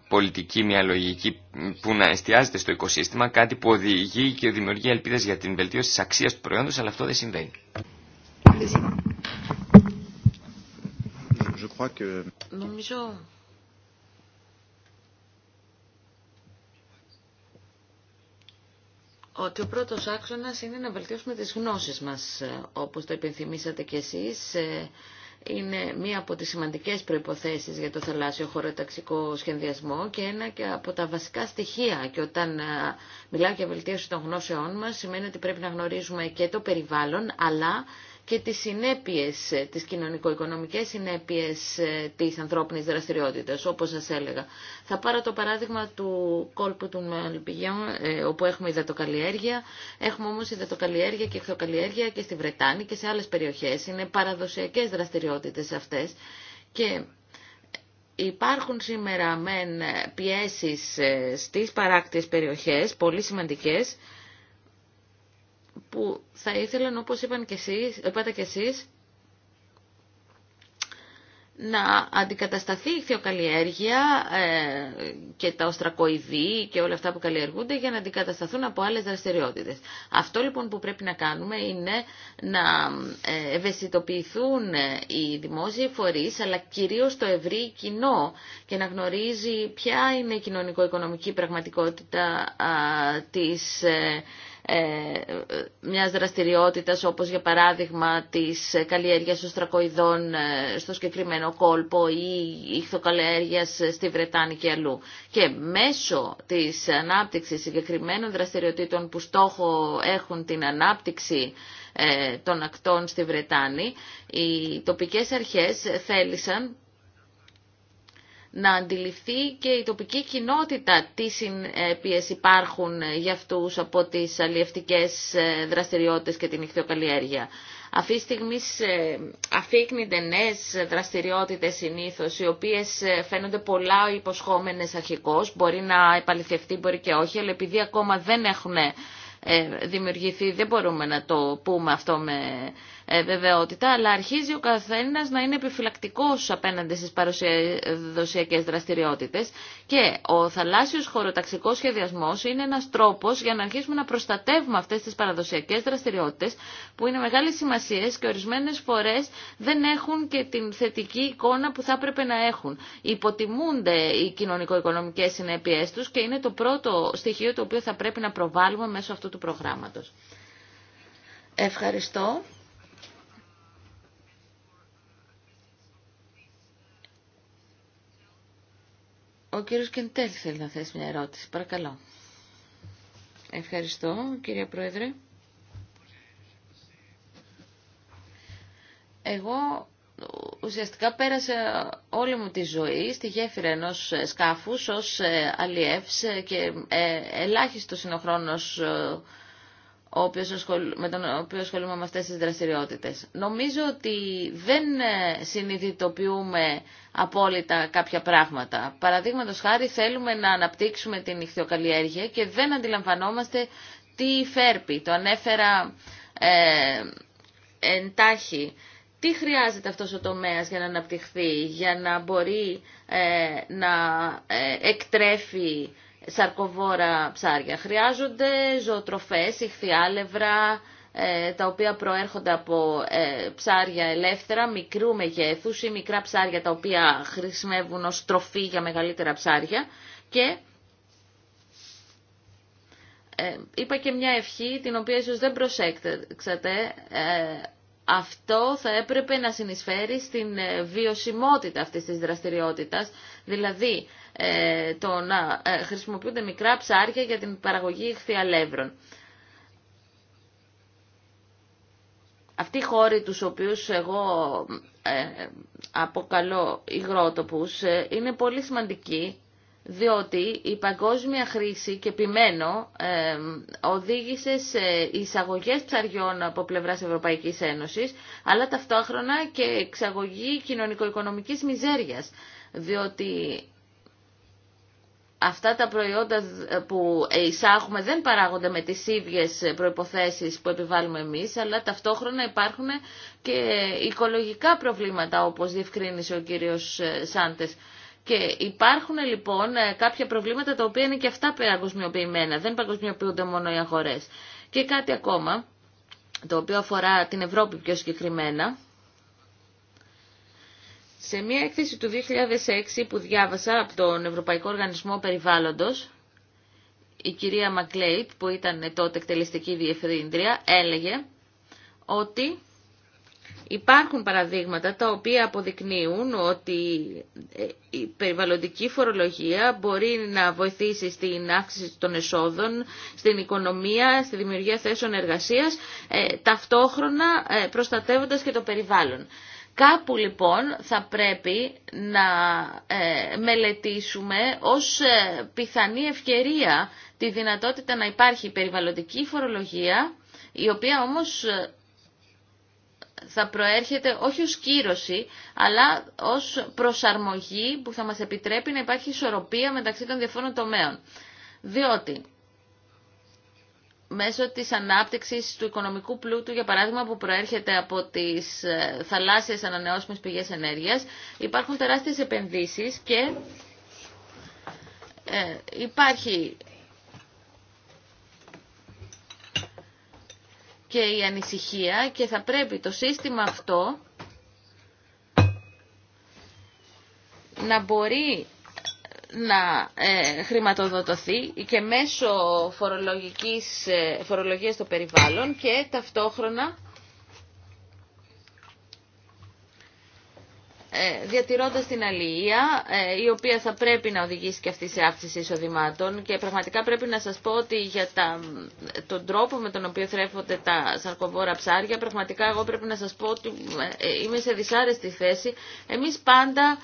πολιτική, μια λογική που να εστιάζεται στο οικοσύστημα, κάτι που οδηγεί και δημιουργεί ελπίδε για την βελτίωση τη αξία του προϊόντος, αλλά αυτό δεν συμβαίνει. Νομίζω ότι ο πρώτος άξονας είναι να βελτιώσουμε τις γνώσεις μας, όπως το υπενθυμίσατε κι εσείς, ε, είναι μία από τις σημαντικές προϋποθέσεις για το θαλάσσιο χωροταξικό σχεδιασμό και ένα και από τα βασικά στοιχεία. Και όταν ε, μιλάω για βελτίωση των γνώσεών μας, σημαίνει ότι πρέπει να γνωρίζουμε και το περιβάλλον, αλλά και τις συνέπειες, τις κοινωνικο-οικονομικές συνέπειες ε, της ανθρώπινης δραστηριότητας, όπως σας έλεγα. Θα πάρω το παράδειγμα του κόλπου του Μελπιγιόν, όπου έχουμε υδατοκαλλιέργεια. Έχουμε όμως υδατοκαλλιέργεια και εκθοκαλλιέργεια και στη Βρετάνη και σε άλλες περιοχές. Είναι παραδοσιακές δραστηριότητες αυτές και υπάρχουν σήμερα μεν πιέσεις ε, στις παράκτιες περιοχές, πολύ σημαντικές, που θα ήθελαν, όπως είπαν και εσείς, είπατε και εσείς, να αντικατασταθεί η θεοκαλλιέργεια ε, και τα οστρακοειδή και όλα αυτά που καλλιεργούνται για να αντικατασταθούν από άλλες δραστηριότητες. Αυτό λοιπόν που πρέπει να κάνουμε είναι να ε, ευαισθητοποιηθούν ε, οι δημόσιοι φορείς αλλά κυρίως το ευρύ κοινό και να γνωρίζει ποια είναι η κοινωνικο-οικονομική πραγματικότητα της ε, μιας δραστηριότητας όπως για παράδειγμα της καλλιέργειας οστρακοειδών ε, στο συγκεκριμένο κόλπο ή ηχθοκαλλιέργειας στη Βρετάνη και αλλού. Και μέσω της ανάπτυξης συγκεκριμένων δραστηριοτήτων που στόχο έχουν την ανάπτυξη ε, των ακτών στη Βρετάνη, οι τοπικές αρχές θέλησαν να αντιληφθεί και η τοπική κοινότητα τι συνέπειες υπάρχουν για αυτούς από τις αλλιευτικές ε, δραστηριότητες και την ηχθειοκαλλιέργεια. Αυτή τη στιγμή αφήκνονται νέε δραστηριότητε συνήθω, οι οποίε ε, φαίνονται πολλά υποσχόμενε αρχικώ. Μπορεί να επαληθευτεί, μπορεί και όχι, αλλά επειδή ακόμα δεν έχουν ε, δημιουργηθεί, δεν μπορούμε να το πούμε αυτό με ε, βεβαιότητα, αλλά αρχίζει ο καθένας να είναι επιφυλακτικός απέναντι στις παραδοσιακές δραστηριότητες και ο θαλάσσιος χωροταξικός σχεδιασμός είναι ένας τρόπος για να αρχίσουμε να προστατεύουμε αυτές τις παραδοσιακές δραστηριότητες που είναι μεγάλη σημασία και ορισμένες φορές δεν έχουν και την θετική εικόνα που θα έπρεπε να έχουν. Υποτιμούνται οι κοινωνικο-οικονομικές συνέπειές τους και είναι το πρώτο στοιχείο το οποίο θα πρέπει να προβάλλουμε μέσω αυτού του προγράμματος. Ευχαριστώ. Ο κύριος Κεντέλ θέλει να θέσει μια ερώτηση. Παρακαλώ. Ευχαριστώ, κύριε Πρόεδρε. Εγώ ουσιαστικά πέρασα όλη μου τη ζωή στη γέφυρα ενός σκάφους ως ε, αλλιεύς και ε, ελάχιστος είναι ο χρόνος ε, με τον οποίο ασχολούμαι με αυτές τις δραστηριότητες. Νομίζω ότι δεν ε, συνειδητοποιούμε απόλυτα κάποια πράγματα. Παραδείγματος χάρη θέλουμε να αναπτύξουμε την ηχθειοκαλλιέργεια και δεν αντιλαμβανόμαστε τι φέρπει. Το ανέφερα ε, εντάχει. Τι χρειάζεται αυτός ο τομέας για να αναπτυχθεί, για να μπορεί ε, να ε, εκτρέφει σαρκοβόρα ψάρια. Χρειάζονται ζωοτροφές, ηχθιάλευρα, ε, τα οποία προέρχονται από ε, ψάρια ελεύθερα, μικρού μεγέθους ή μικρά ψάρια τα οποία χρησιμεύουν ως τροφή για μεγαλύτερα ψάρια και ε, είπα και μια ευχή την οποία ίσως δεν προσέξατε αυτό θα έπρεπε να συνεισφέρει στην ε, βιωσιμότητα αυτής της δραστηριότητας, δηλαδή ε, το να ε, χρησιμοποιούνται μικρά ψάρια για την παραγωγή χθιαλεύρων. Αυτοί οι χώροι τους οποίους εγώ αποκαλώ υγρότοπους είναι πολύ σημαντικοί διότι η παγκόσμια χρήση και επιμένω οδήγησε σε εισαγωγές ψαριών από πλευράς Ευρωπαϊκής Ένωσης, αλλά ταυτόχρονα και εξαγωγή κοινωνικο-οικονομικής μιζέριας, διότι αυτά τα προϊόντα που εισάγουμε δεν παράγονται με τις ίδιες προϋποθέσεις που επιβάλλουμε εμείς, αλλά ταυτόχρονα υπάρχουν και οικολογικά προβλήματα, όπως διευκρίνησε ο κύριος ε, Σάντες. Και υπάρχουν λοιπόν ε, κάποια προβλήματα τα οποία είναι και αυτά παγκοσμιοποιημένα. Δεν παγκοσμιοποιούνται μόνο οι αγορές. Και κάτι ακόμα, το οποίο αφορά την Ευρώπη πιο συγκεκριμένα. Σε μια έκθεση του 2006 που διάβασα από τον Ευρωπαϊκό Οργανισμό Περιβάλλοντος, η κυρία Μακλέιτ, που ήταν τότε εκτελεστική διευθύντρια, έλεγε ότι Υπάρχουν παραδείγματα τα οποία αποδεικνύουν ότι ε, η περιβαλλοντική φορολογία μπορεί να βοηθήσει στην αύξηση των εσόδων, στην οικονομία, στη δημιουργία θέσεων εργασίας, ε, ταυτόχρονα ε, προστατεύοντας και το περιβάλλον. Κάπου λοιπόν θα πρέπει να μελετήσουμε ως πιθανή ευκαιρία τη δυνατότητα να υπάρχει περιβαλλοντική φορολογία, η οποία όμως θα προέρχεται όχι ως κύρωση, αλλά ως προσαρμογή που θα μας επιτρέπει να υπάρχει ισορροπία μεταξύ των διαφόρων τομέων. Διότι μέσω της ανάπτυξης του οικονομικού πλούτου, για παράδειγμα, που προέρχεται από τις ε, θαλάσσιες ανανεώσιμες πηγές ενέργειας, υπάρχουν τεράστιες επενδύσεις και ε, υπάρχει και η ανησυχία και θα πρέπει το σύστημα αυτό να μπορεί να ε, χρηματοδοτωθεί και μέσω φορολογικής, ε, φορολογίας των περιβάλλων και ταυτόχρονα Ε, διατηρώντας την αλληλεία, ε, η οποία θα πρέπει να οδηγήσει και αυτή σε αύξηση εισοδημάτων και πραγματικά πρέπει να σας πω ότι για τα, τον τρόπο με τον οποίο θρέφονται τα σαρκοβόρα ψάρια, πραγματικά εγώ πρέπει να σας πω ότι ε, είμαι σε δυσάρεστη θέση. Εμείς πάντα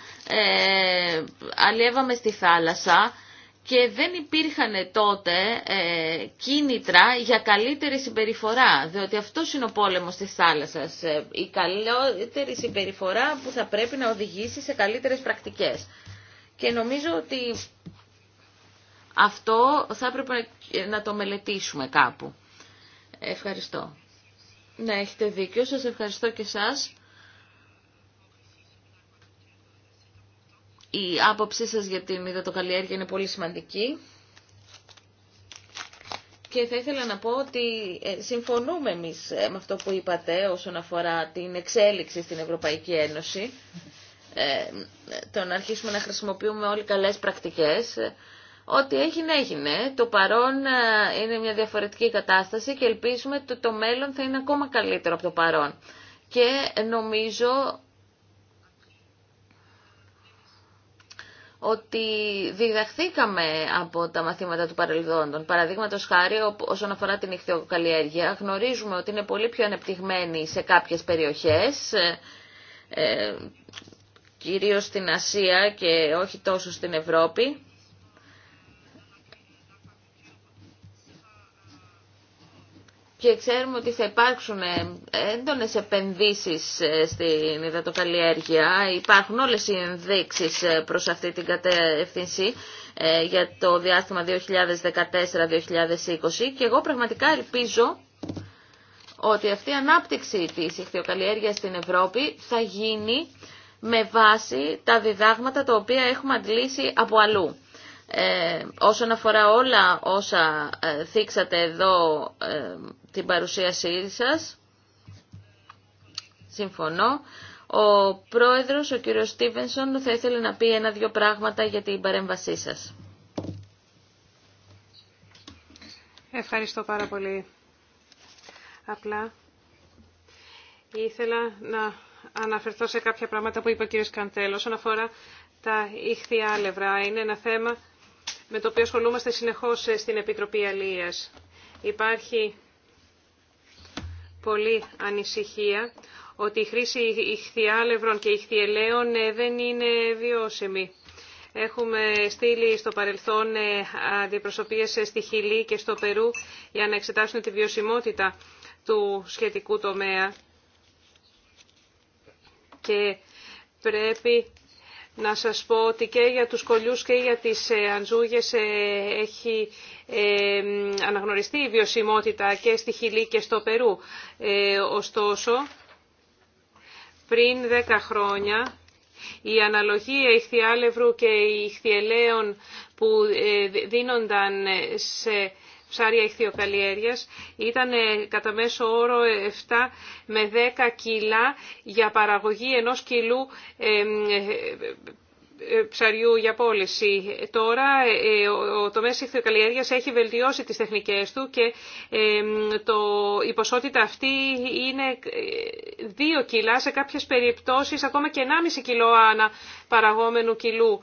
ε, στη θάλασσα, και δεν υπήρχαν τότε ε, κίνητρα για καλύτερη συμπεριφορά, διότι αυτό είναι ο πόλεμος της θάλασσας, ε, η καλύτερη συμπεριφορά που θα πρέπει να οδηγήσει σε καλύτερες πρακτικές. Και νομίζω ότι αυτό θα έπρεπε να το μελετήσουμε κάπου. Ευχαριστώ. να έχετε δίκιο. Σας ευχαριστώ και σας. η άποψή σας για την υδατοκαλλιέργεια είναι πολύ σημαντική. Και θα ήθελα να πω ότι ε, συμφωνούμε εμείς ε, με αυτό που είπατε όσον αφορά την εξέλιξη στην Ευρωπαϊκή Ένωση. Ε, το να αρχίσουμε να χρησιμοποιούμε όλοι καλές πρακτικές. Ό,τι έγινε έγινε. Το παρόν είναι μια διαφορετική κατάσταση και ελπίζουμε ότι το μέλλον θα είναι ακόμα καλύτερο από το παρόν. Και νομίζω ότι διδαχθήκαμε από τα μαθήματα του παρελθόντων. Παραδείγματο χάρη, όσον αφορά την ηχθειοκαλλιέργεια, γνωρίζουμε ότι είναι πολύ πιο ανεπτυγμένη σε κάποιες περιοχές, ε, ε, κυρίω στην Ασία και όχι τόσο στην Ευρώπη. και ξέρουμε ότι θα υπάρξουν ε, έντονες επενδύσεις ε, στην υδατοκαλλιέργεια. Υπάρχουν όλες οι ενδείξεις ε, προς αυτή την κατεύθυνση για το διάστημα 2014-2020 και εγώ πραγματικά ελπίζω ότι αυτή η ανάπτυξη της ηχθειοκαλλιέργειας στην Ευρώπη θα γίνει με βάση τα διδάγματα τα οποία έχουμε αντλήσει από αλλού. Ε, όσον αφορά όλα όσα ε, θίξατε εδώ ε, την παρουσίασή σας, συμφωνώ. Ο πρόεδρος, ο κύριος Στίβενσον, θα ήθελε να πει ένα-δυο πράγματα για την παρέμβασή σας. Ευχαριστώ πάρα πολύ. Απλά ήθελα να αναφερθώ σε κάποια πράγματα που είπε ο κύριος Καντέλος, όσον αφορά τα αλευρά. Είναι ένα θέμα με το οποίο ασχολούμαστε συνεχώς ε, στην Επιτροπή Αλίας. Υπάρχει πολλή ανησυχία ότι η χρήση ηχθιάλευρων και ηχθιελαίων ε, δεν είναι βιώσιμη. Έχουμε στείλει στο παρελθόν ε, αντιπροσωπείες στη Χιλή και στο Περού για να εξετάσουν τη βιωσιμότητα του σχετικού τομέα. Και πρέπει να σας πω ότι και για τους κολλιούς και για τις ε, αντζούγες ε, έχει ε, αναγνωριστεί η βιωσιμότητα και στη Χιλή και στο Περού. Ωστόσο, πριν 10 χρόνια η αναλογία ηχθιάλευρου και ηχθιελαίων που δίνονταν σε ψάρια ηχθειοκαλλιέργεια. ήταν ε, κατά μέσο όρο 7 ε, με 10 κιλά για παραγωγή ενό κιλού ε, ψαριού για πώληση. Τώρα ε, ο τομέας έχει βελτιώσει τις τεχνικές του και ε, το, η ποσότητα αυτή είναι 2 ε, κιλά σε κάποιες περιπτώσεις ακόμα και 1,5 κιλό ανά παραγόμενου κιλού.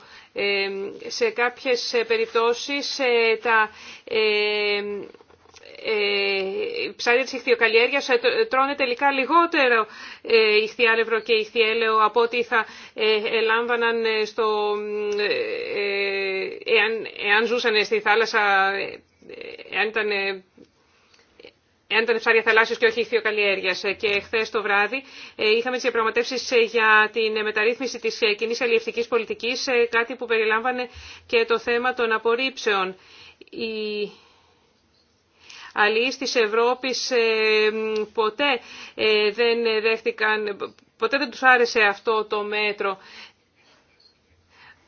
σε κάποιες περιπτώσεις τα ε, ψάρια της ηχθειοκαλλιέργειας ε, ε, τρώνε τελικά λιγότερο ηχθιάλευρο και ηχθιέλαιο από ό,τι θα ελάμβαναν στο, εάν, εάν ζούσαν στη θάλασσα, εάν ήταν Εάν ήταν ψάρια θαλάσσιος και όχι ηχθειοκαλλιέργειας. Και χθε το βράδυ είχαμε τι διαπραγματεύσει για την μεταρρύθμιση της κοινή αλληλευτικής πολιτικής, κάτι που περιλάμβανε και το θέμα των απορρίψεων. Η αλληλείς της Ευρώπης ε, ποτέ ε, δεν δέχτηκαν, ποτέ δεν τους άρεσε αυτό το μέτρο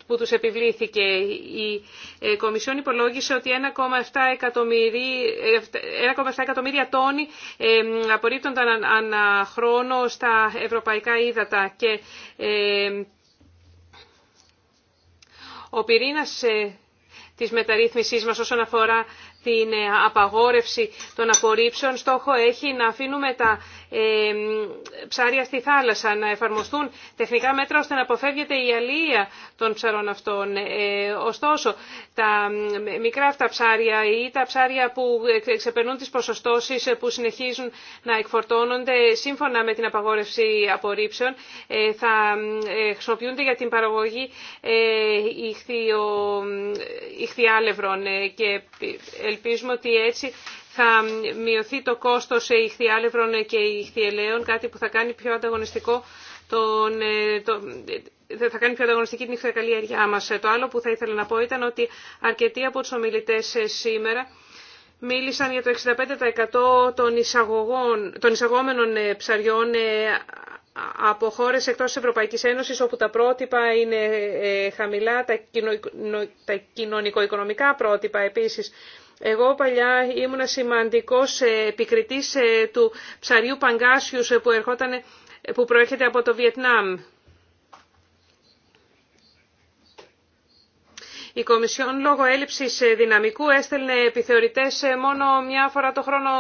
που τους επιβλήθηκε. Η ε, Κομισιόν υπολόγισε ότι 1,7 εκατομμύρια τόνοι απορρίπτονταν ανά χρόνο στα ευρωπαϊκά ύδατα και ο πυρήνας της μεταρρύθμισής μας όσον αφορά την απαγόρευση των απορρίψεων στόχο έχει να αφήνουμε τα ε, ψάρια στη θάλασσα, να εφαρμοστούν τεχνικά μέτρα ώστε να αποφεύγεται η αλία των ψαρών αυτών. Ε, ωστόσο, τα μικρά αυτά ψάρια ή τα ψάρια που ε, ξεπερνούν τις ποσοστώσεις που συνεχίζουν να εκφορτώνονται σύμφωνα με την απαγόρευση απορρίψεων θα χρησιμοποιούνται για την παραγωγή ηχθιάλευρων και ελπίζουμε ότι έτσι θα μειωθεί το κόστος ηχθιάλευρων και ηχθιελαίων, κάτι που θα κάνει πιο ανταγωνιστικό τον, ε, το, ε, θα κάνει πιο ανταγωνιστική την ηχθιακαλλιέργειά μας. Ε, το άλλο που θα ήθελα να πω ήταν ότι αρκετοί από τους ομιλητές σήμερα μίλησαν για το 65% των, εισαγωγών, των εισαγόμενων ψαριών από χώρες εκτός της Ευρωπαϊκής Ένωσης όπου τα πρότυπα είναι χαμηλά, τα κοινωνικο-οικονομικά πρότυπα επίσης εγώ παλιά ήμουνα σημαντικός ε, επικριτής ε, του ψαριού Παγκάσιους ε, που, ερχόταν, που προέρχεται από το Βιετνάμ. Η Κομισιόν λόγω έλλειψης δυναμικού έστελνε επιθεωρητές μόνο μια φορά, το χρόνο,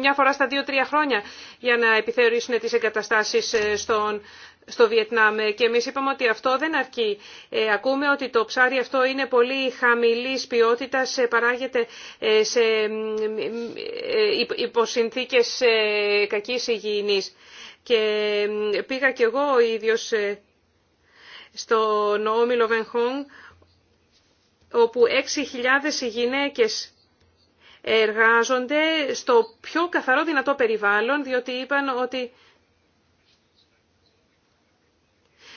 μια φορά στα δύο-τρία χρόνια για να επιθεωρήσουν τις εγκαταστάσεις στον στο Βιετνάμ ε, και εμείς είπαμε ότι αυτό δεν αρκεί. Ε, ακούμε ότι το ψάρι αυτό είναι πολύ χαμηλής ποιότητας, ε, παράγεται σε υποσυνθήκες κακής υγιεινής. Και πήγα κι εγώ ο ίδιος στο Νόμιλο Βενχόγκ, όπου 6.000 γυναίκες εργάζονται στο πιο καθαρό δυνατό περιβάλλον, διότι είπαν ότι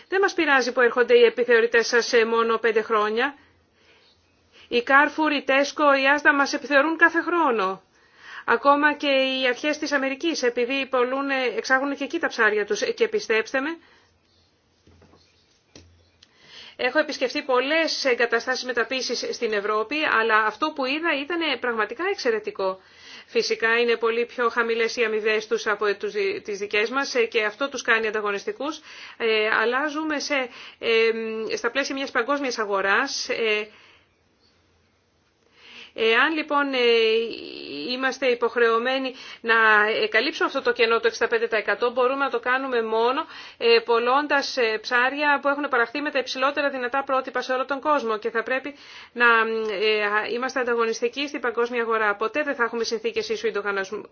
Δεν μας πειράζει που έρχονται οι επιθεωρητές σας σε μόνο πέντε χρόνια. Οι Κάρφουρ, οι Τέσκο, οι Άστα μας επιθεωρούν κάθε χρόνο. Ακόμα και οι αρχές της Αμερικής, επειδή πολλούν, εξάγουν και εκεί τα ψάρια τους. Και πιστέψτε με, Έχω επισκεφτεί πολλές εγκαταστάσεις μεταποίησης στην Ευρώπη, αλλά αυτό που είδα ήταν πραγματικά εξαιρετικό. Φυσικά είναι πολύ πιο χαμηλές οι αμοιβέ τους από τις δικές μας ε, και αυτό τους κάνει ανταγωνιστικούς. Ε, αλλά ζούμε σε, ε, στα πλαίσια μιας παγκόσμιας αγοράς Εάν λοιπόν ε, είμαστε υποχρεωμένοι να ε, καλύψουμε αυτό το κενό το 65% μπορούμε να το κάνουμε μόνο ε, πολλώντας ψάρια που έχουν παραχθεί με τα υψηλότερα δυνατά πρότυπα σε όλο τον κόσμο και θα πρέπει να είμαστε ανταγωνιστικοί στην παγκόσμια αγορά. Ποτέ δεν θα έχουμε συνθήκες ίσου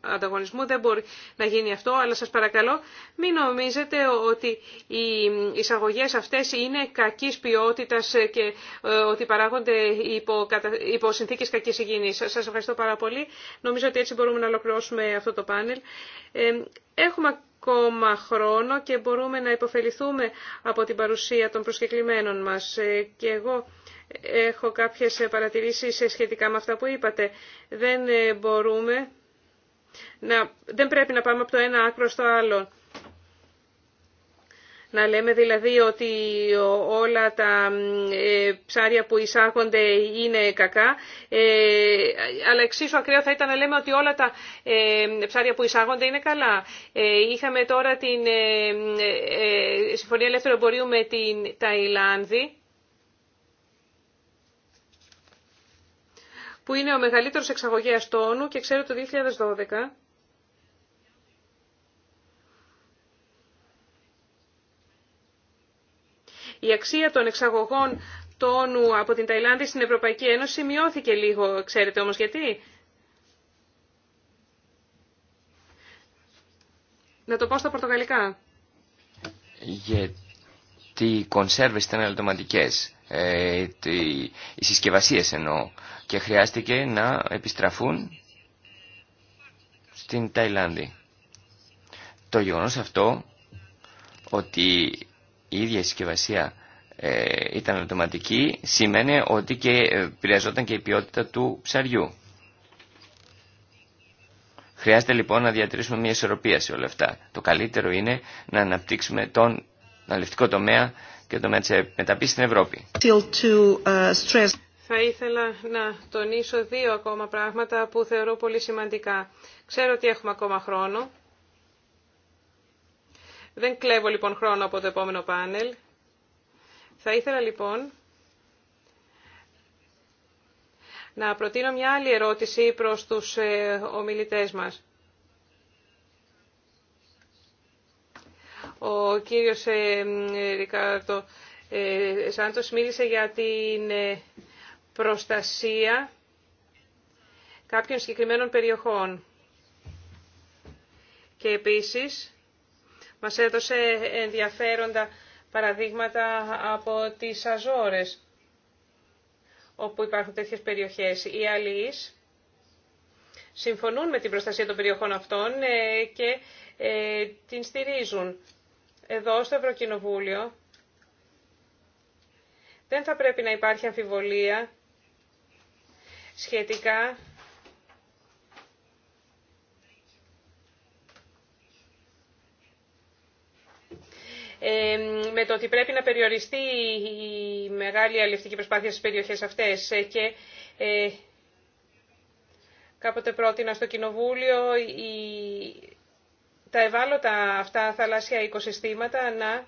ανταγωνισμού, δεν μπορεί να γίνει αυτό, αλλά σας παρακαλώ μην νομίζετε ότι οι εισαγωγές αυτές είναι κακής ποιότητας και ότι παράγονται υπό συνθήκες κακής Σα ευχαριστώ πάρα πολύ. Νομίζω ότι έτσι μπορούμε να ολοκληρώσουμε αυτό το πάνελ. Ε, έχουμε ακόμα χρόνο και μπορούμε να υποφεληθούμε από την παρουσία των προσκεκλημένων μας. Ε, και εγώ έχω κάποιες παρατηρήσεις σχετικά με αυτά που είπατε. Δεν ε, μπορούμε... Να, δεν πρέπει να πάμε από το ένα άκρο στο άλλο. Να λέμε δηλαδή ότι όλα τα ε, ψάρια που εισάγονται είναι κακά, ε, αλλά εξίσου ακραίο θα ήταν να λέμε ότι όλα τα ε, ψάρια που εισάγονται είναι καλά. Είχαμε τώρα την Συμφωνία Ελεύθερου Εμπορίου με την Ταϊλάνδη, που είναι ο μεγαλύτερος εξαγωγέας τόνου και ξέρω το 2012 Η αξία των εξαγωγών τόνου από την Ταϊλάνδη στην Ευρωπαϊκή Ένωση μειώθηκε λίγο. Ξέρετε όμως γιατί. Να το πω στα πορτογαλικά. Γιατί οι κονσέρβες ήταν ελαττωματικές. Ε, οι συσκευασίες εννοώ. Και χρειάστηκε να επιστραφούν στην Ταϊλάνδη. Το γεγονός αυτό ότι η ίδια η συσκευασία ε, ήταν αυτοματική, σημαίνει ότι και επηρεαζόταν και η ποιότητα του ψαριού. Χρειάζεται λοιπόν να διατηρήσουμε μια ισορροπία σε όλα αυτά. Το καλύτερο είναι να αναπτύξουμε τον αλευτικό τομέα και το τομέα της στην Ευρώπη. Uh, Θα ήθελα να τονίσω δύο ακόμα πράγματα που θεωρώ πολύ σημαντικά. Ξέρω ότι έχουμε ακόμα χρόνο. Δεν κλέβω λοιπόν χρόνο από το επόμενο πάνελ. Θα ήθελα λοιπόν να προτείνω μια άλλη ερώτηση προς τους ε, ομιλητές μας. Ο κύριος ε, Ρικάρτο ε, Σάντος μίλησε για την προστασία κάποιων συγκεκριμένων περιοχών. Και επίσης μας έδωσε ενδιαφέροντα παραδείγματα από τις Αζόρες, όπου υπάρχουν τέτοιες περιοχές. Οι αλληλείς συμφωνούν με την προστασία των περιοχών αυτών ε, και ε, την στηρίζουν. Εδώ στο Ευρωκοινοβούλιο δεν θα πρέπει να υπάρχει αμφιβολία σχετικά με το ότι πρέπει να περιοριστεί η μεγάλη αλληλευτική προσπάθεια στις περιοχές αυτές. Ε, και ε, κάποτε πρότεινα στο Κοινοβούλιο η, τα ευάλωτα αυτά θαλάσσια οικοσυστήματα να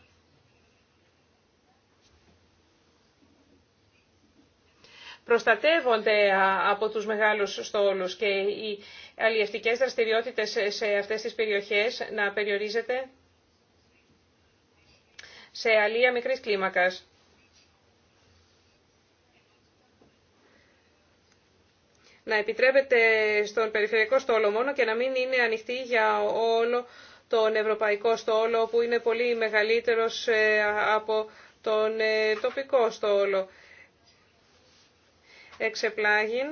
προστατεύονται από τους μεγάλους στόλους και οι αλλιευτικές δραστηριότητες σε αυτές τις περιοχές να περιορίζεται σε αλία μικρής κλίμακας. Να επιτρέπεται στον περιφερειακό στόλο μόνο και να μην είναι ανοιχτή για όλο τον ευρωπαϊκό στόλο που είναι πολύ μεγαλύτερος ε, από τον ε, τοπικό στόλο. Εξεπλάγιν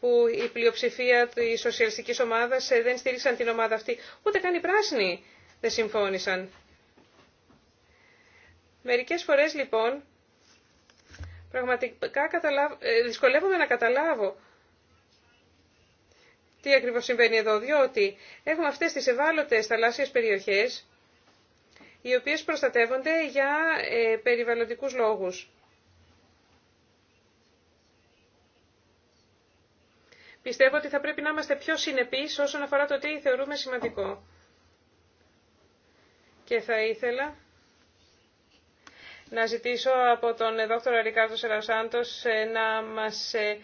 που η πλειοψηφία της σοσιαλιστικής ομάδας ε, δεν στήριξαν την ομάδα αυτή. Ούτε καν οι πράσινοι δεν συμφώνησαν. Μερικές φορές λοιπόν πραγματικά καταλάβ... Ε, δυσκολεύομαι να καταλάβω τι ακριβώς συμβαίνει εδώ, διότι έχουμε αυτές τις ευάλωτες θαλάσσιες περιοχές οι οποίες προστατεύονται για ε, περιβαλλοντικούς λόγους. Πιστεύω ότι θα πρέπει να είμαστε πιο συνεπείς όσον αφορά το τι θεωρούμε σημαντικό. Και θα ήθελα να ζητήσω από τον δόκτωρο Ρικάρδο Σερασάντος ε, να μας ε,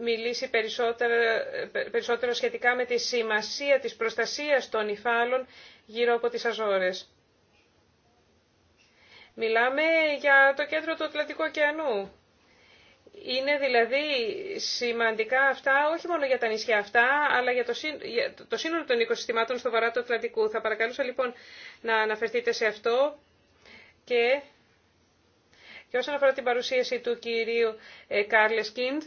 μιλήσει περισσότερο, ε, περισσότερο σχετικά με τη σημασία της προστασίας των υφάλων γύρω από τις Αζόρες. Μιλάμε για το κέντρο του Ατλαντικού ωκεανού. Είναι δηλαδή σημαντικά αυτά, όχι μόνο για τα νησιά αυτά, αλλά για το σύνολο των οικοσυστημάτων στο βαρά του Ατλαντικού. Θα παρακαλούσα λοιπόν να αναφερθείτε σε αυτό και και όσον αφορά την παρουσίαση του κυρίου ε, Κάρλε Κίντ,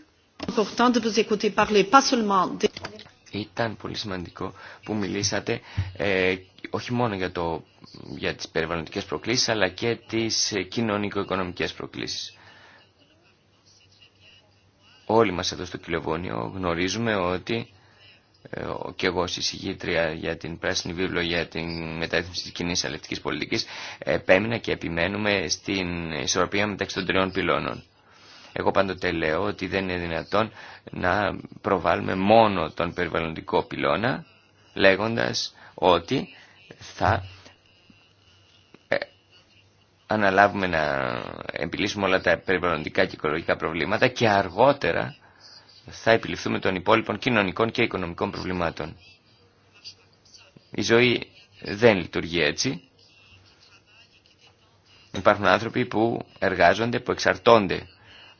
ήταν πολύ σημαντικό που μιλήσατε ε, όχι μόνο για, το, για τις περιβαλλοντικές προκλήσεις αλλά και τις ε, κοινωνικο-οικονομικές προκλήσεις. Όλοι μας εδώ στο Κιλεβόνιο γνωρίζουμε ότι και εγώ ως για την πράσινη βίβλο για την μεταρρύθμιση της κοινής αλληλευτικής πολιτικής επέμεινα και επιμένουμε στην ισορροπία μεταξύ των τριών πυλώνων. Εγώ πάντοτε λέω ότι δεν είναι δυνατόν να προβάλλουμε μόνο τον περιβαλλοντικό πυλώνα λέγοντας ότι θα ε, αναλάβουμε να επιλύσουμε όλα τα περιβαλλοντικά και οικολογικά προβλήματα και αργότερα θα επιληφθούμε των υπόλοιπων κοινωνικών και οικονομικών προβλημάτων. Η ζωή δεν λειτουργεί έτσι. Υπάρχουν άνθρωποι που εργάζονται, που εξαρτώνται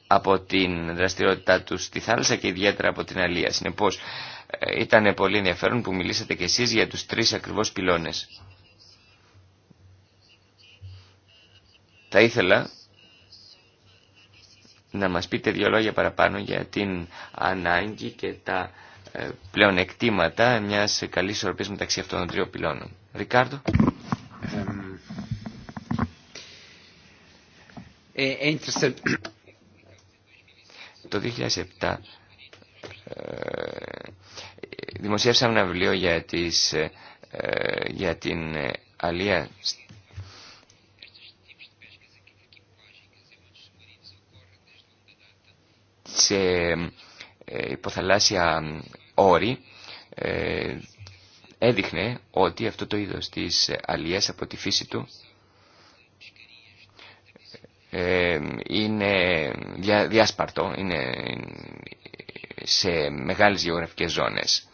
από την δραστηριότητά τους στη θάλασσα και ιδιαίτερα από την αλία. Συνεπώς ε, ήταν πολύ ενδιαφέρον που μιλήσατε κι εσείς για τους τρεις ακριβώς πυλώνες. Θα ήθελα να μας πείτε δύο λόγια παραπάνω για την ανάγκη και τα ε, πλέον εκτίματα μιας καλής ισορροπίας μεταξύ αυτών των τριών πυλώνων. Ρικάρδο. Ε, ε, Το 2007 δημοσίευσαμε ένα βιβλίο για, την αλία σε ε, υποθαλάσσια όρη ε, έδειχνε ότι αυτό το είδος της αλίας από τη φύση του ε, είναι διάσπαρτο, είναι σε μεγάλες γεωγραφικές ζώνες.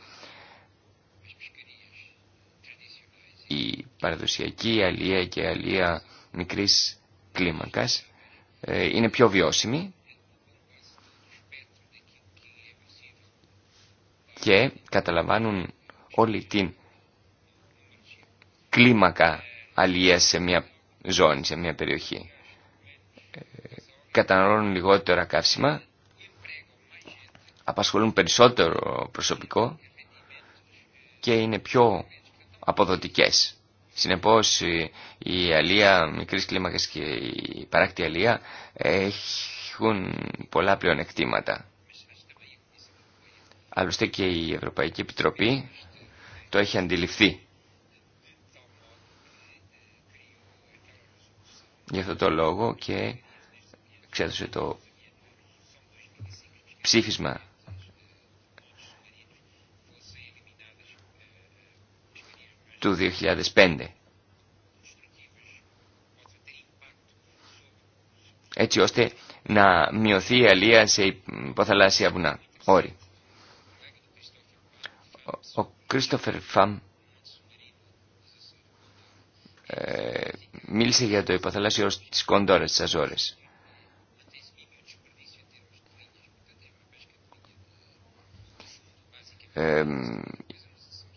Η παραδοσιακή αλία και αλία μικρής κλίμακας είναι πιο βιώσιμη και καταλαμβάνουν όλη την κλίμακα αλλιές σε μια ζώνη, σε μια περιοχή. Ε, καταναλώνουν λιγότερα καύσιμα, απασχολούν περισσότερο προσωπικό και είναι πιο αποδοτικές. Συνεπώς η αλία μικρής κλίμακας και η παράκτη αλία ε, έχουν πολλά πλεονεκτήματα. Άλλωστε και η Ευρωπαϊκή Επιτροπή το έχει αντιληφθεί. Γι' αυτό το λόγο και ξέδωσε το ψήφισμα του 2005. Έτσι ώστε να μειωθεί η αλία σε υποθαλάσσια βουνά. όρι. Κρίστοφερ Φαμ μίλησε για το υποθαλάσσιο της Κοντόρας της Αζόρες. Ε,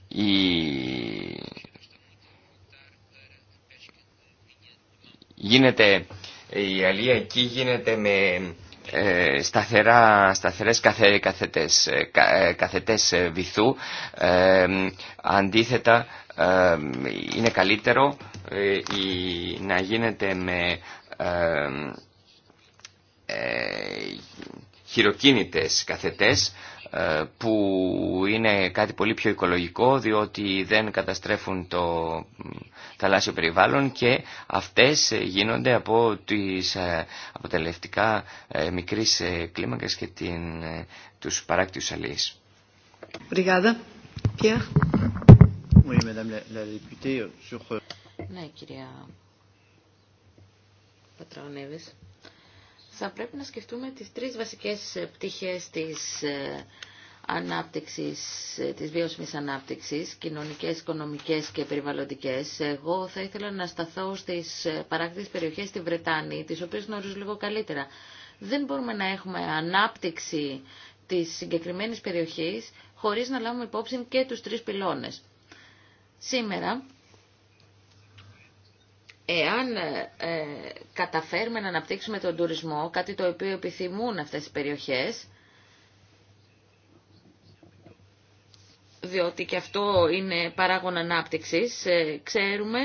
η, γίνεται, η αλία εκεί γίνεται με ε, σταθερά, σταθερές καθέ, καθετές, ε, κα, ε, βυθού αντίθετα είναι καλύτερο η, να γίνεται με χειροκίνητες καθετές ε, που είναι κάτι πολύ πιο οικολογικό διότι δεν καταστρέφουν το θαλάσσιο περιβάλλον και αυτές γίνονται από τις ε, αποτελευτικά ε, μικρής κλίμακας και την, τους παράκτιους αλίες. Euh, euh, ναι, κυρία θα πρέπει να σκεφτούμε τις τρεις βασικές ε, πτυχές της ε, ανάπτυξης, ε, της βιώσιμης ανάπτυξης, κοινωνικές, οικονομικές και περιβαλλοντικές. Εγώ θα ήθελα να σταθώ στις παράκτητες περιοχές στη Βρετάνη, τις οποίες γνωρίζω λίγο καλύτερα. Δεν μπορούμε να έχουμε ανάπτυξη της συγκεκριμένης περιοχής χωρίς να λάβουμε υπόψη και τους τρεις πυλώνες. Σήμερα Εάν ε, ε, καταφέρουμε να αναπτύξουμε τον τουρισμό, κάτι το οποίο επιθυμούν αυτές οι περιοχές, διότι και αυτό είναι παράγον ανάπτυξης, ε, ξέρουμε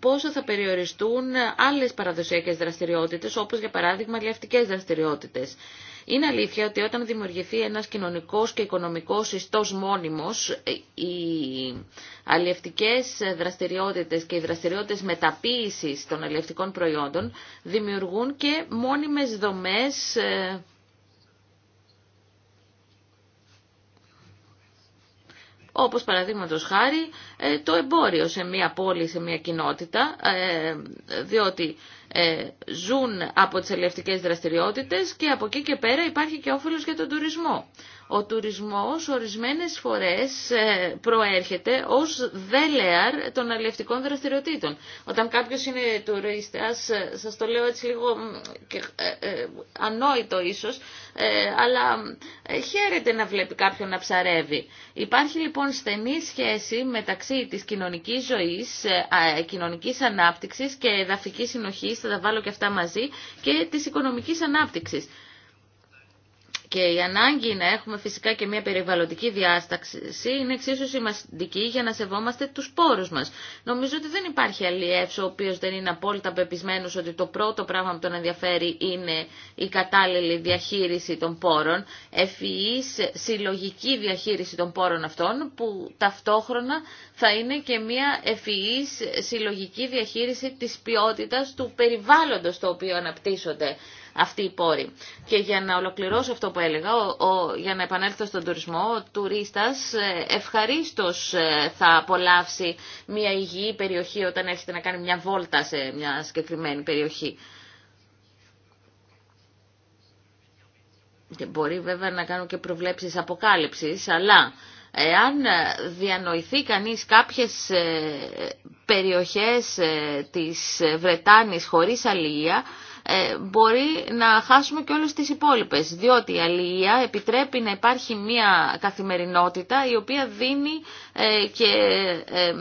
πόσο θα περιοριστούν άλλες παραδοσιακές δραστηριότητες, όπως για παράδειγμα λιαυτικές δραστηριότητες. Είναι αλήθεια ότι όταν δημιουργηθεί ένας κοινωνικός και οικονομικός ιστός μόνιμος, ε, οι αλλιευτικές δραστηριότητες και οι δραστηριότητες μεταποίησης των αλλιευτικών προϊόντων δημιουργούν και μόνιμες δομές ε, όπως παραδείγματο χάρη ε, το εμπόριο σε μια πόλη, σε μια κοινότητα, διότι ε, ζουν από τις ελευτικές δραστηριότητες και από εκεί και πέρα υπάρχει και όφελος για τον τουρισμό. Ο τουρισμός ορισμένες φορές ε, προέρχεται ως δέλεαρ των αλληλευτικών δραστηριοτήτων. Όταν κάποιος είναι τουρίστας, ε, σας το λέω έτσι λίγο και, ε, ανόητο ίσως, αλλά χαίρεται να βλέπει κάποιον να ψαρεύει. Υπάρχει λοιπόν στενή σχέση μεταξύ της κοινωνικής ζωής, κοινωνικής ανάπτυξης και εδαφικής συνοχής, θα τα βάλω και αυτά μαζί, και της οικονομικής ανάπτυξης. Και η ανάγκη να έχουμε φυσικά και μια περιβαλλοντική διάσταξη είναι εξίσου σημαντική για να σεβόμαστε του πόρου μα. Νομίζω ότι δεν υπάρχει αλλιεύσο ο οποίο δεν είναι απόλυτα πεπισμένο ότι το πρώτο πράγμα που τον ενδιαφέρει είναι η κατάλληλη διαχείριση των πόρων, ευφυή συλλογική διαχείριση των πόρων αυτών που ταυτόχρονα θα είναι και μια ευφυή συλλογική διαχείριση τη ποιότητα του περιβάλλοντο το οποίο αναπτύσσονται ...αυτή οι πόροι. Και για να ολοκληρώσω αυτό που έλεγα, ο, για να επανέλθω στον τουρισμό, ο τουρίστας ε, ευχαρίστως ε, θα απολαύσει μια υγιή περιοχή όταν έρχεται να κάνει μια βόλτα σε μια συγκεκριμένη περιοχή. Και μπορεί βέβαια να κάνουν και προβλέψεις αποκάλυψης, αλλά εάν ε, διανοηθεί κανείς κάποιες περιοχές της Βρετάνης χωρίς αλληλεία, ε, μπορεί να χάσουμε και όλες τις υπόλοιπες, διότι η αλληλεία επιτρέπει να υπάρχει μια καθημερινότητα η οποία δίνει ε, και ε,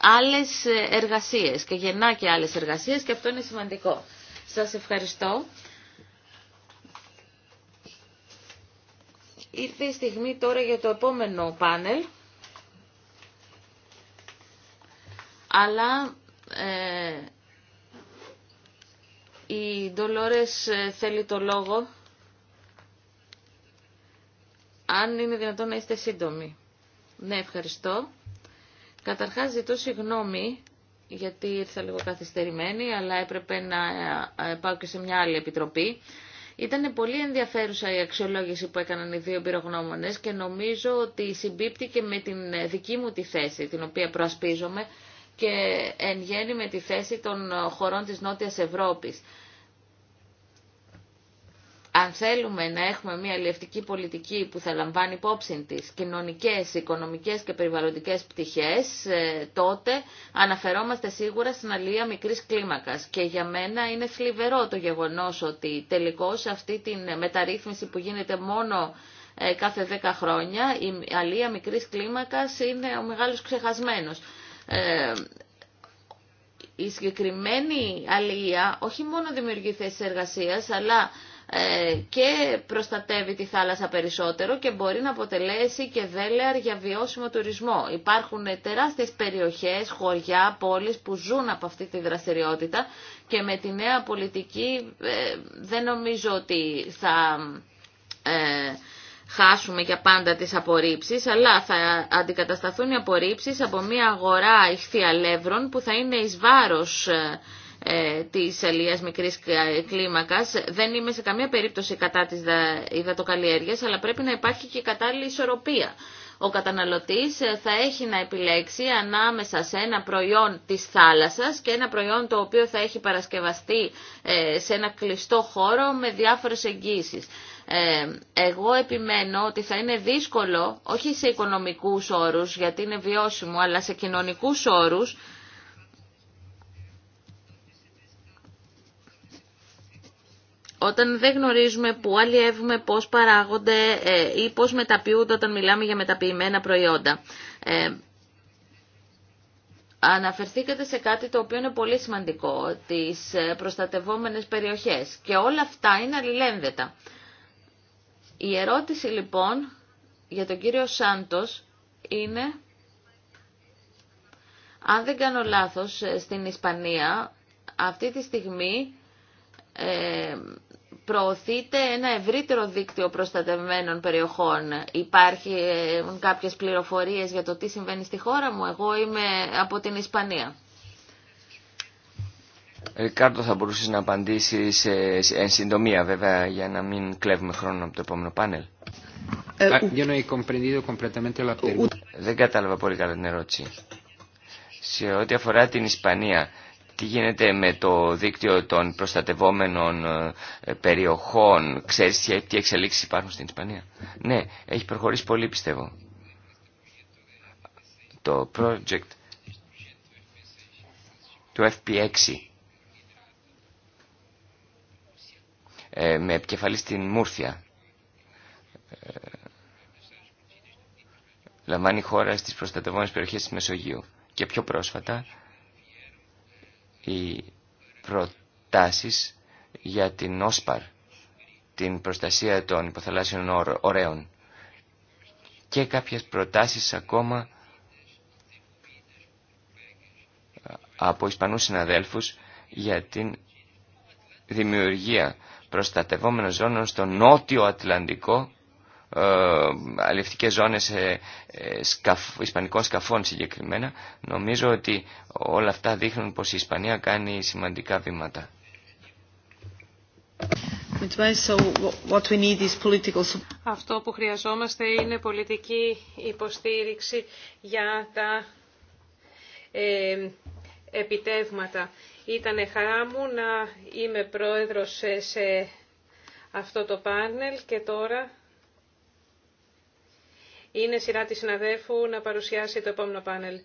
άλλες εργασίες και γεννά και άλλες εργασίες και αυτό είναι σημαντικό. Σας ευχαριστώ. Ήρθε η στιγμή τώρα για το επόμενο πάνελ. Αλλά η Ντολόρες ε, θέλει το λόγο. Αν είναι δυνατόν να είστε σύντομοι. Ναι, ευχαριστώ. Καταρχάς ζητώ συγγνώμη γιατί ήρθα λίγο καθυστερημένη, αλλά έπρεπε να ε, ε, πάω και σε μια άλλη επιτροπή. Ήταν πολύ ενδιαφέρουσα η αξιολόγηση που έκαναν οι δύο πυρογνώμονες και νομίζω ότι συμπίπτει και με την δική μου τη θέση, την οποία προασπίζομαι, και εν γέννη με τη θέση των χωρών της Νότιας Ευρώπης. Αν θέλουμε να έχουμε μια αλληλευτική πολιτική που θα λαμβάνει υπόψη της κοινωνικές, οικονομικές και περιβαλλοντικές πτυχές, ε, τότε αναφερόμαστε σίγουρα στην αλληλεία μικρής κλίμακας. Και για μένα είναι θλιβερό το γεγονός ότι τελικώς αυτή τη μεταρρύθμιση που γίνεται μόνο ε, κάθε 10 χρόνια, η αλληλεία μικρής κλίμακας είναι ο μεγάλος ξεχασμένος. Ε, η συγκεκριμένη αλληλεία όχι μόνο δημιουργεί θέσεις εργασίας, αλλά ε, και προστατεύει τη θάλασσα περισσότερο και μπορεί να αποτελέσει και δέλεαρ για βιώσιμο τουρισμό. Υπάρχουν τεράστιες περιοχές, χωριά, πόλεις που ζουν από αυτή τη δραστηριότητα και με τη νέα πολιτική ε, δεν νομίζω ότι θα χάσουμε για πάντα τις απορρίψεις, αλλά θα αντικατασταθούν οι απορρίψεις από μια αγορά ηχθιαλεύρων που θα είναι εις βάρος ε, της αλίας μικρής κλίμακας. Δεν είμαι σε καμία περίπτωση κατά της υδατοκαλλιέργειας, αλλά πρέπει να υπάρχει και κατάλληλη ισορροπία. Ο καταναλωτής ε, θα έχει να επιλέξει ανάμεσα σε ένα προϊόν της θάλασσας και ένα προϊόν το οποίο θα έχει παρασκευαστεί ε, σε ένα κλειστό χώρο με διάφορες εγγύσεις. Ε, εγώ επιμένω ότι θα είναι δύσκολο, όχι σε οικονομικούς όρους, γιατί είναι βιώσιμο, αλλά σε κοινωνικούς όρους, όταν δεν γνωρίζουμε πού αλλιεύουμε, πώς παράγονται ε, ή πώς μεταποιούνται όταν μιλάμε για μεταποιημένα προϊόντα. Ε, αναφερθήκατε σε κάτι το οποίο είναι πολύ σημαντικό, τις προστατευόμενες περιοχές. Και όλα αυτά είναι αλληλένδετα. Η ερώτηση λοιπόν για τον κύριο Σάντος είναι, αν δεν κάνω λάθος, ε, στην Ισπανία αυτή τη στιγμή ε, προωθείται ένα ευρύτερο δίκτυο προστατευμένων περιοχών. Υπάρχουν κάποιες πληροφορίες για το τι συμβαίνει στη χώρα μου. Εγώ είμαι από την Ισπανία. Ρικάρτο, ε, θα μπορούσε να απαντήσει σε, σε, εν συντομία, βέβαια, για να μην κλέβουμε χρόνο από το επόμενο πάνελ. Ε, δεν κατάλαβα πολύ καλά την ερώτηση. Σε ό,τι αφορά την Ισπανία, τι γίνεται με το δίκτυο των προστατευόμενων ε, περιοχών, ξέρεις τι εξελίξεις υπάρχουν στην Ισπανία. Ναι, έχει προχωρήσει πολύ πιστεύω. Το project του FP6 Ε, με επικεφαλή στην Μούρθια. Ε, λαμβάνει χώρα στις προστατευόμενες περιοχές της Μεσογείου. Και πιο πρόσφατα οι προτάσεις για την ΟΣΠΑΡ, την προστασία των υποθαλάσσιων ωραίων και κάποιες προτάσεις ακόμα από Ισπανούς συναδέλφους για την δημιουργία προστατευόμενων ζώνων στο νότιο Ατλαντικό, ε, αλευτικές ζώνες ε, ε ισπανικών σκαφών συγκεκριμένα, νομίζω ότι όλα αυτά δείχνουν πως η Ισπανία κάνει σημαντικά βήματα. Αυτό που χρειαζόμαστε είναι πολιτική υποστήριξη για τα ε, επιτεύγματα. Ήταν χαρά μου να είμαι πρόεδρος σε αυτό το πάνελ και τώρα είναι σειρά της συναδέφου να παρουσιάσει το επόμενο πάνελ.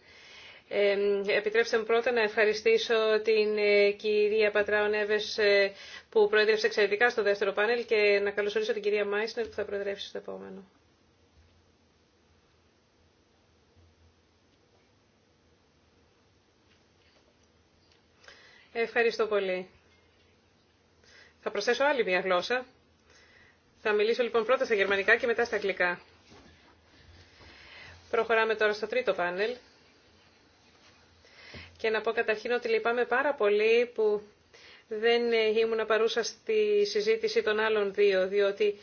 Επιτρέψτε μου πρώτα να ευχαριστήσω την ε, κυρία Πατράου ε, που προέδρευσε εξαιρετικά στο δεύτερο πάνελ και να καλωσορίσω την κυρία Μάισνερ που θα προεδρεύσει στο επόμενο. Ευχαριστώ πολύ. Θα προσθέσω άλλη μία γλώσσα. Θα μιλήσω λοιπόν πρώτα στα γερμανικά και μετά στα αγγλικά. Προχωράμε τώρα στο τρίτο πάνελ. Και να πω καταρχήν ότι λυπάμαι πάρα πολύ που δεν ήμουν παρούσα στη συζήτηση των άλλων δύο, διότι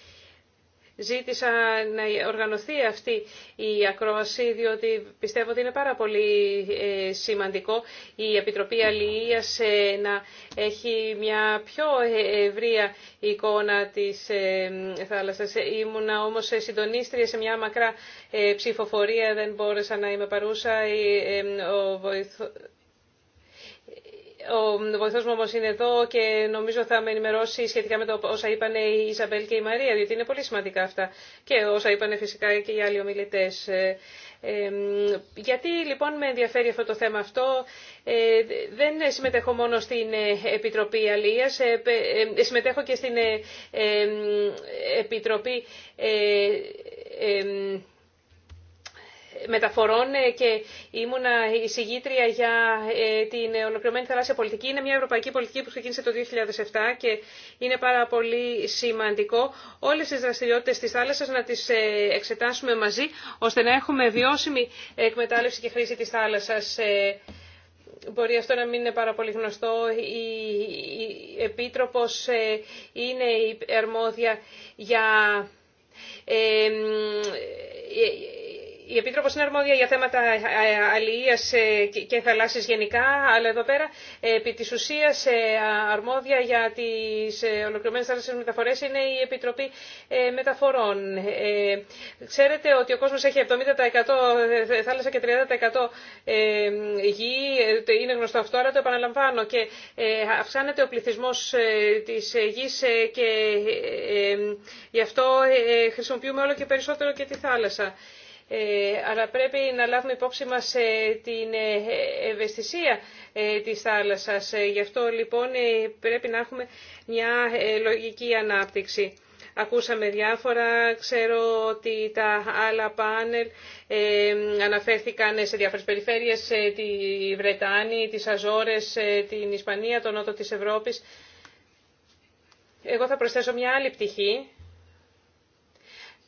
ζήτησα να οργανωθεί αυτή η ακρόαση, διότι πιστεύω ότι είναι πάρα πολύ ε, σημαντικό η Επιτροπή Αλληλείας ε, να έχει μια πιο ε, ευρεία εικόνα της θάλασσας. Ήμουνα όμως συντονίστρια σε μια μακρά ψηφοφορία, δεν μπόρεσα να είμαι παρούσα. Ο ο βοηθό μου όμω είναι εδώ και νομίζω θα με ενημερώσει σχετικά με το όσα είπαν η Ιζαμπέλ και η Μαρία, διότι είναι πολύ σημαντικά αυτά. Και όσα είπαν φυσικά και οι άλλοι ομιλητέ. Ε, ε, γιατί λοιπόν με ενδιαφέρει αυτό το θέμα αυτό. Ε, δεν συμμετέχω μόνο στην ε, Επιτροπή Αλίας, ε, συμμετέχω και στην Επιτροπή μεταφορών ε, και ήμουνα εισηγήτρια για ε, την ολοκληρωμένη θαλάσσια πολιτική. Είναι μια ευρωπαϊκή πολιτική που ξεκίνησε το 2007 και είναι πάρα πολύ σημαντικό Όλε τι δραστηριότητε τη θάλασσα να τις ε, εξετάσουμε μαζί ώστε να έχουμε βιώσιμη εκμετάλλευση και χρήση της θάλασσα. Μπορεί αυτό να μην είναι πάρα πολύ γνωστό. Η Επίτροπος είναι η αρμόδια για η Επίτροπος είναι αρμόδια για θέματα ε, ε, αλληλείας ε, και θαλάσσης γενικά, αλλά εδώ πέρα επί της ουσίας αρμόδια για τις ολοκληρωμένες θάλασσες μεταφορές είναι η Επιτροπή Μεταφορών. Ξέρετε ότι ο κόσμος έχει 70% θάλασσα και 30% γη, είναι γνωστό αυτό, αλλά το επαναλαμβάνω και αυξάνεται ο πληθυσμός της γης και γι' αυτό χρησιμοποιούμε όλο και περισσότερο και τη θάλασσα. Ε, αλλά πρέπει να λάβουμε υπόψη μας ε, την ε, ευαισθησία της θάλασσας. Γι' αυτό λοιπόν πρέπει να έχουμε μια λογική ανάπτυξη. Ακούσαμε διάφορα. Ξέρω ότι τα άλλα πάνελ αναφέρθηκαν σε διάφορες περιφέρειες, τη Βρετάνη, τις Αζόρες, την Ισπανία, τον Νότο της Ευρώπης. Εγώ θα προσθέσω μια άλλη πτυχή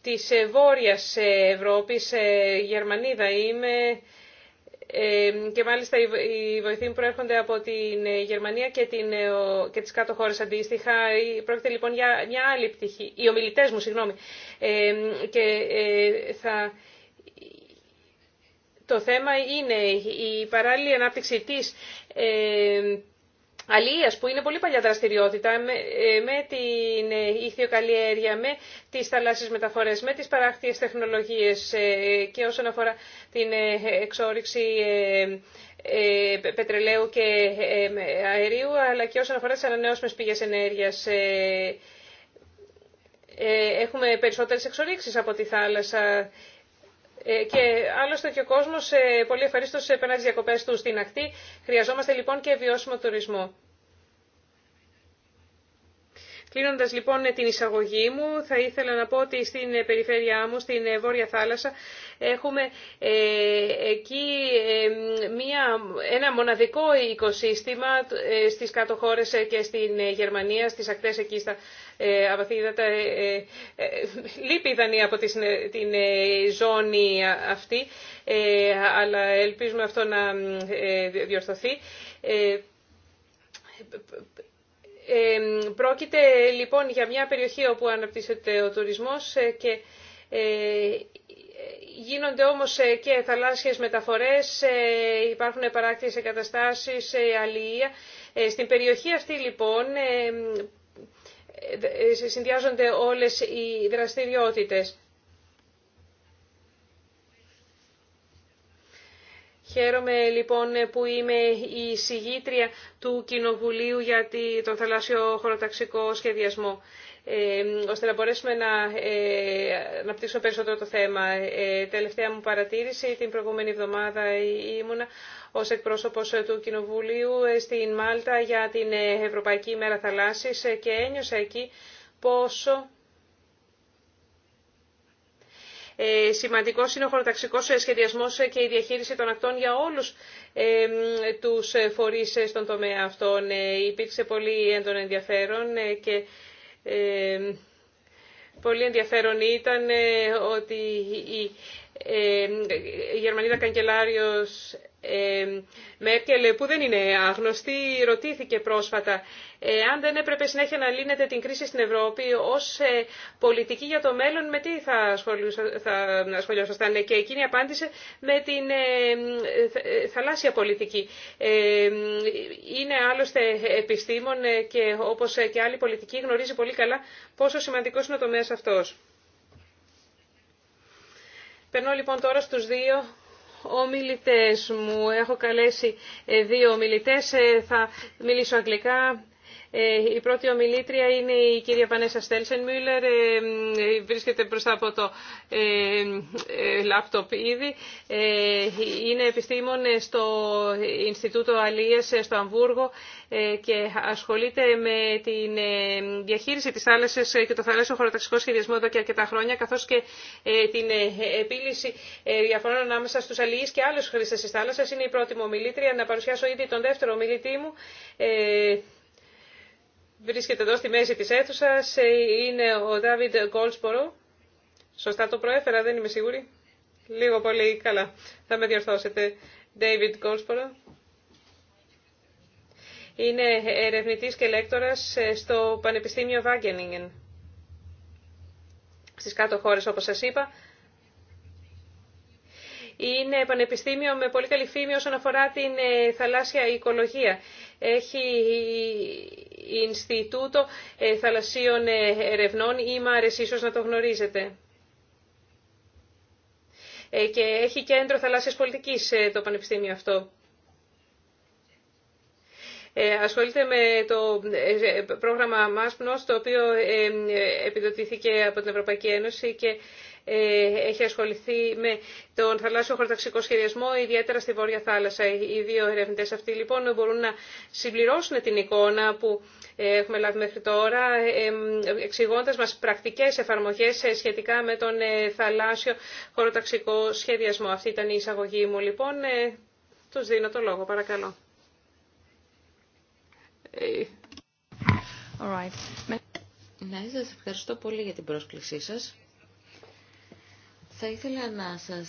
της ε, Βόρειας ε, Ευρώπης, ε, Γερμανίδα είμαι και μάλιστα οι βοηθοί μου προέρχονται από την Γερμανία και, την, και τις κάτω χώρες αντίστοιχα. Πρόκειται λοιπόν για μια άλλη πτυχή, οι ομιλητές μου, συγγνώμη, και θα... Το θέμα είναι η παράλληλη ανάπτυξη της αλίας που είναι πολύ παλιά δραστηριότητα με, ε, με την ε, ηχθειοκαλλιέργεια, με τις θαλάσσιες μεταφορές, με τις παράκτιες τεχνολογίες ε, και όσον αφορά την εξόριξη πετρελαίου και αερίου, αλλά και όσον αφορά τις ανανεώσιμες πηγές ενέργειας. Έχουμε περισσότερες εξορίξεις από τη θάλασσα ε, και άλλωστε και ο κόσμο ε, πολύ ευχαρίστω περνάει τι διακοπέ του στην ακτή. Χρειαζόμαστε λοιπόν και βιώσιμο τουρισμό. Κλείνοντα λοιπόν την εισαγωγή μου, θα ήθελα να πω ότι στην περιφέρειά μου, στην ε, Βόρεια Θάλασσα, έχουμε εκεί μια, ένα μοναδικό οικοσύστημα ε, στις κάτω χώρες και στην Γερμανία, στις ακτές εκεί στα ε, ε, ε, λείπει η Δανία από την ζώνη αυτή, αλλά ελπίζουμε αυτό να διορθωθεί. Πρόκειται λοιπόν για μια περιοχή όπου αναπτύσσεται ο τουρισμός και γίνονται όμως και θαλάσσιες μεταφορές, υπάρχουν παράκτιες εγκαταστάσεις, αλληλεία. Στην περιοχή αυτή λοιπόν ε, ε, συνδυάζονται όλες οι δραστηριότητες. Χαίρομαι λοιπόν που είμαι η συγγήτρια του Κοινοβουλίου για τον θαλάσσιο χωροταξικό σχεδιασμό ε, ώστε να μπορέσουμε να, αναπτύξουμε ε, περισσότερο το θέμα. Ε, τελευταία μου παρατήρηση, την προηγούμενη εβδομάδα ήμουνα ως εκπρόσωπος του Κοινοβουλίου στην Μάλτα για την Ευρωπαϊκή Μέρα Θαλάσσης και ένιωσα εκεί πόσο ε, Σημαντικό είναι ο χωροταξικό σχεδιασμό και η διαχείριση των ακτών για όλους τους φορείς στον τομέα αυτών. Ε, υπήρξε πολύ έντονο ενδιαφέρον ε, και πολύ ενδιαφέρον ήταν ότι η η Γερμανίδα Καγκελάριος Μέρκελ, που δεν είναι άγνωστη, ρωτήθηκε πρόσφατα ε, αν δεν έπρεπε συνέχεια να λύνεται την κρίση στην Ευρώπη ως ε, πολιτική για το μέλλον, με τι θα ασχολιόσασταν. Ε, και εκείνη απάντησε με την θαλάσσια πολιτική. Είναι άλλωστε επιστήμον και όπως και άλλη πολιτική γνωρίζει πολύ καλά πόσο σημαντικός είναι ο τομέας αυτός. Περνώ λοιπόν τώρα στους δύο ομιλητές μου. Έχω καλέσει ε, δύο ομιλητές. Ε, θα μιλήσω αγγλικά ε, η πρώτη ομιλήτρια είναι η κυρία Βανέσα Στέλσεν ε, Βρίσκεται μπροστά από το λάπτοπ ε, ήδη. Είναι επιστήμον στο Ινστιτούτο Αλίας στο Αμβούργο και ασχολείται με τη διαχείριση της θάλασσας και το θαλάσσιο χωροταξικό σχεδιασμό εδώ και αρκετά χρόνια, καθώς και την επίλυση διαφορών ανάμεσα στους αλληλείς και άλλους χρήστες της θάλασσας. Είναι η πρώτη μου ομιλήτρια. Να παρουσιάσω ήδη τον δεύτερο ομιλητή μου, βρίσκεται εδώ στη μέση της αίθουσας ε, είναι ο Ντάβιντ Γκόλσπορο. Σωστά το προέφερα, δεν είμαι σίγουρη. Λίγο πολύ καλά. Θα με διορθώσετε. David Γκόλσπορο; Είναι ερευνητής και λέκτορας ε, στο Πανεπιστήμιο Wageningen. Στις κάτω χώρες, όπως σας είπα. Είναι πανεπιστήμιο με πολύ καλή φήμη όσον αφορά την ε, θαλάσσια οικολογία. Έχει Ινστιτούτο ε, Θαλασσίων ε, Ερευνών, η ΜΑΡΕΣ ίσως να το γνωρίζετε. Ε, και έχει κέντρο θαλάσσιας πολιτικής το πανεπιστήμιο αυτό. Ασχολείται με το πρόγραμμα μάσπνος το οποίο επιδοτήθηκε από την Ευρωπαϊκή Ένωση και ε, έχει ασχοληθεί με τον θαλάσσιο χωροταξικό σχεδιασμό, ιδιαίτερα στη Βόρεια Θάλασσα. Οι δύο ερευνητέ αυτοί λοιπόν μπορούν να συμπληρώσουν την εικόνα που έχουμε λάβει μέχρι τώρα, εξηγώντα μα πρακτικέ εφαρμογέ σχετικά με τον ε, θαλάσσιο χωροταξικό σχεδιασμό. Αυτή ήταν η εισαγωγή μου λοιπόν. Ε, τους δίνω το λόγο, παρακαλώ. All right. Ναι, σας ευχαριστώ πολύ για την πρόσκλησή σας. Θα ήθελα να σας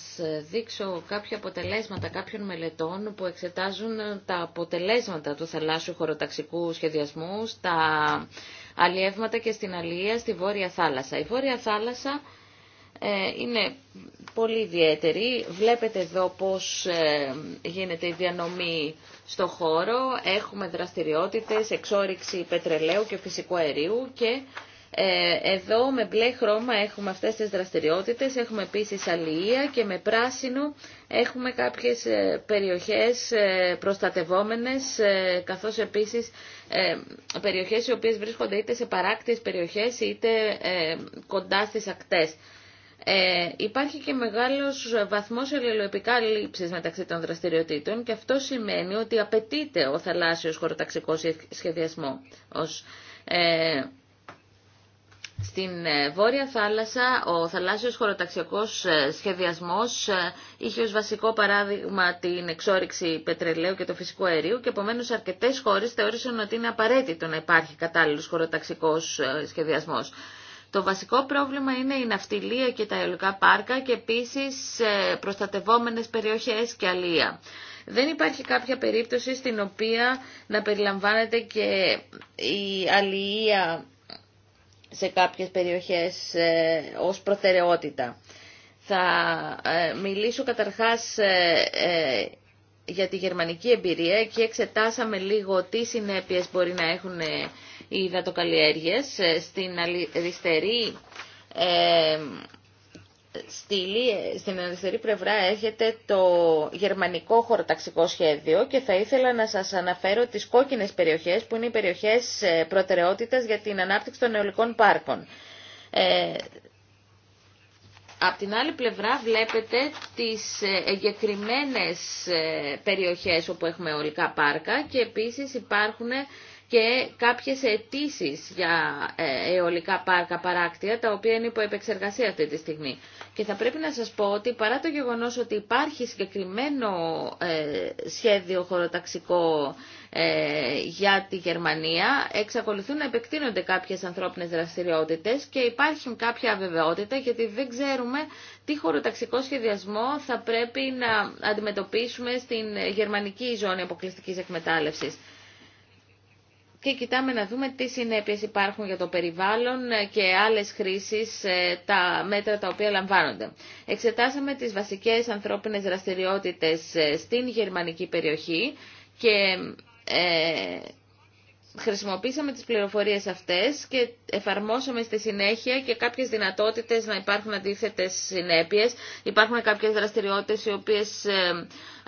δείξω κάποια αποτελέσματα κάποιων μελετών που εξετάζουν τα αποτελέσματα του θαλάσσιου χωροταξικού σχεδιασμού στα αλλιεύματα και στην αλληλεία στη Βόρεια Θάλασσα. Η Βόρεια Θάλασσα ε, είναι πολύ ιδιαίτερη. Βλέπετε εδώ πώς ε, γίνεται η διανομή στο χώρο. Έχουμε δραστηριότητες, εξόριξη πετρελαίου και φυσικού αερίου και ε, εδώ με μπλε χρώμα έχουμε αυτές τις δραστηριότητες, έχουμε επίσης αλληλεία και με πράσινο έχουμε κάποιες ε, περιοχές ε, προστατευόμενες καθώς επίσης περιοχές οι οποίες βρίσκονται είτε σε παράκτιες περιοχές είτε κοντά στις ακτές. Ε, υπάρχει και μεγάλος βαθμός αλληλοεπικάλυψης μεταξύ των δραστηριοτήτων και αυτό σημαίνει ότι απαιτείται ο θαλάσσιος χωροταξικός σχεδιασμός. Ε, στην ε, Βόρεια Θάλασσα ο θαλάσσιος χωροταξιακός ε, σχεδιασμός ε, είχε ως βασικό παράδειγμα την εξόριξη πετρελαίου και το φυσικό αέριο και επομένως αρκετές χώρες θεώρησαν ότι είναι απαραίτητο να υπάρχει κατάλληλος χωροταξικός σχεδιασμός. Το βασικό πρόβλημα είναι η ναυτιλία και τα ελλικά πάρκα και επίσης προστατευόμενες περιοχές και αλία. Δεν υπάρχει κάποια περίπτωση στην οποία να περιλαμβάνεται και η αλληλεία σε κάποιες περιοχές ε, ως προτεραιότητα. Θα ε, μιλήσω καταρχάς ε, για τη γερμανική εμπειρία και εξετάσαμε λίγο τι συνέπειες μπορεί να έχουν οι υδατοκαλλιέργειες. Στην αριστερή στην αριστερή πλευρά έχετε το γερμανικό χωροταξικό σχέδιο και θα ήθελα να σας αναφέρω τις κόκκινες περιοχές που είναι οι περιοχές ε, προτεραιότητας για την ανάπτυξη των αιωλικών πάρκων. Ε, Απ' την άλλη πλευρά βλέπετε τις ε, εγκεκριμένες ε, περιοχές όπου έχουμε αιωλικά πάρκα και επίσης υπάρχουν και κάποιες αιτήσει για ε, αιωλικά πάρκα παράκτια, τα οποία είναι υπό επεξεργασία αυτή τη στιγμή. Και θα πρέπει να σας πω ότι παρά το γεγονός ότι υπάρχει συγκεκριμένο ε, σχέδιο χωροταξικό ε, για τη Γερμανία, εξακολουθούν να επεκτείνονται κάποιες ανθρώπινες δραστηριότητες και υπάρχουν κάποια αβεβαιότητα γιατί δεν ξέρουμε τι χωροταξικό σχεδιασμό θα πρέπει να αντιμετωπίσουμε στην γερμανική ζώνη αποκλειστικής εκμετάλλευσης και κοιτάμε να δούμε τι συνέπειες υπάρχουν για το περιβάλλον και άλλες χρήσεις ε, τα μέτρα τα οποία λαμβάνονται. Εξετάσαμε τις βασικές ανθρώπινες δραστηριότητες ε, στην γερμανική περιοχή και ε, χρησιμοποίησαμε τις πληροφορίες αυτές και εφαρμόσαμε στη συνέχεια και κάποιες δυνατότητες να υπάρχουν αντίθετες συνέπειες. Υπάρχουν κάποιες δραστηριότητες οι οποίες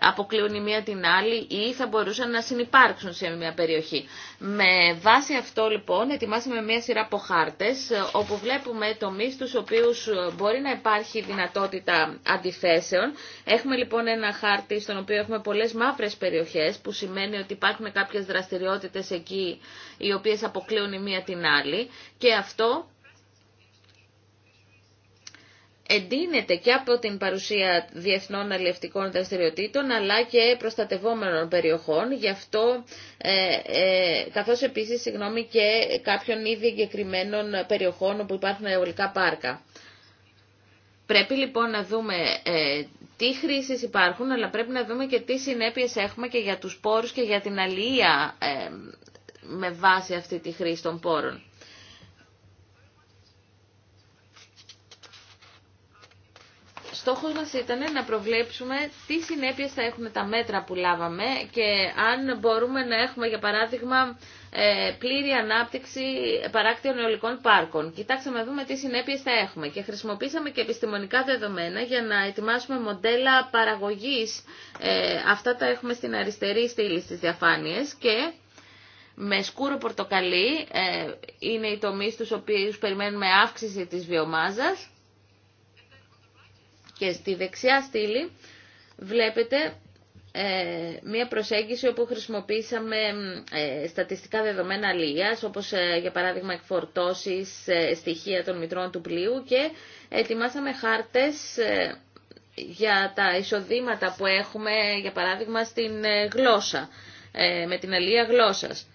αποκλείουν η μία την άλλη ή θα μπορούσαν να συνεπάρξουν σε μια περιοχή. Με βάση αυτό λοιπόν ετοιμάσαμε μια σειρά από χάρτες όπου βλέπουμε τομεί στους οποίους ε, μπορεί να υπάρχει δυνατότητα αντιθέσεων. Έχουμε λοιπόν ένα χάρτη στον οποίο έχουμε πολλές μαύρες περιοχές που σημαίνει ότι υπάρχουν κάποιες δραστηριότητες εκεί οι οποίες αποκλείουν η μία την άλλη και αυτό εντείνεται και από την παρουσία διεθνών αλληλευτικών δραστηριοτήτων αλλά και προστατευόμενων περιοχών, γι' αυτό ε, ε καθώς επίσης συγγνώμη, και κάποιων ήδη εγκεκριμένων περιοχών όπου υπάρχουν αεολικά πάρκα. Πρέπει λοιπόν να δούμε ε, τι χρήσεις υπάρχουν, αλλά πρέπει να δούμε και τι συνέπειες έχουμε και για τους πόρους και για την αλληλεία ε, με βάση αυτή τη χρήση των πόρων. στόχος μας ήταν να προβλέψουμε τι συνέπειες θα έχουν τα μέτρα που λάβαμε και αν μπορούμε να έχουμε για παράδειγμα ε, πλήρη ανάπτυξη παράκτειων αιωλικών πάρκων. Κοιτάξαμε να δούμε τι συνέπειες θα έχουμε και χρησιμοποίησαμε και επιστημονικά δεδομένα για να ετοιμάσουμε μοντέλα παραγωγής. Ε, αυτά τα έχουμε στην αριστερή στήλη στις διαφάνειες και με σκούρο πορτοκαλί ε, είναι οι τομείς στους οποίους περιμένουμε αύξηση της βιομάζας και στη δεξιά στήλη βλέπετε ε, μία προσέγγιση όπου χρησιμοποίησαμε ε, στατιστικά δεδομένα αλληλείας, όπως ε, για παράδειγμα εκφορτώσεις, στοιχεία των μητρών του πλοίου και ετοιμάσαμε χάρτες για τα εισοδήματα που έχουμε, για παράδειγμα, στην γλώσσα, με την αλληλεία γλώσσας.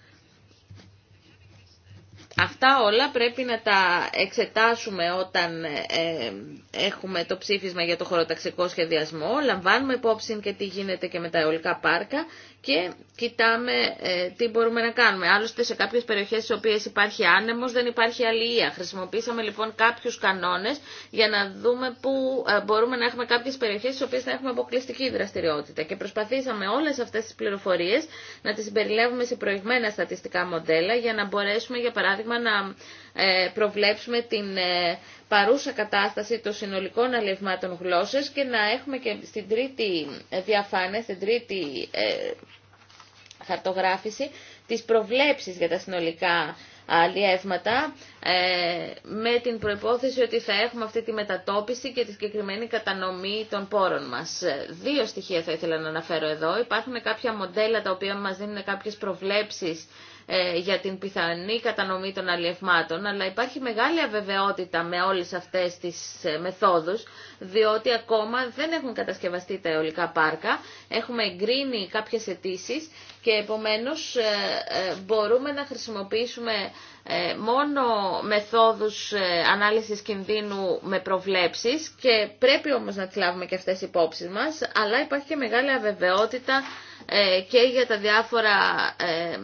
Αυτά όλα πρέπει να τα εξετάσουμε όταν ε, ε, έχουμε το ψήφισμα για το χωροταξικό σχεδιασμό. Λαμβάνουμε υπόψη και τι γίνεται και με τα αεολικά πάρκα και κοιτάμε ε, τι μπορούμε να κάνουμε. Άλλωστε σε κάποιες περιοχές στις οποίες υπάρχει άνεμος δεν υπάρχει αλληλεία. Χρησιμοποίησαμε λοιπόν κάποιους κανόνες για να δούμε πού ε, μπορούμε να έχουμε κάποιες περιοχές στις οποίες θα έχουμε αποκλειστική δραστηριότητα και προσπαθήσαμε όλες αυτές τις πληροφορίες να τις συμπεριλάβουμε σε προηγμένα στατιστικά μοντέλα για να μπορέσουμε για παράδειγμα να ε, προβλέψουμε την ε, παρούσα κατάσταση των συνολικών αλευμάτων γλώσσες και να έχουμε και στην τρίτη ε, διαφάνεια, στην τρίτη χαρτογράφηση, τις προβλέψεις για τα συνολικά αλλιεύματα με την προϋπόθεση ότι θα έχουμε αυτή τη μετατόπιση και τη συγκεκριμένη κατανομή των πόρων μας. Δύο στοιχεία θα ήθελα να αναφέρω εδώ. Υπάρχουν κάποια μοντέλα τα οποία μας δίνουν κάποιες προβλέψεις ε, για την πιθανή κατανομή των αλλιευμάτων, αλλά υπάρχει μεγάλη αβεβαιότητα με όλες αυτές τις ε, μεθόδους, διότι ακόμα δεν έχουν κατασκευαστεί τα αιωλικά πάρκα, έχουμε εγκρίνει κάποιες αιτήσει και επομένως ε, μπορούμε να χρησιμοποιήσουμε μόνο μεθόδους ανάλυσης κινδύνου με προβλέψεις και πρέπει όμως να τις λάβουμε και αυτές οι υπόψεις μας, αλλά υπάρχει και μεγάλη αβεβαιότητα ε, και για τα διάφορα ε,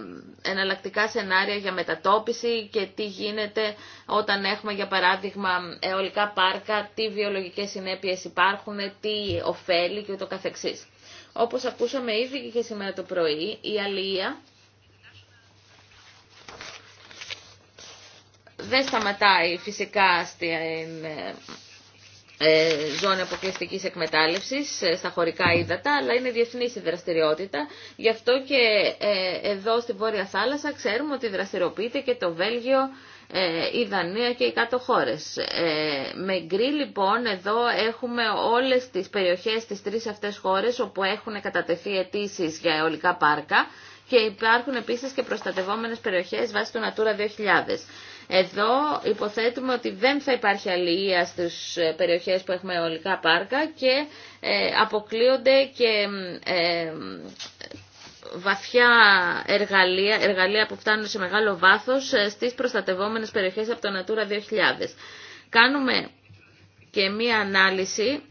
εναλλακτικά σενάρια για μετατόπιση και τι γίνεται όταν έχουμε για παράδειγμα αιωλικά πάρκα, τι βιολογικές συνέπειες υπάρχουν, τι ωφέλη και ούτω καθεξής. Όπως ακούσαμε ήδη και σήμερα το πρωί, η αλληλεία δεν σταματάει φυσικά στην ε, ε, ζώνη αποκλειστικής εκμετάλλευσης ε, στα χωρικά ύδατα, αλλά είναι διεθνή η δραστηριότητα. Γι' αυτό και ε, εδώ στη Βόρεια Θάλασσα ξέρουμε ότι δραστηριοποιείται και το Βέλγιο, η Δανία και οι κάτω χώρες. Με γκρι λοιπόν εδώ έχουμε όλε τι περιοχέ της τρει αυτέ χώρε όπου έχουν κατατεθεί αιτήσει για αεολικά πάρκα και υπάρχουν επίση και προστατευόμενε περιοχέ βάσει του Natura 2000. Εδώ υποθέτουμε ότι δεν θα υπάρχει αλληλεία στις ε, περιοχές που έχουμε ολικά πάρκα και ε, αποκλείονται και ε, βαθιά εργαλεία, εργαλεία που φτάνουν σε μεγάλο βάθος στις προστατευόμενες περιοχές από το Natura 2000. Κάνουμε και μία ανάλυση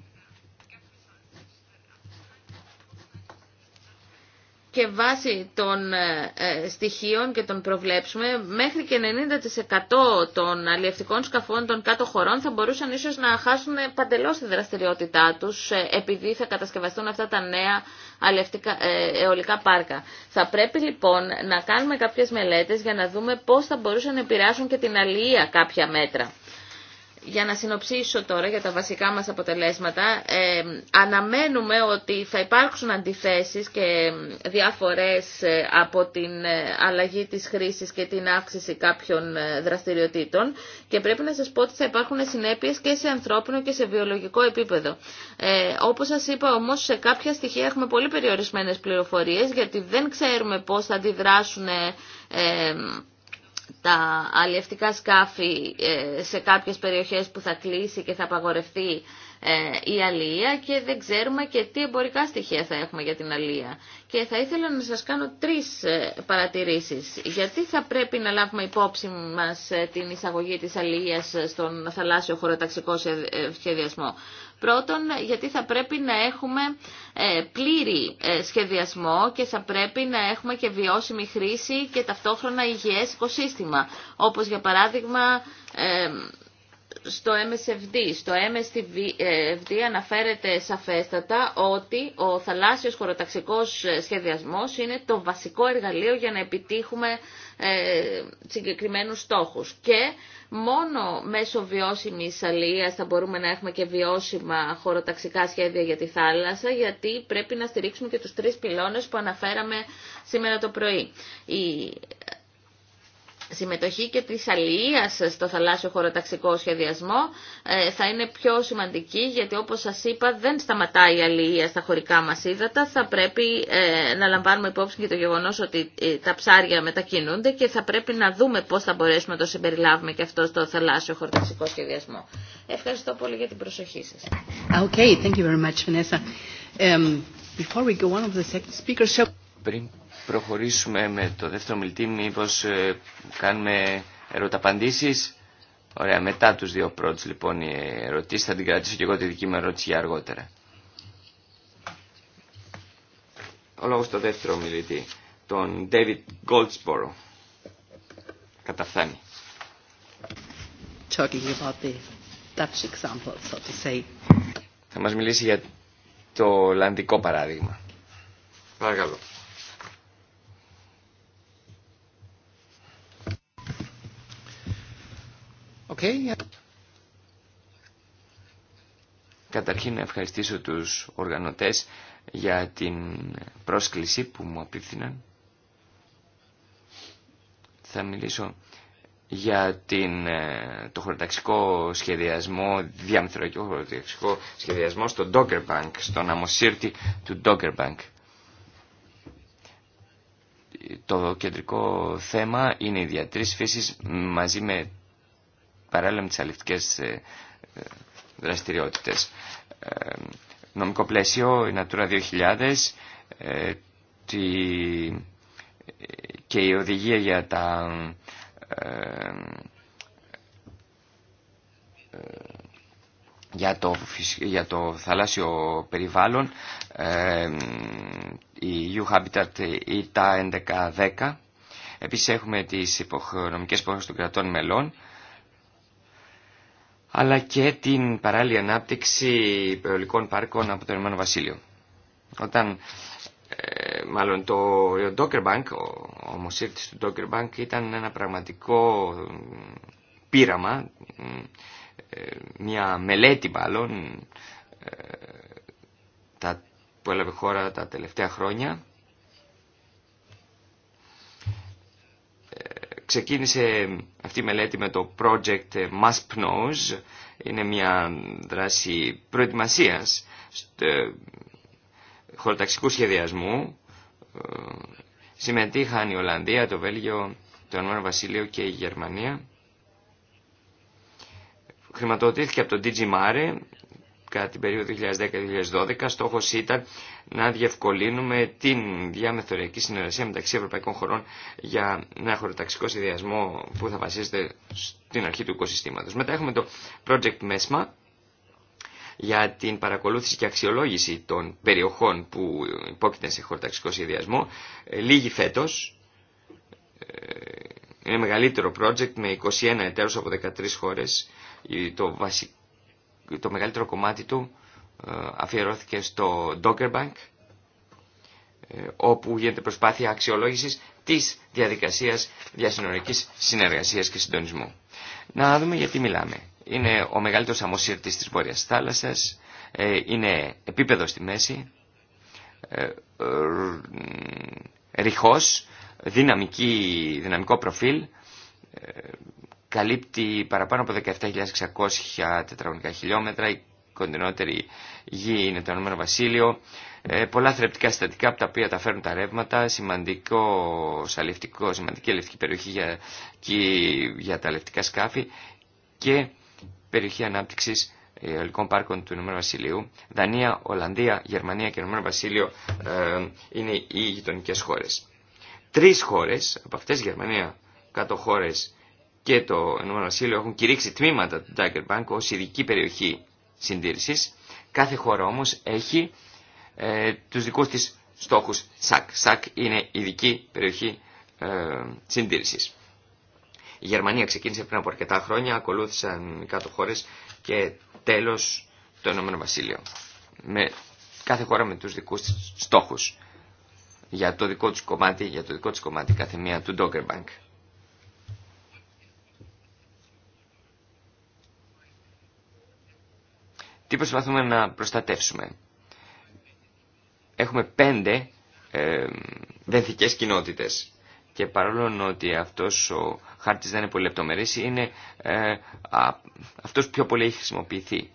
και βάσει των ε, ε, στοιχείων και των προβλέψουμε μέχρι και 90% των αλλιευτικών σκαφών των κάτω χωρών θα μπορούσαν ίσως να χάσουν παντελώς τη δραστηριότητά τους ε, επειδή θα κατασκευαστούν αυτά τα νέα αλλιευτικά, αιωλικά πάρκα. Θα πρέπει λοιπόν να κάνουμε κάποιες μελέτες για να δούμε πώς θα μπορούσαν να επηρεάσουν και την αλληλεία κάποια μέτρα για να συνοψίσω τώρα για τα βασικά μας αποτελέσματα, ε, αναμένουμε ότι θα υπάρξουν αντιθέσεις και διαφορές ε, από την ε, αλλαγή της χρήσης και την αύξηση κάποιων ε, δραστηριοτήτων και πρέπει να σας πω ότι θα υπάρχουν συνέπειες και σε ανθρώπινο και σε βιολογικό επίπεδο. Ε, όπως σας είπα όμως σε κάποια στοιχεία έχουμε πολύ περιορισμένες πληροφορίες γιατί δεν ξέρουμε πώς θα αντιδράσουν ε, τα αλλιευτικά σκάφη ε, σε κάποιες περιοχές που θα κλείσει και θα απαγορευτεί ε, η αλληλεία και δεν ξέρουμε και τι εμπορικά στοιχεία θα έχουμε για την αλληλεία. Και θα ήθελα να σας κάνω τρεις ε, παρατηρήσεις. Γιατί θα πρέπει να λάβουμε υπόψη μας την εισαγωγή της αλληλείας στον θαλάσσιο χωροταξικό σχεδιασμό. Πρώτον, γιατί θα πρέπει να έχουμε ε, πλήρη ε, σχεδιασμό και θα πρέπει να έχουμε και βιώσιμη χρήση και ταυτόχρονα υγιές οικοσύστημα. Όπως για παράδειγμα ε, στο MSFD, στο MSFD ε, αναφέρεται σαφέστατα ότι ο θαλάσσιος χωροταξικός ε, σχεδιασμός είναι το βασικό εργαλείο για να επιτύχουμε ε, συγκεκριμένους στόχους. Και μόνο μέσω βιώσιμης αλληλείας θα μπορούμε να έχουμε και βιώσιμα χωροταξικά σχέδια για τη θάλασσα, γιατί πρέπει να στηρίξουμε και τους τρεις πυλώνες που αναφέραμε σήμερα το πρωί συμμετοχή και της αλληλείας στο θαλάσσιο χωροταξικό σχεδιασμό ε, θα είναι πιο σημαντική γιατί όπως σας είπα δεν σταματάει η αλληλεία στα χωρικά μας ύδατα. Θα πρέπει ε, να λαμβάνουμε υπόψη και το γεγονός ότι ε, τα ψάρια μετακινούνται και θα πρέπει να δούμε πώς θα μπορέσουμε να το συμπεριλάβουμε και αυτό στο θαλάσσιο χωροταξικό σχεδιασμό. Ευχαριστώ πολύ για την προσοχή σας. Okay, thank you very much, Vanessa. Um, before we go, on the προχωρήσουμε με το δεύτερο μιλτή, μήπως ε, κάνουμε ερωταπαντήσεις. Ωραία, μετά τους δύο πρώτους λοιπόν οι ερωτήσεις, θα την κρατήσω και εγώ τη δική μου ερώτηση για αργότερα. Ο λόγος στο δεύτερο μιλητή, τον David Goldsboro. Καταφθάνει. Θα μας μιλήσει για το Ολλανδικό παράδειγμα. Παρακαλώ. Okay, Καταρχήν να ευχαριστήσω τους οργανωτές για την πρόσκληση που μου απίφθηναν. Θα μιλήσω για την, ε, το χωροταξικό σχεδιασμό, διαμεθοριακό χωροταξικό σχεδιασμό στο Dogger Bank, στον αμοσύρτη του Dogger Bank. Το κεντρικό θέμα είναι οι διατρήσεις φύσεις μαζί με παράλληλα με τις αληφτικές ε, ε, δραστηριότητες. Ε, νομικό πλαίσιο, η Natura 2000 και η οδηγία για τα για το, για το θαλάσσιο περιβάλλον η u Habitat ή τα 1110 επίσης έχουμε τις νομικές υποχρεώσεις των κρατών μελών αλλά και την παράλληλη ανάπτυξη υπερολικών πάρκων από το Ηνωμένο Βασίλειο. Όταν, ε, μάλλον το, Docker Bank, ο, ο του Docker Bank ήταν ένα πραγματικό πείραμα, ε, μια μελέτη μάλλον, ε, τα, που έλαβε χώρα τα τελευταία χρόνια ξεκίνησε αυτή η μελέτη με το project ε, MASPNOS, είναι μια δράση προετοιμασίας ε, χωροταξικού σχεδιασμού. Ε, συμμετείχαν η Ολλανδία, το Βέλγιο, το Ανώνα Βασίλειο και η Γερμανία. Χρηματοδοτήθηκε από το DG Mare κατά την περίοδο 2010-2012. Στόχος ήταν να διευκολύνουμε την διαμεθοριακή συνεργασία μεταξύ ευρωπαϊκών χωρών για ένα χωροταξικό συνδυασμό που θα βασίζεται στην αρχή του οικοσυστήματος. Μετά έχουμε το Project MESMA για την παρακολούθηση και αξιολόγηση των περιοχών που υπόκειται σε χωροταξικό σχεδιασμό. Ε, λίγη φέτος, ε, είναι μεγαλύτερο project με 21 εταίρους από 13 χώρες. Το, το μεγαλύτερο κομμάτι του αφιερώθηκε στο Docker Bank ε, όπου γίνεται προσπάθεια αξιολόγησης της διαδικασίας διασυνορικής συνεργασίας και συντονισμού. Να δούμε γιατί μιλάμε. Είναι ο μεγαλύτερος αμμοσύρτης της Βόρειας Θάλασσας, ε, είναι επίπεδο στη μέση, ε, ρηχός, δυναμική, δυναμικό προφίλ, καλύπτει παραπάνω από 17.600 τετραγωνικά χιλιόμετρα, κοντινότερη γη είναι το Ηνωμένο Βασίλειο. Ε, πολλά θρεπτικά συστατικά από τα οποία τα φέρνουν τα ρεύματα. Σημαντικό αλευτικό, σημαντική αλευτική περιοχή για, και, για τα αλευτικά σκάφη και περιοχή ανάπτυξης ε, ολικών πάρκων του Ηνωμένου Βασιλείου. Δανία, Ολλανδία, Γερμανία και Ηνωμένο Βασίλειο ε, είναι οι γειτονικέ χώρε. Τρει χώρε, από αυτέ Γερμανία, κάτω χώρε και το Ηνωμένο Βασίλειο, έχουν κηρύξει τμήματα του Ντάγκερ Μπάνκ ω ειδική περιοχή συντήρησης. Κάθε χώρα όμως έχει ε, τους δικούς της στόχους ΣΑΚ. ΣΑΚ είναι ειδική περιοχή ε, συντήρησης. Η Γερμανία ξεκίνησε πριν από αρκετά χρόνια, ακολούθησαν οι κάτω χώρες και τέλος το Ηνωμένο Βασίλειο. Με κάθε χώρα με τους δικούς της στόχους για το δικό τους κομμάτι, για το δικό της κομμάτι κάθε μία του Dogger Τι προσπαθούμε να προστατεύσουμε. Έχουμε πέντε ε, δεθικές κοινότητες και παρόλο ότι αυτός ο χάρτης δεν είναι πολύ λεπτομερής, είναι ε, α, αυτός πιο πολύ έχει χρησιμοποιηθεί.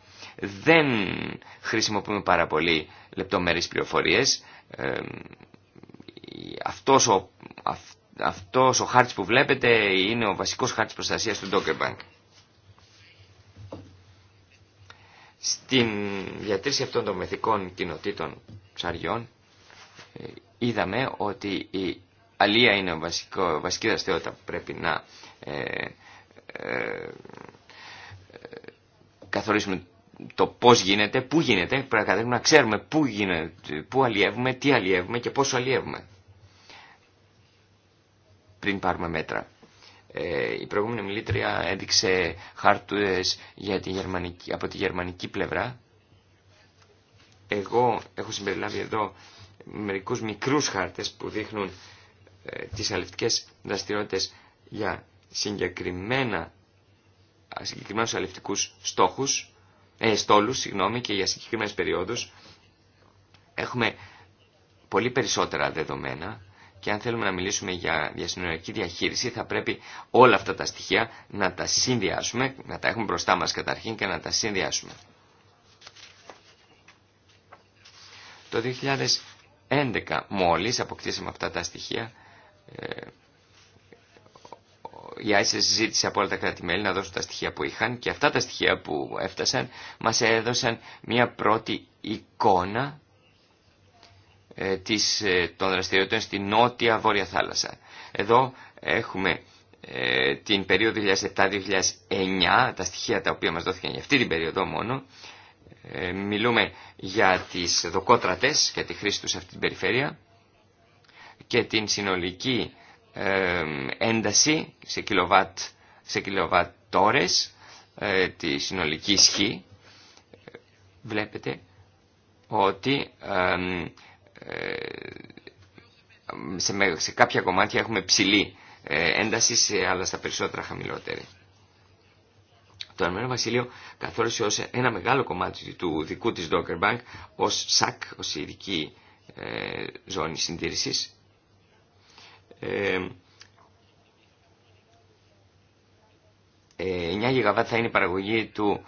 Δεν χρησιμοποιούμε πάρα πολύ λεπτομερείς πληροφορίες. Ε, αυτός, ο, αυ, αυτός ο χάρτης που βλέπετε είναι ο βασικός χάρτης προστασίας του Docker Bank. Στην διατήρηση αυτών των μεθικών κοινοτήτων ψαριών ε, είδαμε ότι η αλία είναι βασικό, βασική δραστηριότητα που πρέπει να ε, ε, ε, καθορίσουμε το πώς γίνεται, πού γίνεται, πρέπει να ξέρουμε πού, γίνεται, πού αλλιεύουμε, τι αλλιεύουμε και πόσο αλλιεύουμε πριν πάρουμε μέτρα. Ε, η προηγούμενη μιλήτρια έδειξε χάρτες για τη γερμανική, από τη γερμανική πλευρά. Εγώ έχω συμπεριλάβει εδώ μερικούς μικρούς χάρτες που δείχνουν ε, τις δραστηριότητε δραστηριότητες για συγκεκριμένα, συγκεκριμένους αληφτικούς στόχους, ε, στόλους συγγνώμη, και για συγκεκριμένες περιόδους. Έχουμε πολύ περισσότερα δεδομένα και αν θέλουμε να μιλήσουμε για διασυνοριακή διαχείριση θα πρέπει όλα αυτά τα στοιχεία να τα συνδυάσουμε, να τα έχουμε μπροστά μας καταρχήν και να τα συνδυάσουμε. Το 2011 μόλις αποκτήσαμε αυτά τα στοιχεία ε, η ΆΙΣΕ συζήτησε από όλα τα κράτη-μέλη να δώσουν τα στοιχεία που είχαν και αυτά τα στοιχεία που έφτασαν μας έδωσαν μια πρώτη εικόνα ε, της, ε, των δραστηριοτήτων στη νότια βόρεια θάλασσα. Εδώ έχουμε ε, την περίοδο 2007-2009, τα στοιχεία τα οποία μας δόθηκαν για αυτή την περίοδο μόνο. Ε, μιλούμε για τις δοκότρατες και τη χρήση τους σε αυτή την περιφέρεια και την συνολική ε, ένταση σε κιλοβάτ σε τη συνολική ισχύ βλέπετε ότι ε, σε, κάποια κομμάτια έχουμε ψηλή ε, ένταση, σε άλλα στα περισσότερα χαμηλότερη. Το Αρμένο Βασίλειο καθόρισε ως ένα μεγάλο κομμάτι του δικού της Docker Bank ως ΣΑΚ, ως ειδική ε, ζώνη συντήρησης. Ε, 9 γιγαβάτ θα είναι η παραγωγή του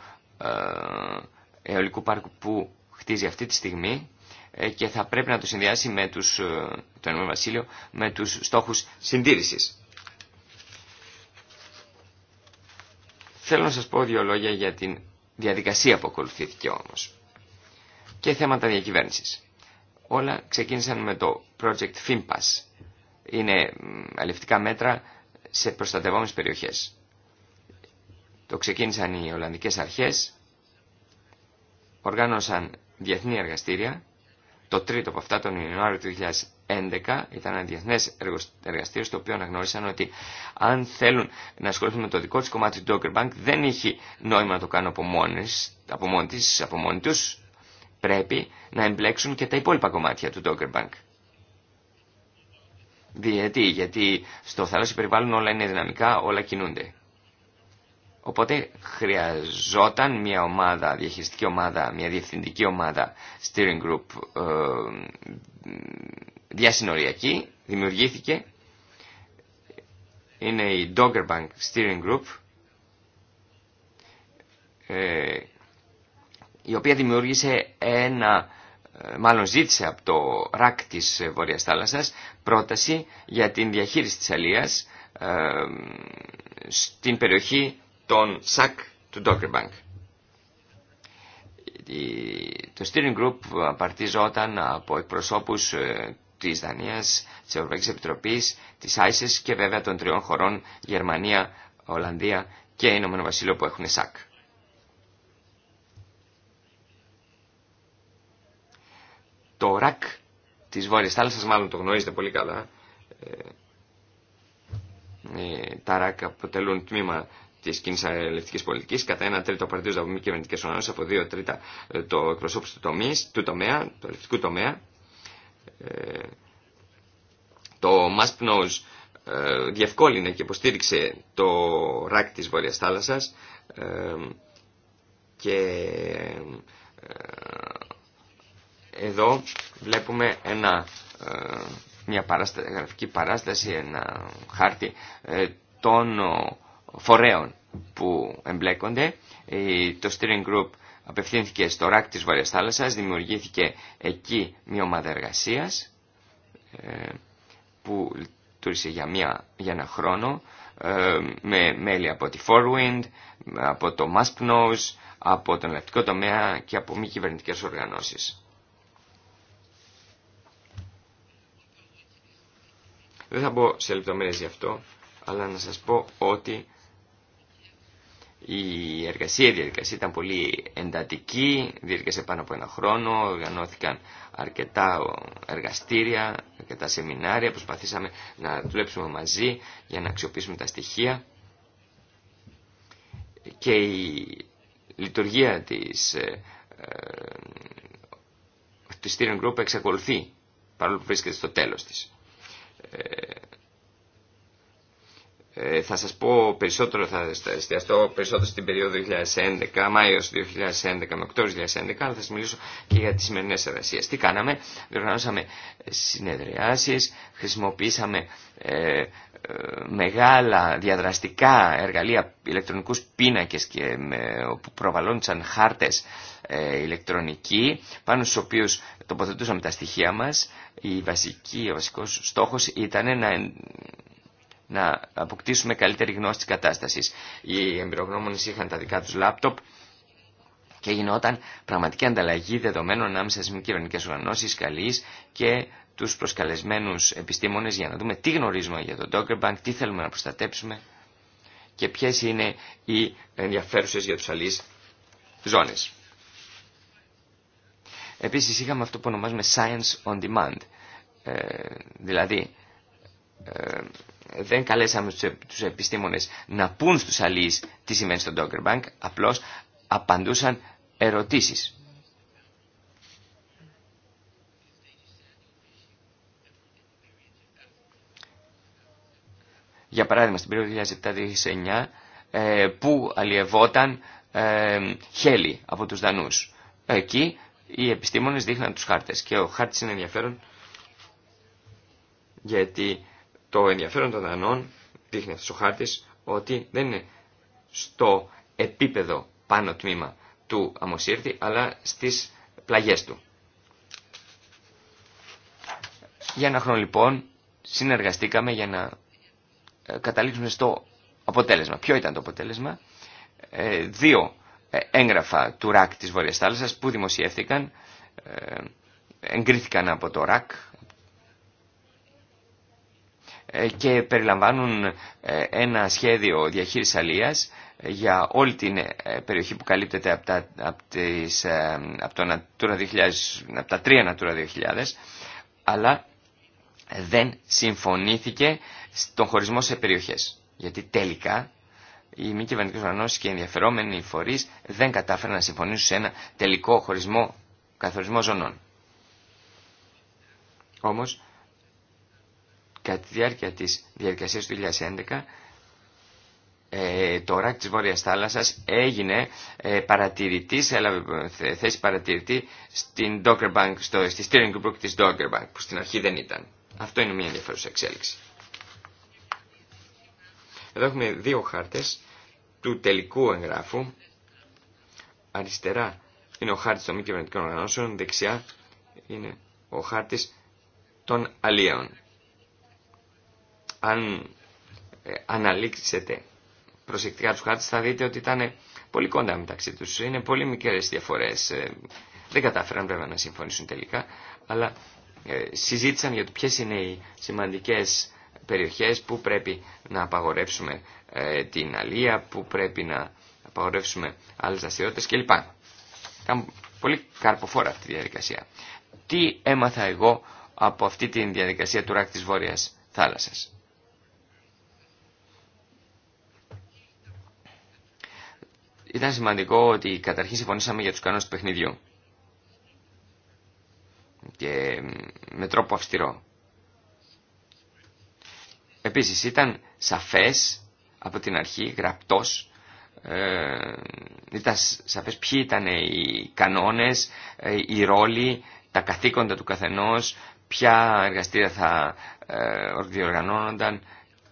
αεολικού πάρκου που χτίζει αυτή τη στιγμή ε, και θα πρέπει να το συνδυάσει με τους, ε, το Ενωμένο Βασίλειο με τους στόχους συντήρησης. Θέλω να σας πω δύο λόγια για την διαδικασία που ακολουθήθηκε όμως και θέματα διακυβέρνησης. Όλα ξεκίνησαν με το project FIMPAS. Είναι αλευτικά μέτρα σε προστατευόμενες περιοχές. Το ξεκίνησαν οι Ολλανδικές αρχές, οργάνωσαν διεθνή εργαστήρια το τρίτο από αυτά, τον Ιανουάριο του 2011, ήταν ένα διεθνέ εργαστήριο στο οποίο αναγνώρισαν ότι αν θέλουν να ασχοληθούν με το δικό τη κομμάτι του Docker Bank, δεν έχει νόημα να το κάνουν από μόνες, από μόνη από του. Πρέπει να εμπλέξουν και τα υπόλοιπα κομμάτια του Docker Bank. Γιατί, γιατί στο θαλάσσιο περιβάλλον όλα είναι δυναμικά, όλα κινούνται. Οπότε χρειαζόταν μια ομάδα, διαχειριστική ομάδα, μια διευθυντική ομάδα, steering group, ε, διασυνοριακή, δημιουργήθηκε. Είναι η Bank Steering Group, ε, η οποία δημιούργησε ένα, ε, μάλλον ζήτησε από το ΡΑΚ της Βορειάς Θάλασσας, πρόταση για την διαχείριση της αλίας ε, στην περιοχή τον ΣΑΚ του Dogger Το Steering Group απαρτίζονταν από εκπροσώπους ε, της Δανίας, της Ευρωπαϊκής Επιτροπής, της ISIS και βέβαια των τριών χωρών Γερμανία, Ολλανδία και Ηνωμένο Βασίλειο που έχουν ΣΑΚ. Το ΡΑΚ της Βόρειας Θάλασσας, μάλλον το γνωρίζετε πολύ καλά, ε, ε, τα ΡΑΚ αποτελούν τμήμα τη κοινή αλληλευτική πολιτική, κατά ένα τρίτο απαραίτητο από μη κυβερνητικέ οργανώσει, από δύο τρίτα ε, το εκπροσώπου του, τομείς, του τομέα, του αλληλευτικού τομέα. Ε, το Must ε, διευκόλυνε και υποστήριξε το ράκ της Βόρειας Θάλασσας και εδώ βλέπουμε μια γραφική παράσταση, ένα χάρτη των φορέων που εμπλέκονται. Ε, το steering group απευθύνθηκε στο ράκ της Βορειας Θάλασσας, δημιουργήθηκε εκεί μια ομάδα εργασίας ε, που λειτουργήσε για, μια, για ένα χρόνο ε, με μέλη από τη Forwind, από το Maspnose, από τον ελεκτικό τομέα και από μη κυβερνητικέ οργανώσεις. Δεν θα μπω σε λεπτομέρειες γι' αυτό, αλλά να σας πω ότι η εργασία, η διαδικασία ήταν πολύ εντατική, διήρκεσε πάνω από ένα χρόνο, οργανώθηκαν αρκετά εργαστήρια, αρκετά σεμινάρια, προσπαθήσαμε να δουλέψουμε μαζί για να αξιοποιήσουμε τα στοιχεία και η λειτουργία της ε, ε της Steering Group εξακολουθεί παρόλο που βρίσκεται στο τέλος της. Ε, ε, θα σας πω περισσότερο, θα εστιαστώ περισσότερο στην περίοδο 2011, Μάιος 2011 με Οκτώβριο 2011, αλλά θα σας μιλήσω και για τις σημερινέ εργασίες. Τι κάναμε, διοργανώσαμε συνεδριάσεις, χρησιμοποίησαμε ε, ε, μεγάλα διαδραστικά εργαλεία, ηλεκτρονικούς πίνακες και με, όπου χάρτες ηλεκτρονικοί, πάνω στους οποίους τοποθετούσαμε τα στοιχεία μας. ο βασικός στόχος ήταν να να αποκτήσουμε καλύτερη γνώση της κατάστασης. Οι εμπειρογνώμονες είχαν τα δικά τους λάπτοπ και γινόταν πραγματική ανταλλαγή δεδομένων ανάμεσα στις μη κυβερνικές οργανώσεις, καλής και τους προσκαλεσμένους επιστήμονες για να δούμε τι γνωρίζουμε για τον Docker Bank, τι θέλουμε να προστατέψουμε και ποιες είναι οι ενδιαφέρουσες για τους αλείς ζώνες. Επίσης είχαμε αυτό που ονομάζουμε Science on Demand, ε, δηλαδή ε, δεν καλέσαμε τους επιστήμονες να πούν στους αλλοίς τι σημαίνει στο Dogger Bank, απλώς απαντούσαν ερωτήσεις. Για παράδειγμα, στην περίοδο 2007-2009, ε, που αλλιευόταν ε, χέλη από τους Δανούς. Εκεί οι επιστήμονες δείχναν τους χάρτες και ο χάρτης είναι ενδιαφέρον γιατί το ενδιαφέρον των δανών δείχνει αυτό ο ότι δεν είναι στο επίπεδο πάνω τμήμα του αμοσύρτη αλλά στις πλαγιές του. Για ένα χρόνο λοιπόν συνεργαστήκαμε για να ε, καταλήξουμε στο αποτέλεσμα. Ποιο ήταν το αποτέλεσμα. Ε, δύο ε, έγγραφα του ΡΑΚ της Βόρειας Θάλασσας που δημοσιεύθηκαν, εγκρίθηκαν από το ΡΑΚ ε, και περιλαμβάνουν ε, ένα σχέδιο διαχείρισης αλίας ε, για όλη την περιοχή που καλύπτεται από τα, από από τα τρία Natura 2000 αλλά δεν συμφωνήθηκε στον χωρισμό σε περιοχές. Γιατί τελικά οι μη κυβερνητικέ οργανώσει και οι ενδιαφερόμενοι φορεί δεν κατάφεραν να συμφωνήσουν σε ένα τελικό χωρισμό, καθορισμό ζωνών. Όμως Κατά τη διάρκεια της διαδικασίας του 2011, ε, το ΡΑΚ της Βόρειας Θάλασσας έγινε ε, παρατηρητής, έλαβε ε, θέση παρατηρητή στην Bank, στο, στη steering group της Dogger Bank, που στην αρχή δεν ήταν. Αυτό είναι μια ενδιαφέρουσα εξέλιξη. Εδώ έχουμε δύο χάρτες του τελικού εγγράφου. Αριστερά είναι ο χάρτης των μη κυβερνητικών οργανώσεων, δεξιά είναι ο χάρτης των αλλιέων αν ε, αναλύξετε προσεκτικά τους χάρτες θα δείτε ότι ήταν πολύ κοντά μεταξύ τους. Είναι πολύ μικρές διαφορές. Ε, δεν κατάφεραν βέβαια να συμφωνήσουν τελικά, αλλά ε, συζήτησαν για το ποιες είναι οι σημαντικές περιοχές που πρέπει να απαγορεύσουμε την αλία, που πρέπει να απαγορεύσουμε άλλες δραστηριότητε κλπ. Ήταν πολύ καρποφόρα αυτή η διαδικασία. Τι έμαθα εγώ από αυτή τη διαδικασία του ράκ της Βόρειας Θάλασσας. Ήταν σημαντικό ότι καταρχήν συμφωνήσαμε για τους κανόνες του παιχνιδιού. Και με τρόπο αυστηρό. Επίσης ήταν σαφές από την αρχή, γραπτός, ε, ήταν σαφές ποιοι ήταν οι κανόνες, ε, οι ρόλοι, τα καθήκοντα του καθενός, ποια εργαστήρια θα ε, διοργανώνονταν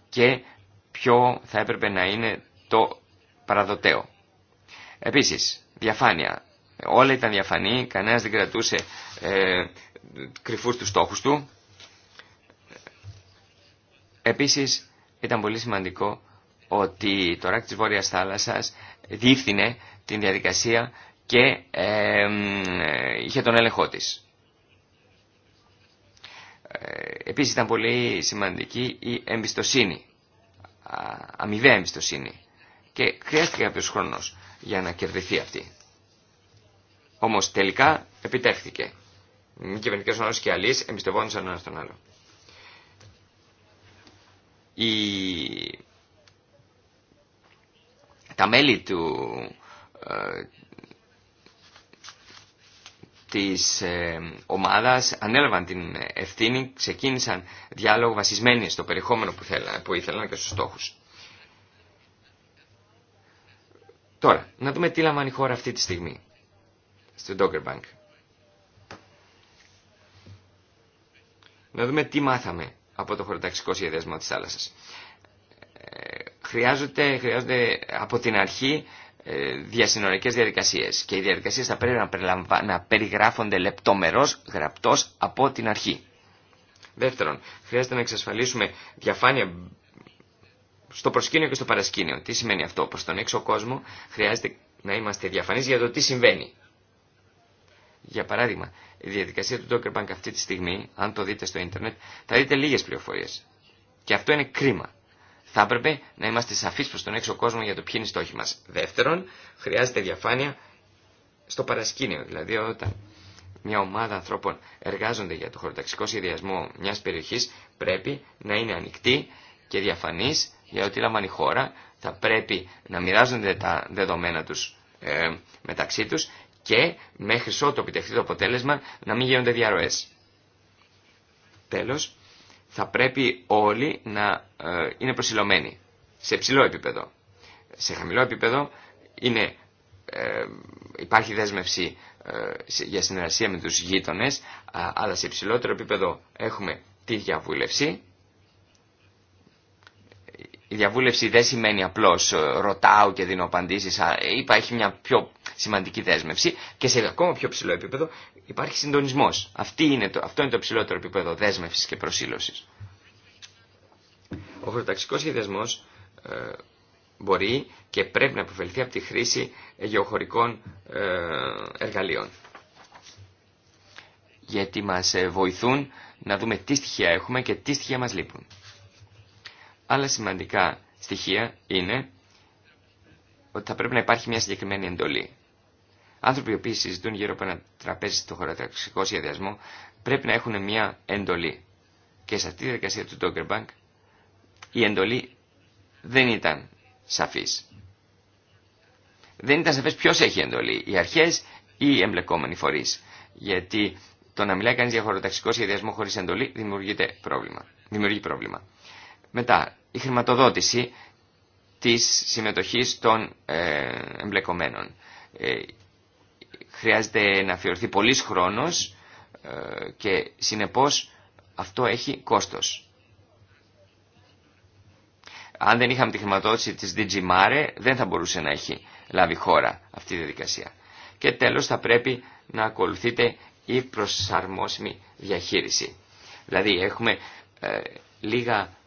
και ποιο θα έπρεπε να είναι το παραδοτέο. Επίσης, διαφάνεια. Όλα ήταν διαφανή, κανένας δεν κρατούσε ε, κρυφούς τους στόχους του. Επίσης, ήταν πολύ σημαντικό ότι το ΡΑΚ της Βόρειας Θάλασσας διεύθυνε την διαδικασία και ε, είχε τον έλεγχό της. Ε, επίσης ήταν πολύ σημαντική η εμπιστοσύνη, αμοιβαία εμπιστοσύνη και χρειάστηκε κάποιος χρόνος για να κερδιθεί αυτή. Όμω τελικά επιτεύχθηκε. Μη κυβερνητικέ οργανώσει και αλλοί εμπιστευόντουσαν ένα στον άλλο. Η... Τα μέλη του, ε, της ε, ομάδας ανέλαβαν την ευθύνη, ξεκίνησαν διάλογο βασισμένοι στο περιεχόμενο που, θέλα, που ήθελαν και στους στόχους. Τώρα, να δούμε τι λαμβάνει η χώρα αυτή τη στιγμή στο Dogger Bank. Να δούμε τι μάθαμε από το χωροταξικό σχεδιασμό της θάλασσας. Ε, χρειάζονται, από την αρχή ε, διασυνορικές διαδικασίες και οι διαδικασίες θα πρέπει να, να περιγράφονται λεπτομερώς γραπτός από την αρχή. Δεύτερον, χρειάζεται να εξασφαλίσουμε διαφάνεια στο προσκήνιο και στο παρασκήνιο. Τι σημαίνει αυτό. Πως τον έξω κόσμο χρειάζεται να είμαστε διαφανείς για το τι συμβαίνει. Για παράδειγμα, η διαδικασία του Docker Bank αυτή τη στιγμή, αν το δείτε στο ίντερνετ, θα δείτε λίγες πληροφορίες. Και αυτό είναι κρίμα. Θα έπρεπε να είμαστε σαφείς προς τον έξω κόσμο για το ποιοι είναι οι στόχοι μας. Δεύτερον, χρειάζεται διαφάνεια στο παρασκήνιο. Δηλαδή, όταν μια ομάδα ανθρώπων εργάζονται για το χωροταξικό σχεδιασμό μιας περιοχής, πρέπει να είναι ανοιχτή και διαφανής για ό,τι λάμβανε η χώρα, θα πρέπει να μοιράζονται τα δεδομένα τους ε, μεταξύ τους και μέχρι ό,τι επιτευχθεί το αποτέλεσμα να μην γίνονται διαρροές. Τέλος, θα πρέπει όλοι να ε, είναι προσιλωμένοι σε ψηλό επίπεδο. Σε χαμηλό επίπεδο είναι, ε, υπάρχει δέσμευση για συνεργασία με τους γείτονες, αλλά σε υψηλότερο επίπεδο έχουμε τη διαβούλευση η διαβούλευση δεν σημαίνει απλώς ε, ρωτάω και δίνω απαντήσεις. Είπα, έχει μια πιο σημαντική δέσμευση και σε ακόμα πιο ψηλό επίπεδο υπάρχει συντονισμός. αυτό είναι το ψηλότερο επίπεδο δέσμευσης και προσήλωσης. Ο χωροταξικός σχεδιασμός ε, μπορεί και πρέπει να αποφελθεί από τη χρήση γεωχωρικών ε, εργαλείων. Γιατί μας ε, βοηθούν να δούμε τι στοιχεία έχουμε και τι στοιχεία μας λείπουν. Άλλα σημαντικά στοιχεία είναι ότι θα πρέπει να υπάρχει μια συγκεκριμένη εντολή. Άνθρωποι οι οποίοι συζητούν γύρω από ένα τραπέζι στο χωροταξικό σχεδιασμό πρέπει να έχουν μια εντολή. Και σε αυτή τη διαδικασία του Dogger Bank η εντολή δεν ήταν σαφής. Δεν ήταν σαφές ποιος έχει εντολή, οι αρχές ή οι εμπλεκόμενοι φορείς. Γιατί το να μιλάει κανείς για χωροταξικό σχεδιασμό χωρίς εντολή δημιουργείται πρόβλημα. Δημιουργεί πρόβλημα. Μετά, η χρηματοδότηση της συμμετοχής των ε, εμπλεκομένων. Ε, χρειάζεται να αφιερωθεί πολύς χρόνος ε, και συνεπώς αυτό έχει κόστος. Αν δεν είχαμε τη χρηματοδότηση της Mare, δεν θα μπορούσε να έχει λάβει χώρα αυτή η διαδικασία. Και τέλος θα πρέπει να ακολουθείτε η προσαρμόσιμη διαχείριση. Δηλαδή έχουμε λίγα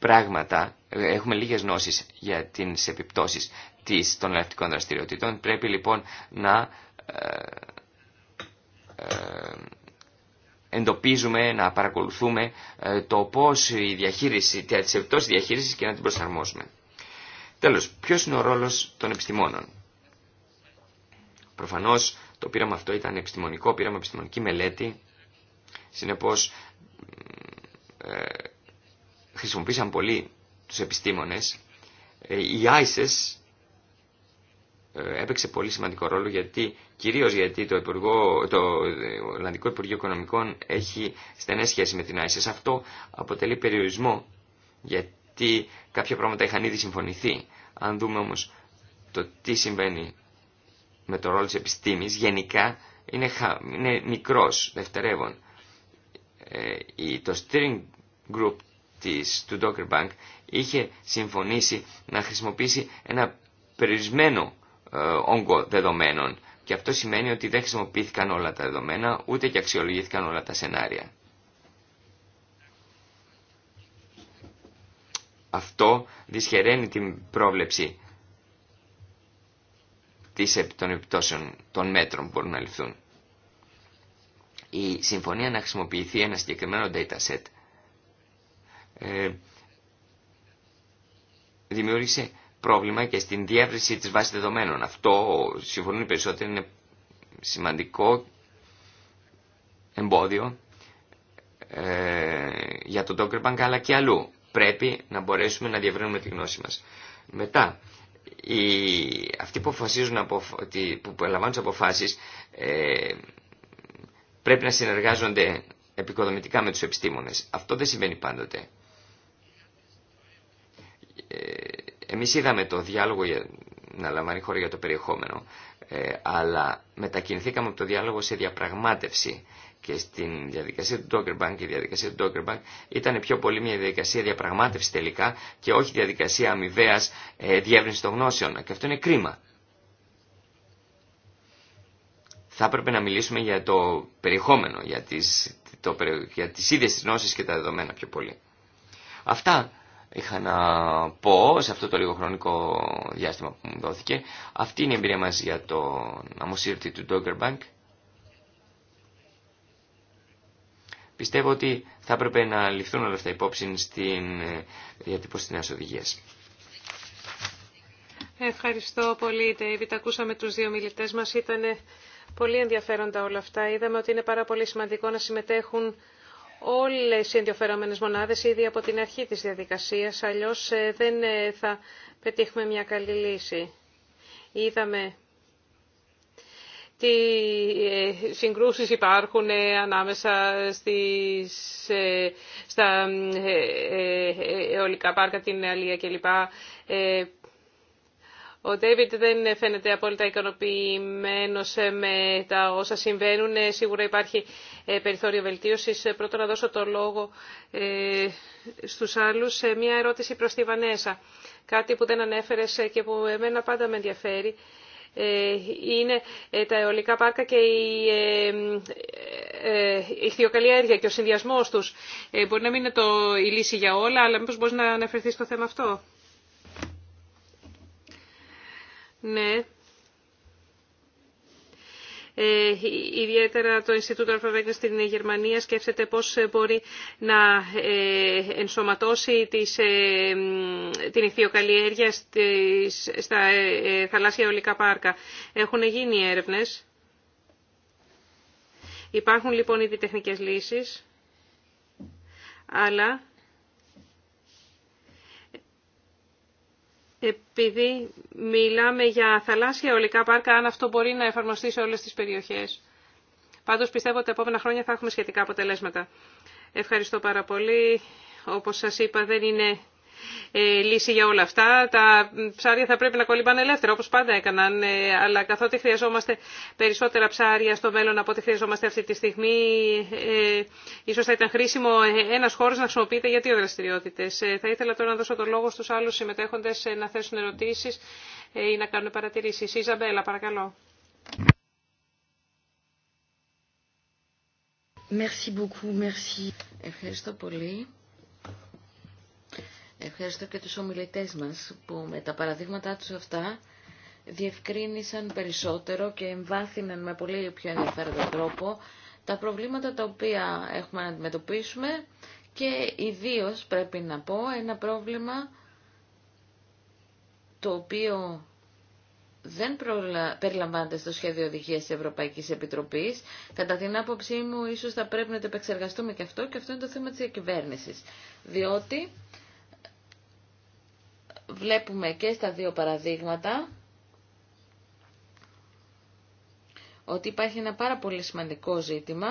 πράγματα, ε, έχουμε λίγες γνώσεις για τις επιπτώσεις της, των ελευτικών δραστηριοτήτων. Πρέπει λοιπόν να ε, ε, εντοπίζουμε, να παρακολουθούμε το πώς η διαχείριση, τις επιπτώσεις διαχείρισης και να την προσαρμόσουμε. Τέλος, ποιος είναι ο ρόλος των επιστημόνων. Προφανώς το πείραμα αυτό ήταν επιστημονικό, πείραμα επιστημονική μελέτη, συνεπώς χρησιμοποίησαν πολύ τους επιστήμονες, ε, η ISIS ε, έπαιξε πολύ σημαντικό ρόλο γιατί, κυρίως γιατί το, Υπουργό, το ε, Ολλανδικό Υπουργείο Οικονομικών έχει στενές σχέσεις με την ISIS. Αυτό αποτελεί περιορισμό γιατί κάποια πράγματα είχαν ήδη συμφωνηθεί. Αν δούμε όμως το τι συμβαίνει με το ρόλο της επιστήμης, γενικά είναι, χα... είναι μικρός, δευτερεύον. το steering group της, του Docker Bank είχε συμφωνήσει να χρησιμοποιήσει ένα περιορισμένο ε, όγκο δεδομένων και αυτό σημαίνει ότι δεν χρησιμοποιήθηκαν όλα τα δεδομένα ούτε και αξιολογήθηκαν όλα τα σενάρια. Αυτό δυσχεραίνει την πρόβλεψη των επιπτώσεων των μέτρων που μπορούν να ληφθούν. Η συμφωνία να χρησιμοποιηθεί ένα συγκεκριμένο dataset ε, δημιούργησε πρόβλημα και στην διεύρυνση της βάσης δεδομένων. Αυτό, συμφωνούν οι περισσότεροι, είναι σημαντικό εμπόδιο ε, για τον Bank, αλλά και αλλού. Πρέπει να μπορέσουμε να διευρύνουμε τη γνώση μας. Μετά, οι, αυτοί που, αποφασίζουν από, που λαμβάνουν τις αποφάσεις ε, πρέπει να συνεργάζονται επικοδομητικά με τους επιστήμονες. Αυτό δεν συμβαίνει πάντοτε. Ε, εμείς είδαμε το διάλογο για, να λαμβάνει χώρα για το περιεχόμενο, ε, αλλά μετακινηθήκαμε από το διάλογο σε διαπραγμάτευση και στην διαδικασία του Dogger Bank, η διαδικασία του Dogger Bank ήταν πιο πολύ μια διαδικασία διαπραγμάτευση τελικά και όχι διαδικασία αμοιβαία ε, διεύρυνση των γνώσεων. Και αυτό είναι κρίμα. Θα έπρεπε να μιλήσουμε για το περιεχόμενο, για τις, το, για τις και τα δεδομένα πιο πολύ. Αυτά είχα να πω σε αυτό το λίγο χρονικό διάστημα που μου δόθηκε. Αυτή είναι η εμπειρία μας για το αμοσύρτη του Dogger Bank. Πιστεύω ότι θα έπρεπε να ληφθούν όλα αυτά υπόψη στην ε, διατύπωση της νέας οδηγίας. Ευχαριστώ πολύ, Ντέιβιτ. Ακούσαμε τους δύο μιλητές μας. Ήταν πολύ ενδιαφέροντα όλα αυτά. Είδαμε ότι είναι πάρα πολύ σημαντικό να συμμετέχουν όλες οι ενδιαφερόμενες μονάδες ήδη από την αρχή της διαδικασίας, αλλιώς δεν θα πετύχουμε μια καλή λύση. Είδαμε τι συγκρούσεις υπάρχουν ανάμεσα στις, στα αιωλικά πάρκα, την Αλία κλπ. Ο Ντέιβιντ δεν φαίνεται απόλυτα ικανοποιημένο με τα όσα συμβαίνουν. Ε, σίγουρα υπάρχει ε, περιθώριο βελτίωση. Ε, Πρώτα να δώσω το λόγο στου άλλου. Μία ερώτηση προ τη Βανέσα. Κάτι που δεν ανέφερε και που εμένα πάντα με ενδιαφέρει. Είναι τα αιωλικά πάρκα και η ηχθειοκαλλιέργεια και ο συνδυασμό του. Μπορεί να μην είναι το, η λύση για όλα, αλλά μήπω μπορεί να αναφερθεί στο θέμα αυτό. Ναι. Ε, ιδιαίτερα το Ινστιτούτο Αλφαβέγγλης στην Γερμανία σκέφτεται πώς μπορεί να ε, ενσωματώσει τις, ε, την ηχθειοκαλλιέργεια στα θαλάσσια ολικά πάρκα. Έχουν γίνει έρευνες. Υπάρχουν λοιπόν ήδη τεχνικές λύσεις, αλλά επειδή μιλάμε για θαλάσσια ολικά πάρκα, αν αυτό μπορεί να εφαρμοστεί σε όλες τις περιοχές. Πάντως πιστεύω ότι τα επόμενα χρόνια θα έχουμε σχετικά αποτελέσματα. Ευχαριστώ πάρα πολύ. Όπως σας είπα δεν είναι ε, λύση για όλα αυτά. Τα ψάρια θα πρέπει να κολυμπάνε ελεύθερα, όπως πάντα έκαναν, ε, αλλά καθότι χρειαζόμαστε περισσότερα ψάρια στο μέλλον από ό,τι χρειαζόμαστε αυτή τη στιγμή, ε, ίσως θα ήταν χρήσιμο ένας χώρος να χρησιμοποιείται για δύο δραστηριότητες. Θα ήθελα τώρα να δώσω το λόγο στους άλλους συμμετέχοντες να θέσουν ερωτήσεις ή να κάνουν παρατηρήσεις. Ιζαμπέλα, παρακαλώ. Merci beaucoup, merci. Ευχαριστώ πολύ. Ευχαριστώ και τους ομιλητές μας που με τα παραδείγματά τους αυτά διευκρίνησαν περισσότερο και εμβάθυναν με πολύ πιο ενδιαφέροντα τρόπο τα προβλήματα τα οποία έχουμε να αντιμετωπίσουμε και ιδίω πρέπει να πω ένα πρόβλημα το οποίο δεν περιλαμβάνεται στο σχέδιο οδηγία της Ευρωπαϊκής Επιτροπής. Κατά την άποψή μου, ίσως θα πρέπει να το επεξεργαστούμε και αυτό, και αυτό είναι το θέμα τη διακυβέρνηση. Διότι βλέπουμε και στα δύο παραδείγματα ότι υπάρχει ένα πάρα πολύ σημαντικό ζήτημα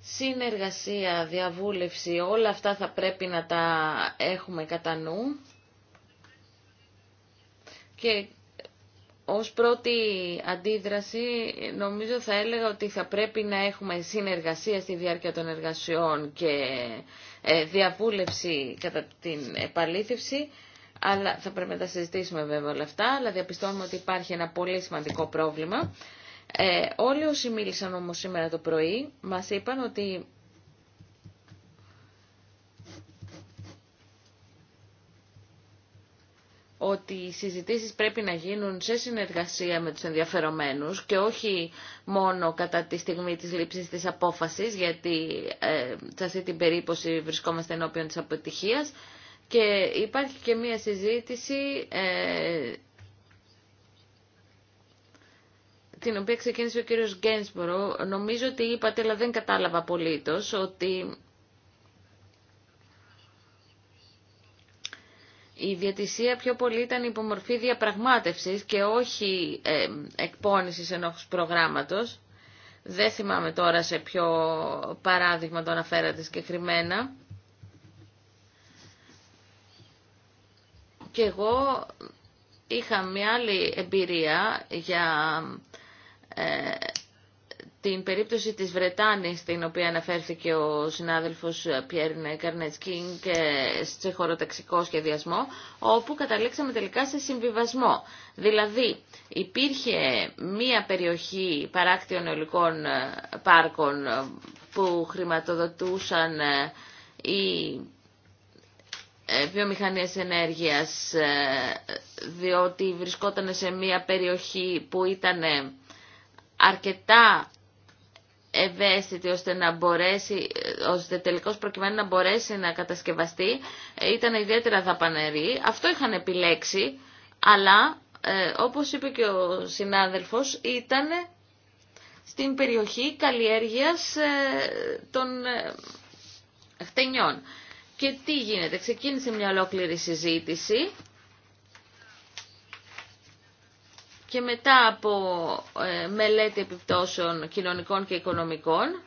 συνεργασία, διαβούλευση, όλα αυτά θα πρέπει να τα έχουμε κατά νου και ως πρώτη αντίδραση νομίζω θα έλεγα ότι θα πρέπει να έχουμε συνεργασία στη διάρκεια των εργασιών και ε, διαβούλευση κατά την επαλήθευση, αλλά θα πρέπει να τα συζητήσουμε βέβαια όλα αυτά, αλλά διαπιστώνουμε ότι υπάρχει ένα πολύ σημαντικό πρόβλημα. Ε, όλοι όσοι μίλησαν όμως σήμερα το πρωί μας είπαν ότι ότι οι συζητήσεις πρέπει να γίνουν σε συνεργασία με τους ενδιαφερομένους και όχι μόνο κατά τη στιγμή της λήψης της απόφασης, γιατί ε, σε αυτή την περίπτωση βρισκόμαστε ενώπιον της αποτυχίας. Και υπάρχει και μία συζήτηση ε, την οποία ξεκίνησε ο κύριος Γκένσπορο. Νομίζω ότι είπατε, αλλά δεν κατάλαβα απολύτως, ότι η διατησία πιο πολύ ήταν υπομορφή διαπραγμάτευσης και όχι ε, εκπόνησης ενός προγράμματος. Δεν θυμάμαι τώρα σε ποιο παράδειγμα το αναφέρατε συγκεκριμένα. Και εγώ είχα μια άλλη εμπειρία για ε, την περίπτωση της Βρετάνης, στην οποία αναφέρθηκε ο συνάδελφος Πιέρν Καρνετσκίν και σε χωροταξικό σχεδιασμό, όπου καταλήξαμε τελικά σε συμβιβασμό. Δηλαδή, υπήρχε μία περιοχή παράκτιων ολικών ε, πάρκων ε, που χρηματοδοτούσαν ε, οι βιομηχανίες ενέργειας, διότι βρισκόταν σε μία περιοχή που ήταν αρκετά ευαίσθητη ώστε να μπορέσει, ώστε τελικώς προκειμένου να μπορέσει να κατασκευαστεί, ε, ήταν ιδιαίτερα δαπανερή. Αυτό είχαν επιλέξει, αλλά ε, όπως είπε και ο συνάδελφος, ήταν στην περιοχή καλλιέργειας ε, των χτενιών. Και τι γίνεται, ξεκίνησε μια ολόκληρη συζήτηση και μετά από ε, μελέτη επιπτώσεων κοινωνικών και οικονομικών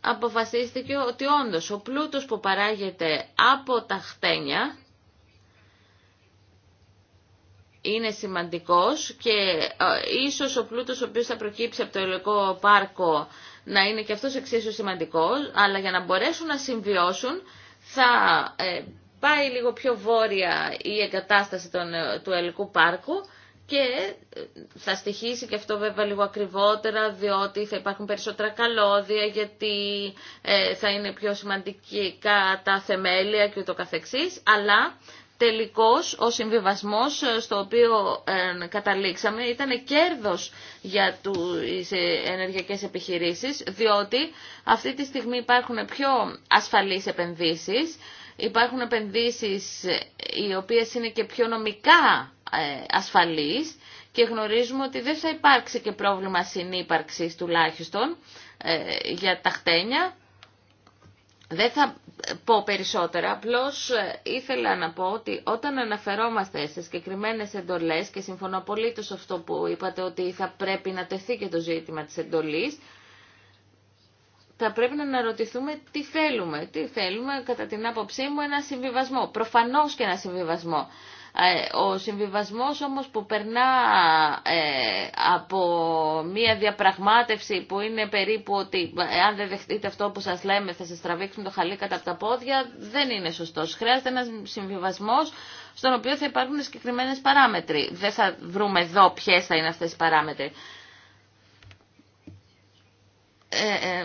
αποφασίστηκε ότι όντως ο πλούτος που παράγεται από τα χτένια είναι σημαντικός και ε, ίσως ο πλούτος ο οποίος θα προκύψει από το ελληνικό πάρκο να είναι και αυτός εξίσου σημαντικός, αλλά για να μπορέσουν να συμβιώσουν θα ε, πάει λίγο πιο βόρεια η εγκατάσταση των, ε, του ελικού πάρκου και ε, θα στοιχήσει και αυτό βέβαια λίγο ακριβότερα διότι θα υπάρχουν περισσότερα καλώδια γιατί ε, θα είναι πιο σημαντικά τα θεμέλια και το καθεξής αλλά τελικός ο συμβιβασμός στο οποίο καταλήξαμε ήταν κέρδος για τις ενεργειακές επιχειρήσεις διότι αυτή τη στιγμή υπάρχουν πιο ασφαλείς επενδύσεις Υπάρχουν επενδύσεις οι οποίες είναι και πιο νομικά ε, ασφαλείς και γνωρίζουμε ότι δεν θα υπάρξει και πρόβλημα συνύπαρξης τουλάχιστον ε, για τα χτένια. Δεν θα ε, πω περισσότερα, απλώς ήθελα να πω ότι όταν αναφερόμαστε σε συγκεκριμένε εντολές και συμφωνώ πολύ αυτό που είπατε ότι θα πρέπει να τεθεί και το ζήτημα της εντολής, θα πρέπει να αναρωτηθούμε τι θέλουμε. Τι θέλουμε, κατά την άποψή μου, ένα συμβιβασμό. Προφανώς και ένα συμβιβασμό. Ε, ο συμβιβασμός όμως που περνά ε, από μία διαπραγμάτευση που είναι περίπου ότι ε, αν δεν δεχτείτε αυτό που σας λέμε θα σας τραβήξουν το χαλί κατά τα πόδια δεν είναι σωστός. Χρειάζεται ένας συμβιβασμός στον οποίο θα υπάρχουν συγκεκριμένε παράμετροι. Δεν θα βρούμε εδώ ποιες θα είναι αυτές οι παράμετροι. Ε, ε,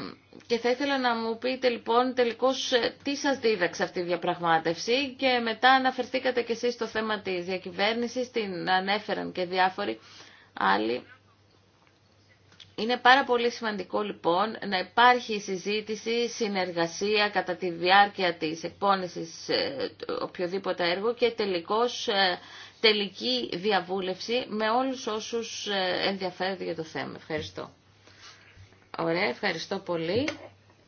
και θα ήθελα να μου πείτε λοιπόν τελικώς ε, τι σας δίδαξε αυτή η διαπραγμάτευση και μετά αναφερθήκατε και εσείς στο θέμα της διακυβέρνησης, την ανέφεραν και διάφοροι άλλοι. Είναι πάρα πολύ σημαντικό λοιπόν να υπάρχει συζήτηση, συνεργασία κατά τη διάρκεια της εκπόνησης ε, οποιοδήποτε έργο και τελικώς ε, τελική διαβούλευση με όλους όσους ενδιαφέρονται για το θέμα. Ευχαριστώ. Ωραία, ευχαριστώ πολύ.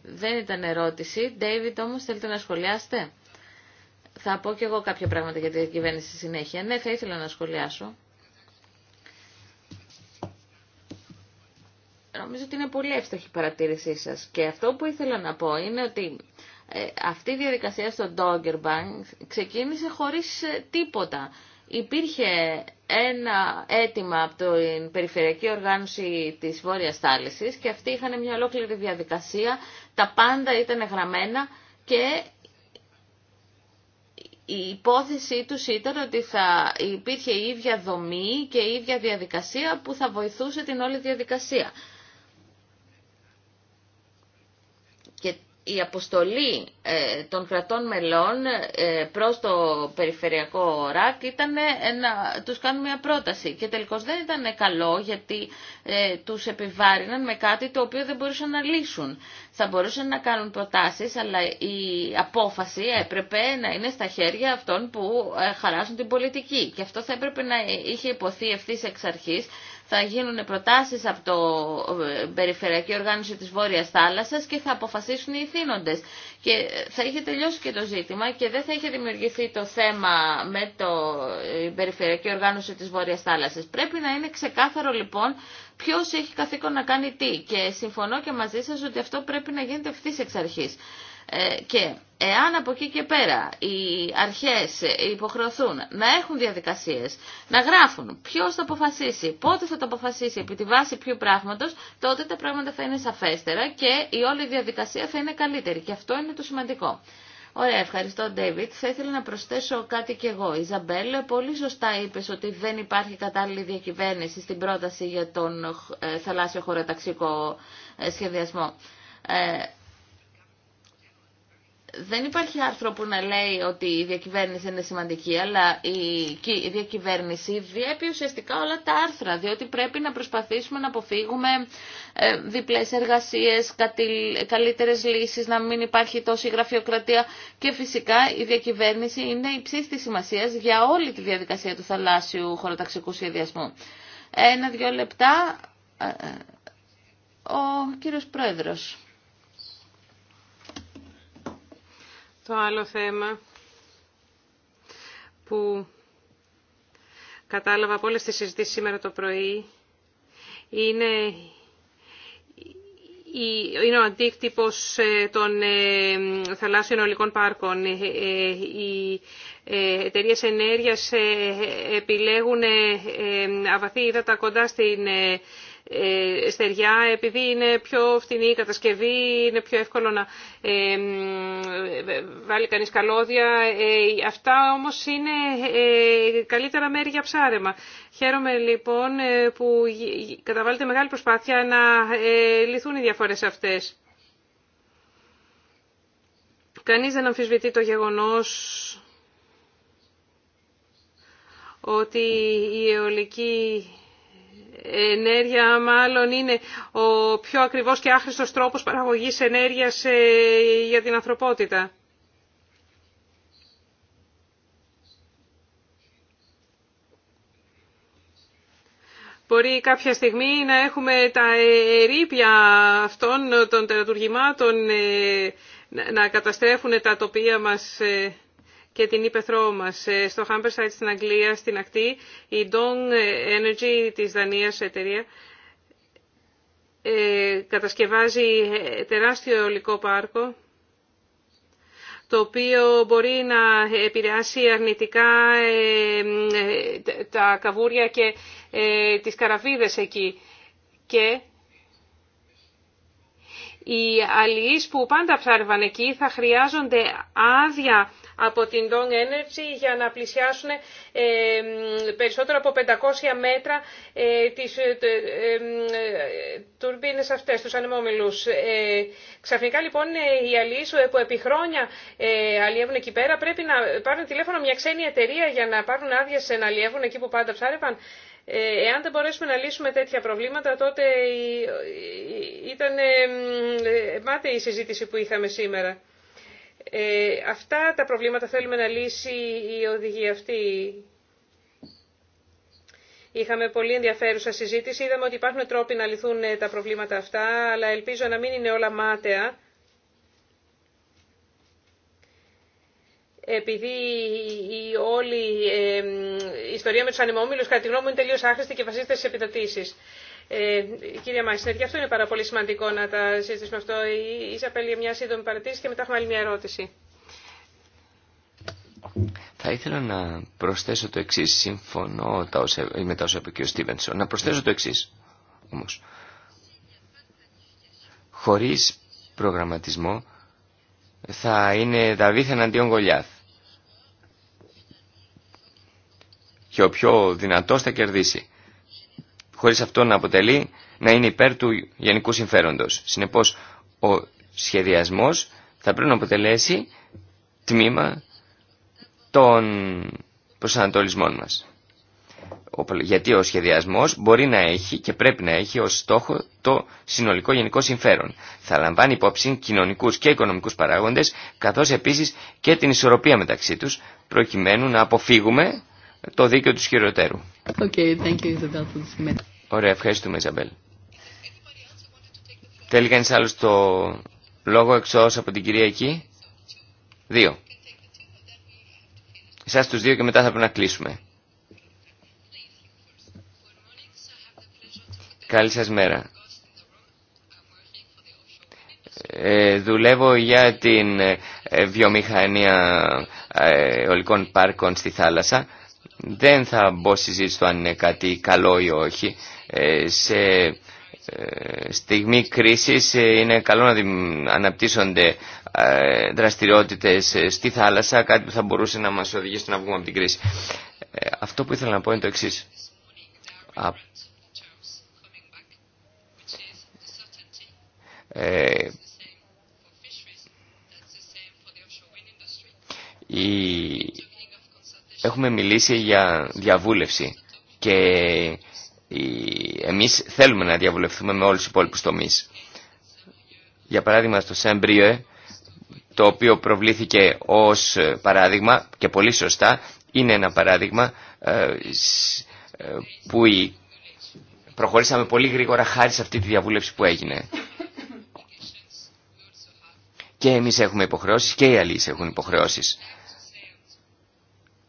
Δεν ήταν ερώτηση. David, όμως, θέλετε να σχολιάσετε. Θα πω κι εγώ κάποια πράγματα για τη διακυβέρνηση στη συνέχεια. Ναι, θα ήθελα να σχολιάσω. Νομίζω ότι είναι πολύ εύστοχη η παρατήρησή σας. Και αυτό που ήθελα να πω είναι ότι ε, αυτή η διαδικασία στο Dogger Bank ξεκίνησε χωρίς ε, τίποτα υπήρχε ένα αίτημα από την Περιφερειακή Οργάνωση της Βόρειας Θάλησης και αυτοί είχαν μια ολόκληρη διαδικασία, τα πάντα ήταν γραμμένα και η υπόθεσή τους ήταν ότι θα υπήρχε η ίδια δομή και η ίδια διαδικασία που θα βοηθούσε την όλη διαδικασία. η αποστολή ε, των κρατών μελών ε, προς το περιφερειακό ΡΑΚ ήταν να τους κάνουν μια πρόταση και τελικώς δεν ήταν καλό γιατί ε, τους επιβάρυναν με κάτι το οποίο δεν μπορούσαν να λύσουν. Θα μπορούσαν να κάνουν προτάσεις αλλά η απόφαση έπρεπε να είναι στα χέρια αυτών που χαράσουν την πολιτική και αυτό θα έπρεπε να είχε υποθεί ευθύ εξ αρχής θα γίνουν προτάσεις από το ε, Περιφερειακή Οργάνωση της Βόρειας Θάλασσας και θα αποφασίσουν οι ηθήνοντες. Και θα είχε τελειώσει και το ζήτημα και δεν θα είχε δημιουργηθεί το θέμα με το ε, Περιφερειακή Οργάνωση της Βόρειας Θάλασσας. Πρέπει να είναι ξεκάθαρο λοιπόν ποιο έχει καθήκον να κάνει τι. Και συμφωνώ και μαζί σας ότι αυτό πρέπει να γίνεται ευθύ εξ αρχής. Ε, και εάν από εκεί και πέρα οι αρχές υποχρεωθούν να έχουν διαδικασίες, να γράφουν ποιος θα αποφασίσει, πότε θα το αποφασίσει, επί τη βάση ποιου πράγματος, τότε τα πράγματα θα είναι σαφέστερα και η όλη διαδικασία θα είναι καλύτερη. Και αυτό είναι το σημαντικό. Ωραία, ευχαριστώ, Ντέιβιτ. Θα ήθελα να προσθέσω κάτι κι εγώ. Η Ζαμπέλ πολύ σωστά είπε ότι δεν υπάρχει κατάλληλη διακυβέρνηση στην πρόταση για τον ε, θαλάσσιο χωροταξικό ε, σχεδιασμό δεν υπάρχει άρθρο που να λέει ότι η διακυβέρνηση είναι σημαντική, αλλά η διακυβέρνηση διέπει ουσιαστικά όλα τα άρθρα, διότι πρέπει να προσπαθήσουμε να αποφύγουμε ε, διπλές εργασίες, καλύτερες λύσεις, να μην υπάρχει τόση γραφειοκρατία και φυσικά η διακυβέρνηση είναι υψίστης της σημασίας για όλη τη διαδικασία του θαλάσσιου χωροταξικού σχεδιασμού. Ένα-δυο λεπτά, ε, ε, ο κύριος Πρόεδρος. Το άλλο θέμα που κατάλαβα από όλες τις συζητήσεις σήμερα το πρωί είναι είναι ο αντίκτυπος ε, των ε, θαλάσσιων ολικών πάρκων. Ε, οι εταιρείε ενέργειας επιλέγουν αβαθή ύδατα κοντά στην ε, στεριά επειδή είναι πιο φτηνή η κατασκευή, είναι πιο εύκολο να ε, βάλει κανείς καλώδια. Ε, αυτά όμως είναι καλύτερα μέρη για ψάρεμα. Χαίρομαι λοιπόν που καταβάλλεται μεγάλη προσπάθεια να λυθούν οι διαφορές αυτές. Κανείς δεν αμφισβητεί το γεγονός ότι η αιωλική ενέργεια μάλλον είναι ο πιο ακριβώς και άχρηστος τρόπος παραγωγής ενέργειας ε, για την ανθρωπότητα. Μπορεί κάποια στιγμή να έχουμε τα ερήπια αυτών των τερατουργημάτων ε, να καταστρέφουν τα τοπία μας ε, και την ύπεθρό μα ε, Στο Humberside στην Αγγλία, στην ακτή, η Dong Energy της Δανία εταιρεία ε, κατασκευάζει τεράστιο ολικό πάρκο το οποίο μπορεί να επηρεάσει αρνητικά ε, τα καβούρια και τις καραβίδες εκεί. Και οι αλληλείς που πάντα ψάρευαν εκεί θα χρειάζονται άδεια από την Dong Energy για να πλησιάσουν ε, περισσότερο από 500 μέτρα ε, τις ε, τουρμπίνες αυτές, τους Ε, Ξαφνικά λοιπόν οι αλληλείς που επί χρόνια αλλιεύουν εκεί πέρα πρέπει να πάρουν τηλέφωνο μια ξένη εταιρεία για να πάρουν άδεια σε να αλλιεύουν εκεί που πάντα ψάρευαν. Ε, εάν δεν μπορέσουμε να λύσουμε τέτοια προβλήματα, τότε ήταν ε, ε, μάταιη η συζήτηση που είχαμε σήμερα. Αυτά τα προβλήματα θέλουμε να λύσει η οδηγία αυτή. Είχαμε πολύ ενδιαφέρουσα συζήτηση. Είδαμε ότι υπάρχουν τρόποι να λυθούν τα προβλήματα αυτά, αλλά ελπίζω να μην είναι όλα μάταια επειδή η όλη η ιστορία με τους ανεμόμυλους κατά τη γνώμη μου είναι τελείως άχρηστη και βασίζεται στις επιδοτήσεις. Ε, κύριε Μάισνερ, γι' αυτό είναι πάρα πολύ σημαντικό να τα συζητήσουμε αυτό. Η Ισαπέλ για μια σύντομη παρατήρηση και μετά έχουμε άλλη μια ερώτηση. Θα ήθελα να προσθέσω το εξή. Συμφωνώ με τα όσα είπε και ο Στίβενσον. Να προσθέσω το εξή όμω. Χωρί προγραμματισμό θα είναι Δαβίθ εναντίον Γολιάθ. Και ο πιο δυνατός θα κερδίσει. Χωρίς αυτό να αποτελεί να είναι υπέρ του γενικού συμφέροντος. Συνεπώς ο σχεδιασμός θα πρέπει να αποτελέσει τμήμα των προσανατολισμών μας γιατί ο σχεδιασμός μπορεί να έχει και πρέπει να έχει ως στόχο το συνολικό γενικό συμφέρον. Θα λαμβάνει υπόψη κοινωνικούς και οικονομικούς παράγοντες, καθώς επίσης και την ισορροπία μεταξύ τους, προκειμένου να αποφύγουμε το δίκαιο του χειροτέρου. Okay, thank you, Isabel, for Ωραία, ευχαριστούμε, Ιζαμπέλ. Θέλει κανείς άλλο το λόγο εξώ από την κυρία εκεί. Δύο. Εσάς τους δύο και μετά θα πρέπει να κλείσουμε. Καλή σας μέρα. Ε, δουλεύω για την ε, βιομηχανία ολικών ε, πάρκων στη θάλασσα. Δεν θα μπω συζήτηση αν είναι κάτι καλό ή όχι. Ε, σε ε, στιγμή κρίσης είναι καλό να αναπτύσσονται δραστηριότητες στη θάλασσα, κάτι που θα μπορούσε να μας οδηγήσει να βγούμε από την κρίση. Αυτό που ήθελα να πω είναι το εξής. Ε, η... Έχουμε μιλήσει για διαβούλευση και η... εμείς θέλουμε να διαβουλευτούμε με όλους τους υπόλοιπους τομείς. Για παράδειγμα στο Σεμπριέ, το οποίο προβλήθηκε ως παράδειγμα και πολύ σωστά, είναι ένα παράδειγμα ε, ε, που προχωρήσαμε πολύ γρήγορα χάρη σε αυτή τη διαβούλευση που έγινε. Και εμείς έχουμε υποχρεώσεις και οι άλλοι έχουν υποχρεώσεις.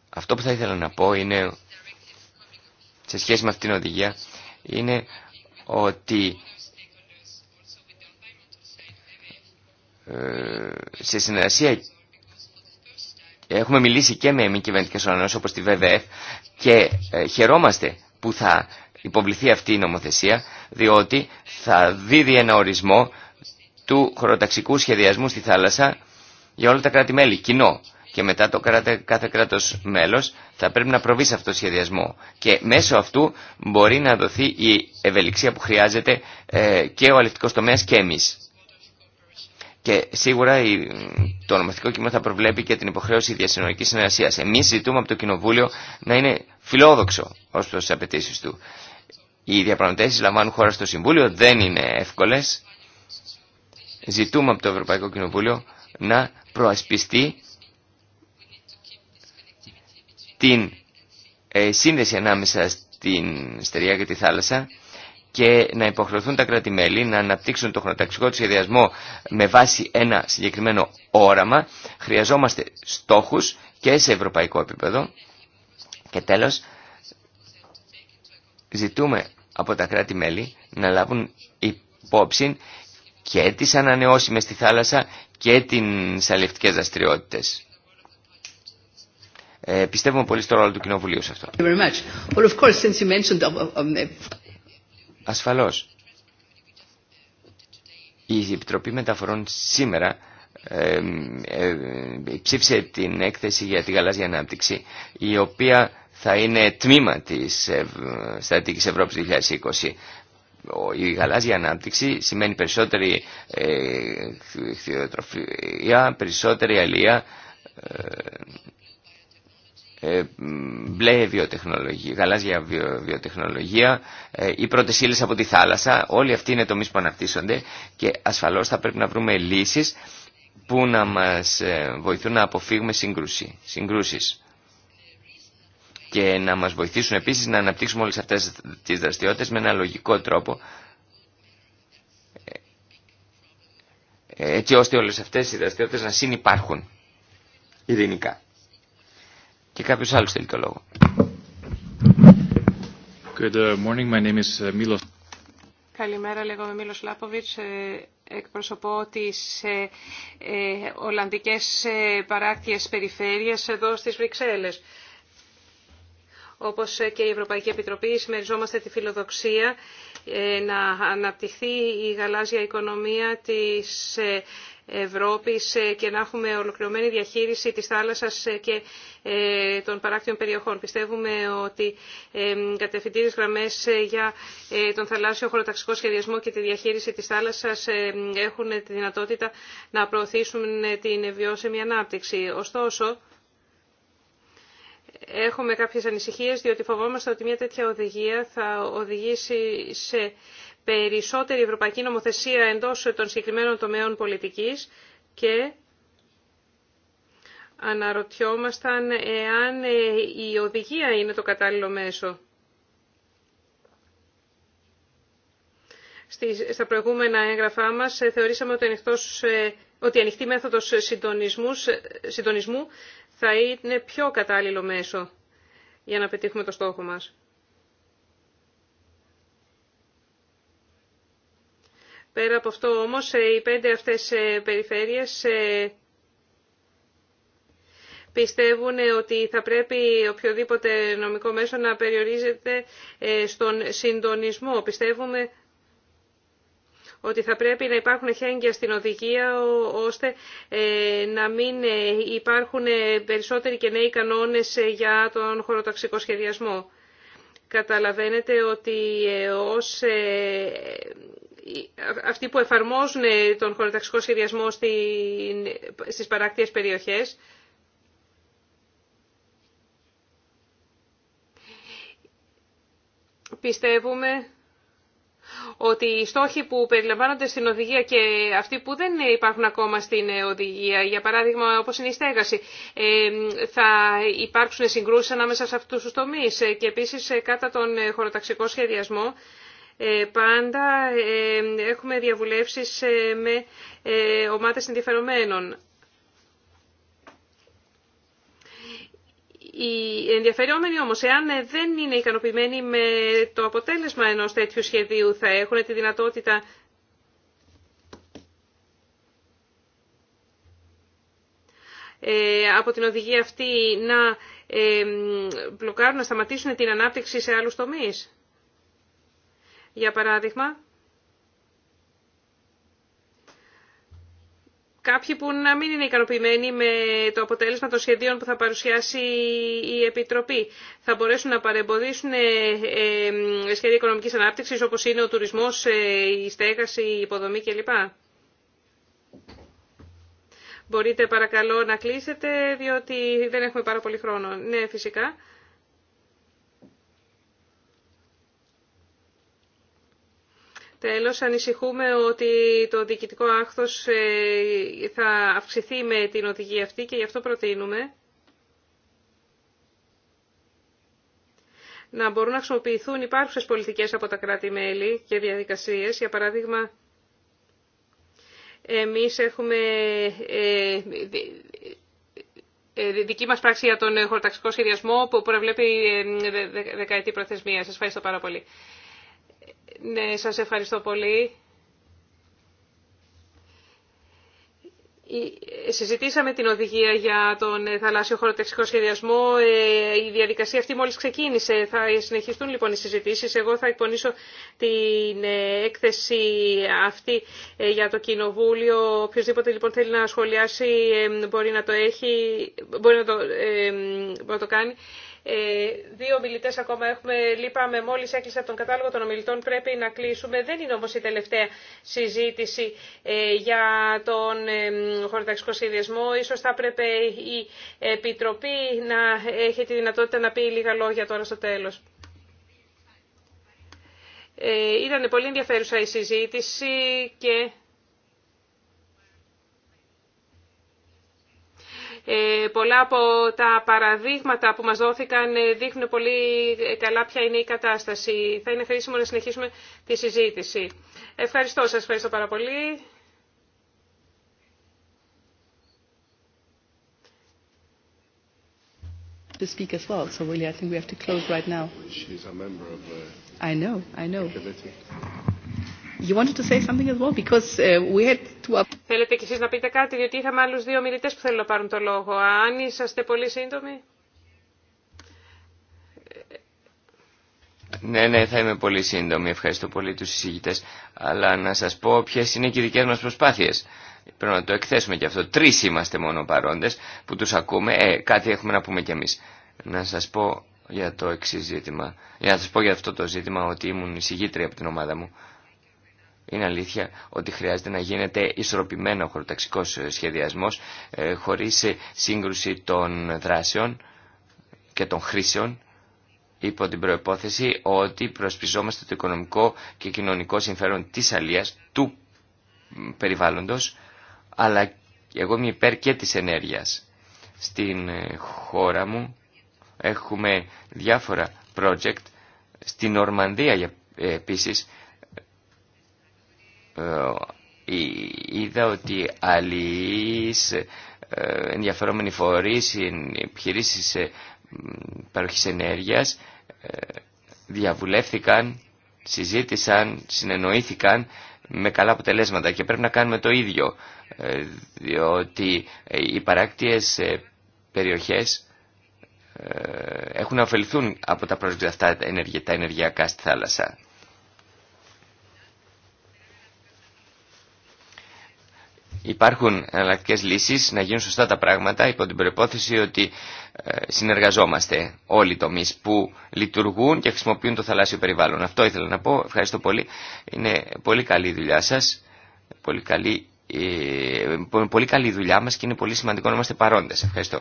Αυτό που θα ήθελα να πω είναι, σε σχέση με αυτήν την οδηγία, είναι ότι ε, σε συνεργασία έχουμε μιλήσει και με μη κυβερνητικέ οργανώσει όπως τη ΒΒΕΦ και ε, χαιρόμαστε που θα υποβληθεί αυτή η νομοθεσία διότι θα δίδει ένα ορισμό του χωροταξικού σχεδιασμού στη θάλασσα για όλα τα κράτη-μέλη, κοινό. Και μετά το κάθε κράτο μέλο θα πρέπει να προβεί σε αυτό το σχεδιασμό. Και μέσω αυτού μπορεί να δοθεί η ευελιξία που χρειάζεται ε, και ο αληθικό τομέα και εμεί. Και σίγουρα το ονομαστικό κείμενο θα προβλέπει και την υποχρέωση διασυνορική συνεργασία. Εμεί ζητούμε από το Κοινοβούλιο να είναι φιλόδοξο ω προ τι απαιτήσει του. Οι διαπραγματεύσει λαμβάνουν χώρα στο Συμβούλιο, δεν είναι εύκολε ζητούμε από το Ευρωπαϊκό Κοινοβούλιο να προασπιστεί την ε, σύνδεση ανάμεσα στην στεριά και τη θάλασσα και να υποχρεωθούν τα κράτη-μέλη να αναπτύξουν το χρονοταξικό του σχεδιασμό με βάση ένα συγκεκριμένο όραμα. Χρειαζόμαστε στόχους και σε ευρωπαϊκό επίπεδο. Και τέλος, ζητούμε από τα κράτη-μέλη να λάβουν υπόψη και τις ανανεώσιμες στη θάλασσα και τις αλληλευτικές δραστηριότητε. Ε, πιστεύουμε πολύ στο ρόλο του Κοινοβουλίου σε αυτό. Well, uh, uh, um, uh, Ασφαλώς. Η Επιτροπή Μεταφορών σήμερα ε, ε, ψήφισε την έκθεση για τη γαλάζια ανάπτυξη η οποία θα είναι τμήμα της ε, στατικής Ευρώπης 2020 η γαλάζια ανάπτυξη σημαίνει περισσότερη ε, χθιοτροφία, περισσότερη αλεία, ε, ε, μπλε βιοτεχνολογία, γαλάζια βιοτεχνολογία, οι πρώτε ύλε από τη θάλασσα, όλοι αυτοί είναι τομεί που αναπτύσσονται και ασφαλώς θα πρέπει να βρούμε λύσεις που να μας βοηθούν να αποφύγουμε σύγκρουση, συγκρούσεις και να μας βοηθήσουν επίσης να αναπτύξουμε όλες αυτές τις δραστηριότητες με ένα λογικό τρόπο ε, έτσι ώστε όλες αυτές οι δραστηριότητες να συνυπάρχουν ειρηνικά. Και κάποιος άλλος θέλει το λόγο. Good uh, morning. My name is uh, Milos. Καλημέρα, λέγομαι Μίλος Λάποβιτς, ε, εκπροσωπώ τις ε, ε, Ολλανδικές ε, παράκτιες περιφέρειες εδώ στις Βρυξέλλες. Όπως και η Ευρωπαϊκή Επιτροπή, συμμεριζόμαστε τη φιλοδοξία ε, να αναπτυχθεί η γαλάζια οικονομία της ε, Ευρώπης ε, και να έχουμε ολοκληρωμένη διαχείριση της θάλασσας και των παράκτιων περιοχών. Πιστεύουμε ότι κατευθυντήρες γραμμές για τον θαλάσσιο χωροταξικό σχεδιασμό και τη διαχείριση της θάλασσας έχουν τη δυνατότητα να προωθήσουν την βιώσιμη ανάπτυξη. Ωστόσο, έχουμε κάποιες ανησυχίες διότι φοβόμαστε ότι μια τέτοια οδηγία θα οδηγήσει σε περισσότερη ευρωπαϊκή νομοθεσία εντός των συγκεκριμένων τομέων πολιτικής και αναρωτιόμασταν εάν η οδηγία είναι το κατάλληλο μέσο. στα προηγούμενα έγγραφά μας ε, θεωρήσαμε ότι, η ε, ανοιχτή μέθοδος ε, συντονισμού, θα είναι πιο κατάλληλο μέσο για να πετύχουμε το στόχο μας. Πέρα από αυτό όμως, οι πέντε αυτές περιφέρειες πιστεύουν ότι θα πρέπει οποιοδήποτε νομικό μέσο να περιορίζεται στον συντονισμό. Πιστεύουμε ότι θα πρέπει να υπάρχουν χέγγια στην οδηγία ώστε ε, να μην ε, υπάρχουν ε, περισσότεροι και νέοι κανόνες για τον χωροταξικό σχεδιασμό. Καταλαβαίνετε ότι ως αυτοί που εφαρμόζουν τον χωροταξικό σχεδιασμό στις παράκτιες περιοχές πιστεύουμε ότι οι στόχοι που περιλαμβάνονται στην οδηγία και αυτοί που δεν υπάρχουν ακόμα στην οδηγία, για παράδειγμα όπως είναι η στέγαση, ε, θα υπάρξουν συγκρούσεις ανάμεσα σε αυτούς τους τομείς ε, και επίσης ε, κατά τον χωροταξικό σχεδιασμό πάντα έχουμε διαβουλεύσεις με ομάδες ενδιαφερομένων. Οι ενδιαφερόμενοι όμως, εάν ε, δεν είναι ικανοποιημένοι με το αποτέλεσμα ενός τέτοιου σχεδίου, θα έχουν τη δυνατότητα ε, από την οδηγία αυτή να ε, μπλοκάρουν, να σταματήσουν την ανάπτυξη σε άλλους τομείς. Για παράδειγμα, Κάποιοι που να μην είναι ικανοποιημένοι με το αποτέλεσμα των σχεδίων που θα παρουσιάσει η Επιτροπή. Θα μπορέσουν να παρεμποδίσουν ε, ε, σχέδια οικονομικής ανάπτυξης όπως είναι ο τουρισμός, ε, η στέγαση, η υποδομή κλπ. Μπορείτε παρακαλώ να κλείσετε διότι δεν έχουμε πάρα πολύ χρόνο. Ναι, φυσικά. Τέλος, ανησυχούμε ότι το διοικητικό άχθος ε, θα αυξηθεί με την οδηγία αυτή και γι' αυτό προτείνουμε να μπορούν να χρησιμοποιηθούν υπάρχουσες πολιτικές από τα κράτη-μέλη και διαδικασίες. Για παράδειγμα, εμείς έχουμε ε, ε, δική μας πράξη για τον χωροταξικό σχεδιασμό που προβλέπει δεκαετή προθεσμία. Σας ευχαριστώ πάρα πολύ. Ναι, σας ευχαριστώ πολύ. Ε, συζητήσαμε την οδηγία για τον ε, θαλάσσιο χωροτεξικό σχεδιασμό. Ε, η διαδικασία αυτή μόλις ξεκίνησε. Θα συνεχιστούν λοιπόν οι συζητήσεις. Εγώ θα εκπονήσω την έκθεση αυτή για το Κοινοβούλιο. Οποιοςδήποτε λοιπόν θέλει να σχολιάσει μπορεί να το, έχει, μπορεί να το, μπορεί να το κάνει. Ε, δύο ομιλητέ ακόμα έχουμε. Λείπαμε, μόλι έκλεισα τον κατάλογο των ομιλητών. Πρέπει να κλείσουμε. Δεν είναι όμω η τελευταία συζήτηση ε, για τον χωροταξικό σχεδιασμό. σω θα πρέπει η Επιτροπή να έχει τη δυνατότητα να πει λίγα λόγια τώρα στο τέλο. Ε, ήταν πολύ ενδιαφέρουσα η συζήτηση και Ε, Πολλά από τα παραδείγματα που μας δόθηκαν ε, δείχνουν πολύ ε, καλά ποια είναι η κατάσταση. Θα είναι χρήσιμο να συνεχίσουμε τη συζήτηση. Ευχαριστώ σας, ευχαριστώ πάρα πολύ. to speak as well. So really, I think we have to close right now. She's a member of. The I know, I know. Committee. You wanted to say something as well because uh, we had to. Θέλετε κι εσείς να πείτε κάτι, διότι είχαμε άλλους δύο μιλητές που θέλουν να πάρουν το λόγο. Αν είσαστε πολύ σύντομοι. Ναι, ναι, θα είμαι πολύ σύντομη. Ευχαριστώ πολύ τους συζητητές. Αλλά να σας πω ποιες είναι και οι δικές μας προσπάθειες. Πρέπει να το εκθέσουμε κι αυτό. Τρεις είμαστε μόνο παρόντες που τους ακούμε. Ε, κάτι έχουμε να πούμε κι εμείς. Να σας πω για το εξή ζήτημα. Για να σας πω για αυτό το ζήτημα ότι ήμουν εισηγήτρια από την ομάδα μου. Είναι αλήθεια ότι χρειάζεται να γίνεται ισορροπημένο χωροταξικός ε, σχεδιασμός ε, χωρίς ε, σύγκρουση των δράσεων και των χρήσεων υπό την προϋπόθεση ότι προσπιζόμαστε το οικονομικό και κοινωνικό συμφέρον της αλίας, του περιβάλλοντος, αλλά εγώ είμαι υπέρ και της ενέργειας. Στην χώρα μου έχουμε διάφορα project, στην Ορμανδία επίσης ε, ε, είδα ότι αλληλείς ε, ενδιαφερόμενοι φορείς, επιχειρήσεις παροχής ενέργειας διαβουλεύθηκαν, συζήτησαν, συνεννοήθηκαν με καλά αποτελέσματα και πρέπει να κάνουμε το ίδιο διότι οι παράκτιες περιοχές έχουν να ωφεληθούν από τα πρόσβητα αυτά τα ενεργειακά στη θάλασσα. υπάρχουν εναλλακτικές λύσεις, να γίνουν σωστά τα πράγματα υπό την προπόθεση ότι ε, συνεργαζόμαστε όλοι οι τομείς που λειτουργούν και χρησιμοποιούν το θαλάσσιο περιβάλλον. Αυτό ήθελα να πω. Ευχαριστώ πολύ. Είναι πολύ καλή η δουλειά σας. Πολύ καλή ε, πολύ καλή η δουλειά μας και είναι πολύ σημαντικό να είμαστε παρόντες. Ευχαριστώ.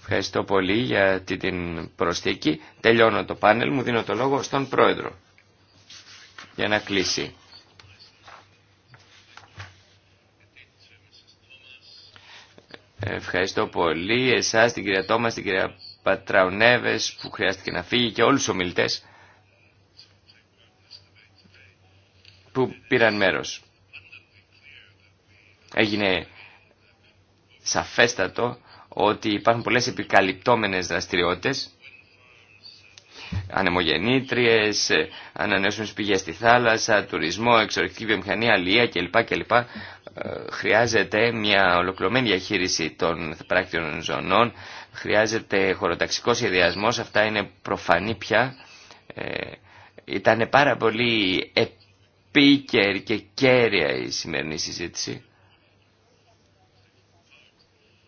Ευχαριστώ πολύ για την προσθήκη. Τελειώνω το πάνελ, μου δίνω το λόγο στον πρόεδρο για να κλείσει. Ευχαριστώ πολύ εσάς, την κυρία Τόμα, την κυρία Πατραουνέβες που χρειάστηκε να φύγει και όλους τους ομιλητές που πήραν μέρος. Έγινε σαφέστατο ότι υπάρχουν πολλές επικαλυπτόμενες δραστηριότητες ανεμογεννήτριες, ε, ανανεώσιμες πηγές στη θάλασσα, τουρισμό, εξορυκτική βιομηχανία, αλληλεία κλπ. κλπ. Ε, χρειάζεται μια ολοκληρωμένη διαχείριση των πράκτιων ζωνών, χρειάζεται χωροταξικό σχεδιασμό, αυτά είναι προφανή πια. Ε, ήταν πάρα πολύ επίκαιρη και κέρια η σημερινή συζήτηση.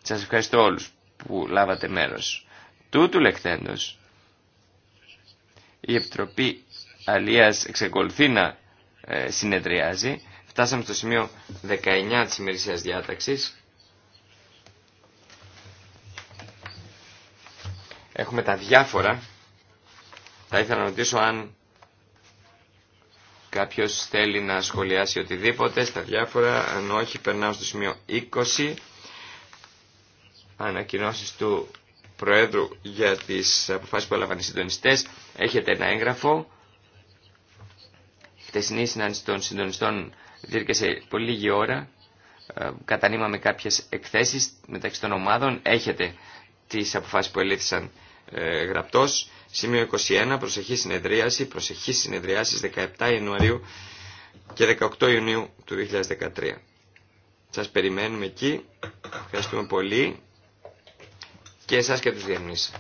Σας ευχαριστώ όλους που λάβατε μέρος. Τούτου λεχθέντος η Επιτροπή Αλίας εξεκολουθεί να ε, συνεδριάζει. Φτάσαμε στο σημείο 19 της ημερησίας διάταξης. Έχουμε τα διάφορα. Θα ήθελα να ρωτήσω αν κάποιος θέλει να σχολιάσει οτιδήποτε στα διάφορα. Αν όχι, περνάω στο σημείο 20. Ανακοινώσεις του Προέδρου για τις αποφάσεις που έλαβαν οι συντονιστές. Έχετε ένα έγγραφο. Η χτεσινή συνάντηση των συντονιστών διήρκεσε πολύ λίγη ώρα. Ε, κατανείμαμε κάποιες εκθέσεις μεταξύ των ομάδων. Έχετε τις αποφάσεις που ελήφθησαν ε, γραπτός. Σημείο 21, προσεχή συνεδρίαση, προσεχή συνεδρίαση 17 Ιανουαρίου και 18 Ιουνίου του 2013. Σας περιμένουμε εκεί. Ευχαριστούμε πολύ και εσάς και τους διεθνείς.